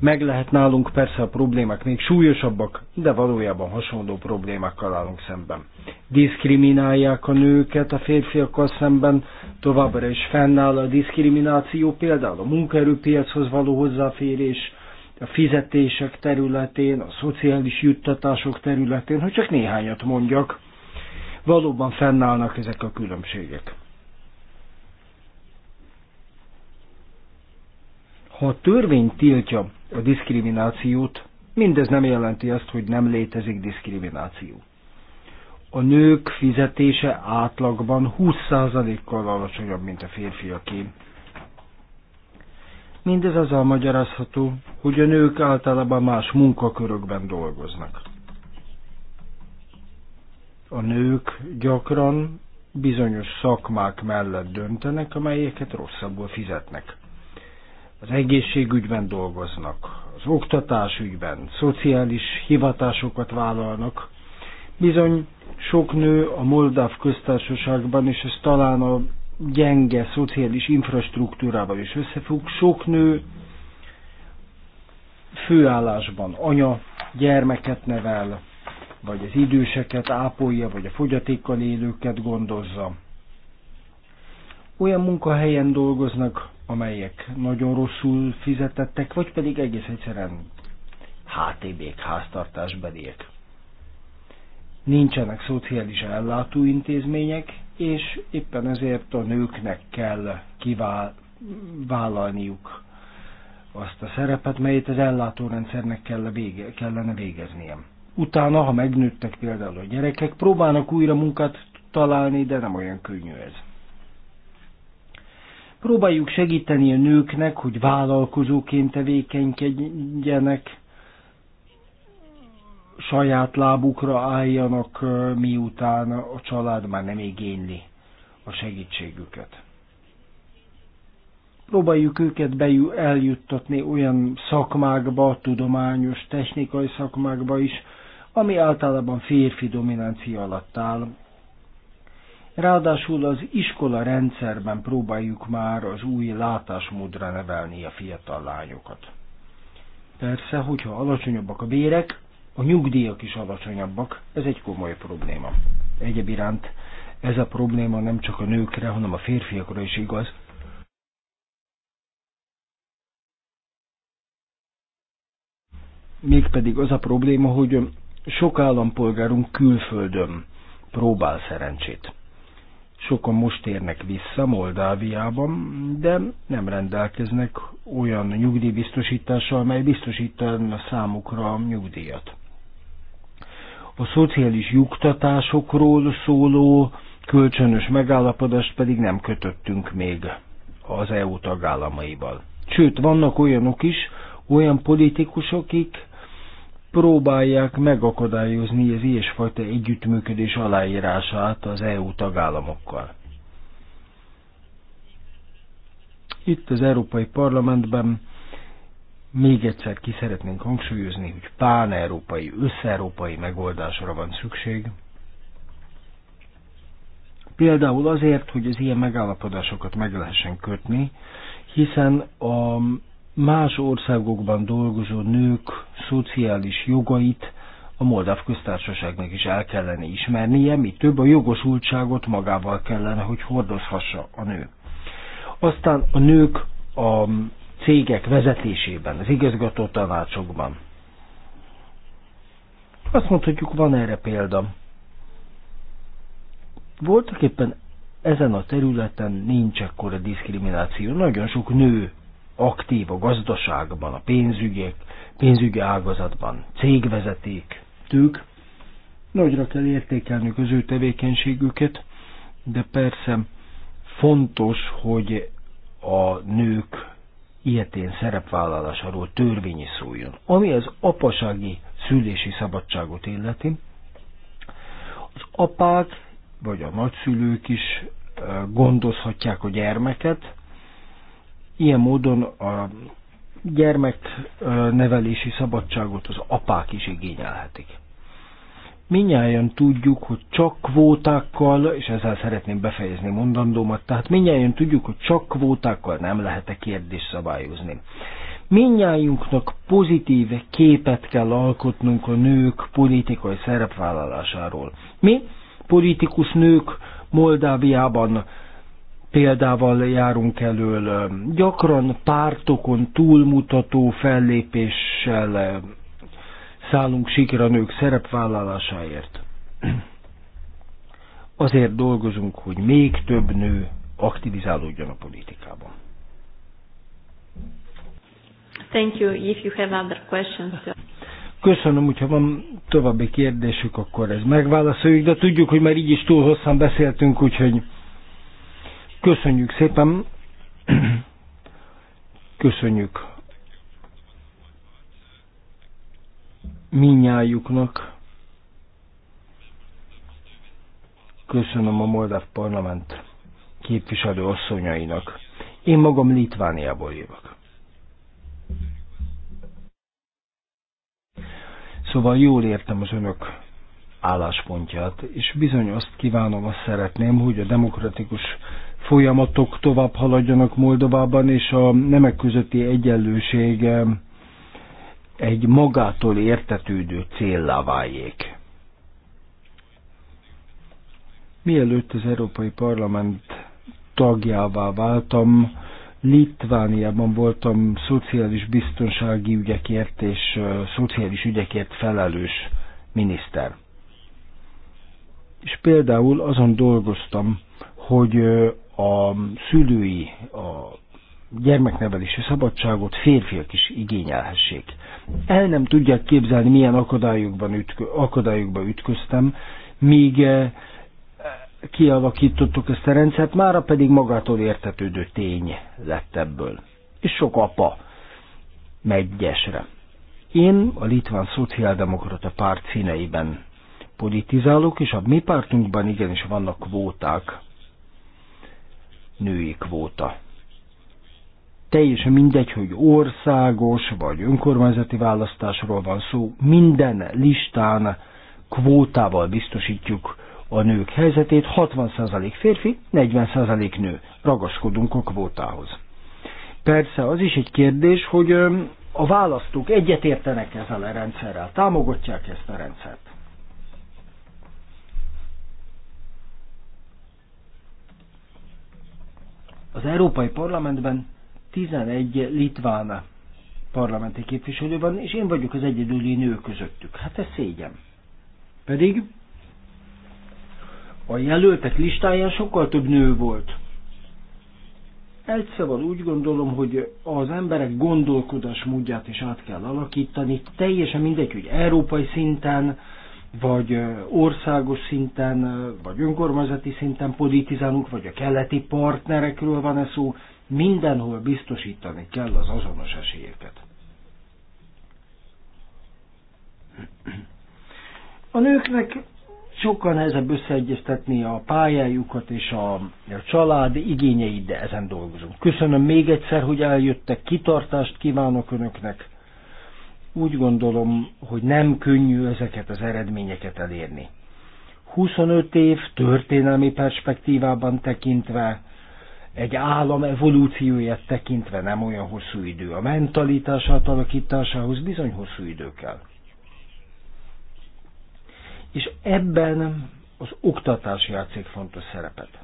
[SPEAKER 3] Meg lehet nálunk persze a problémák még súlyosabbak, de valójában hasonló problémákkal állunk szemben. Diszkriminálják a nőket a férfiakkal szemben, továbbra is fennáll a diszkrimináció, például a munkaerőpiachoz való hozzáférés, a fizetések területén, a szociális juttatások területén, hogy csak néhányat mondjak, valóban fennállnak ezek a különbségek. Ha a törvény tiltja a diszkriminációt, mindez nem jelenti azt, hogy nem létezik diszkrimináció. A nők fizetése átlagban 20%-kal alacsonyabb, mint a férfiaké. Mindez azzal magyarázható, hogy a nők általában más munkakörökben dolgoznak. A nők gyakran bizonyos szakmák mellett döntenek, amelyeket rosszabbul fizetnek az egészségügyben dolgoznak, az oktatásügyben, szociális hivatásokat vállalnak. Bizony sok nő a Moldáv köztársaságban, és ez talán a gyenge szociális infrastruktúrával is összefügg, sok nő főállásban anya gyermeket nevel, vagy az időseket ápolja, vagy a fogyatékkal élőket gondozza. Olyan munkahelyen dolgoznak, amelyek nagyon rosszul fizetettek, vagy pedig egész egyszerűen HTB-k, háztartásbeliek. Nincsenek szociális ellátóintézmények, és éppen ezért a nőknek kell kivállalniuk azt a szerepet, melyet az ellátórendszernek kellene végeznie. Utána, ha megnőttek például a gyerekek, próbálnak újra munkát találni, de nem olyan könnyű ez. Próbáljuk segíteni a nőknek, hogy vállalkozóként tevékenykedjenek, saját lábukra álljanak, miután a család már nem igényli a segítségüket. Próbáljuk őket bejú, eljuttatni olyan szakmákba, tudományos, technikai szakmákba is, ami általában férfi dominancia alatt áll, Ráadásul az iskola rendszerben próbáljuk már az új látásmódra nevelni a fiatal lányokat. Persze, hogyha alacsonyabbak a bérek, a nyugdíjak is alacsonyabbak, ez egy komoly probléma. Egyéb iránt ez a probléma nem csak a nőkre, hanem a férfiakra is igaz. Mégpedig az a probléma, hogy sok állampolgárunk külföldön próbál szerencsét. Sokan most érnek vissza Moldáviában, de nem rendelkeznek olyan nyugdíjbiztosítással, amely a számukra a nyugdíjat. A szociális juktatásokról szóló kölcsönös megállapodást pedig nem kötöttünk még az EU tagállamaival. Sőt, vannak olyanok is, olyan politikusok, akik próbálják megakadályozni az ilyesfajta együttműködés aláírását az EU tagállamokkal. Itt az Európai Parlamentben még egyszer ki szeretnénk hangsúlyozni, hogy pán-európai, össz-európai megoldásra van szükség. Például azért, hogy az ilyen megállapodásokat meg lehessen kötni, hiszen a más országokban dolgozó nők szociális jogait a Moldáv köztársaságnak is el kellene ismernie, mi több a jogosultságot magával kellene, hogy hordozhassa a nő. Aztán a nők a cégek vezetésében, az igazgató tanácsokban. Azt mondhatjuk, van erre példa. Voltak éppen ezen a területen nincs ekkora diszkrimináció. Nagyon sok nő aktív a gazdaságban, a pénzügyek, pénzügyi ágazatban, cégvezeték, tők, nagyra kell értékelnünk az ő tevékenységüket, de persze fontos, hogy a nők ilyetén szerepvállalásáról törvényi szóljon. Ami az apasági szülési szabadságot illeti, az apák vagy a nagyszülők is eh, gondozhatják a gyermeket, Ilyen módon a gyermeknevelési szabadságot az apák is igényelhetik. Minnyáján tudjuk, hogy csak kvótákkal, és ezzel szeretném befejezni mondandómat, tehát minnyáján tudjuk, hogy csak kvótákkal nem lehet a e kérdést szabályozni. Minnyájunknak pozitív képet kell alkotnunk a nők politikai szerepvállalásáról. Mi, politikus nők, Moldáviában példával járunk elől. Gyakran pártokon túlmutató fellépéssel szállunk sikra nők szerepvállalásáért. Azért dolgozunk, hogy még több nő aktivizálódjon a politikában.
[SPEAKER 2] Thank you. If you have other questions.
[SPEAKER 3] Köszönöm, hogyha van további kérdésük, akkor ez megválaszoljuk, de tudjuk, hogy már így is túl hosszan beszéltünk, úgyhogy Köszönjük szépen. Köszönjük minnyájuknak. Köszönöm a Moldáv Parlament képviselő asszonyainak. Én magam Litvániából jövök. Szóval jól értem az önök álláspontját, és bizony azt kívánom, azt szeretném, hogy a demokratikus folyamatok tovább haladjanak Moldovában, és a nemek közötti egyenlőség egy magától értetődő céllá váljék. Mielőtt az Európai Parlament tagjává váltam, Litvániában voltam szociális biztonsági ügyekért és szociális ügyekért felelős miniszter. És például azon dolgoztam, hogy a szülői, a gyermeknevelési szabadságot férfiak is igényelhessék. El nem tudják képzelni, milyen akadályokban ütkö, akadályokba ütköztem, míg eh, kialakítottuk ezt a rendszert, mára pedig magától értetődő tény lett ebből. És sok apa megyesre. Én a Litván Szociáldemokrata párt színeiben politizálok, és a mi pártunkban igenis vannak kvóták, női kvóta. Teljesen mindegy, hogy országos vagy önkormányzati választásról van szó, minden listán kvótával biztosítjuk a nők helyzetét, 60% férfi, 40% nő. Ragaszkodunk a kvótához. Persze az is egy kérdés, hogy a választók egyetértenek ezzel a rendszerrel, támogatják ezt a rendszert. Az Európai Parlamentben 11 litván parlamenti képviselő van, és én vagyok az egyedüli nő közöttük. Hát ez szégyen. Pedig a jelöltek listáján sokkal több nő volt. Egyszerűen szóval úgy gondolom, hogy az emberek gondolkodás módját is át kell alakítani, teljesen mindegy, hogy európai szinten, vagy országos szinten, vagy önkormányzati szinten politizálunk, vagy a keleti partnerekről van ez szó, mindenhol biztosítani kell az azonos esélyeket. A nőknek sokkal nehezebb összeegyeztetni a pályájukat és a, a család igényeit, de ezen dolgozunk. Köszönöm még egyszer, hogy eljöttek, kitartást kívánok Önöknek, úgy gondolom, hogy nem könnyű ezeket az eredményeket elérni. 25 év történelmi perspektívában tekintve, egy állam evolúcióját tekintve nem olyan hosszú idő. A mentalitás átalakításához bizony hosszú idő kell. És ebben az oktatás játszik fontos szerepet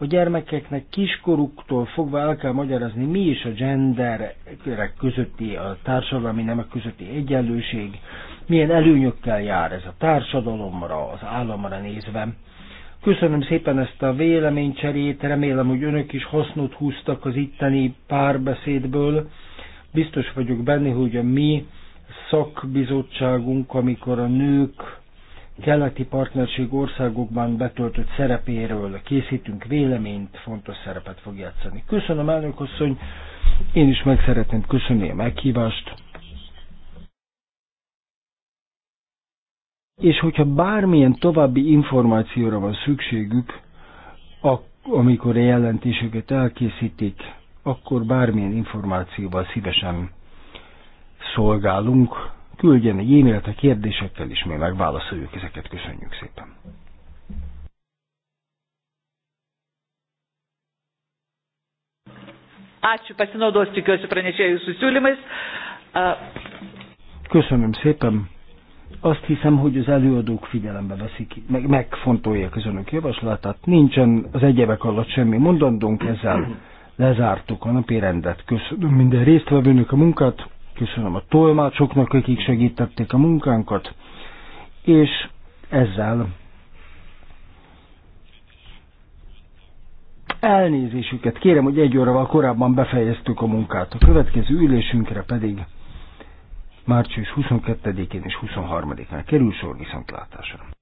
[SPEAKER 3] a gyermekeknek kiskoruktól fogva el kell magyarázni, mi is a genderek közötti, a társadalmi nemek közötti egyenlőség, milyen előnyökkel jár ez a társadalomra, az államra nézve. Köszönöm szépen ezt a véleménycserét, remélem, hogy önök is hasznot húztak az itteni párbeszédből. Biztos vagyok benne, hogy a mi szakbizottságunk, amikor a nők keleti partnerség országokban betöltött szerepéről készítünk véleményt, fontos szerepet fog játszani. Köszönöm, elnök asszony, én is meg szeretném köszönni a meghívást. És hogyha bármilyen további információra van szükségük, amikor a jelentésüket elkészítik, akkor bármilyen információval szívesen szolgálunk, küldjen egy e-mailt a kérdésekkel, és mi megválaszoljuk ezeket. Köszönjük szépen! Köszönöm szépen. Azt hiszem, hogy az előadók figyelembe veszik, meg, megfontolják az önök javaslatát. Nincsen az egyebek alatt semmi mondandónk, ezzel lezártuk a napi rendet. Köszönöm minden résztvevőnök a munkát köszönöm a tolmácsoknak, akik segítették a munkánkat, és ezzel elnézésüket kérem, hogy egy órával korábban befejeztük a munkát. A következő ülésünkre pedig március 22-én és 23-án kerül sor viszontlátásra.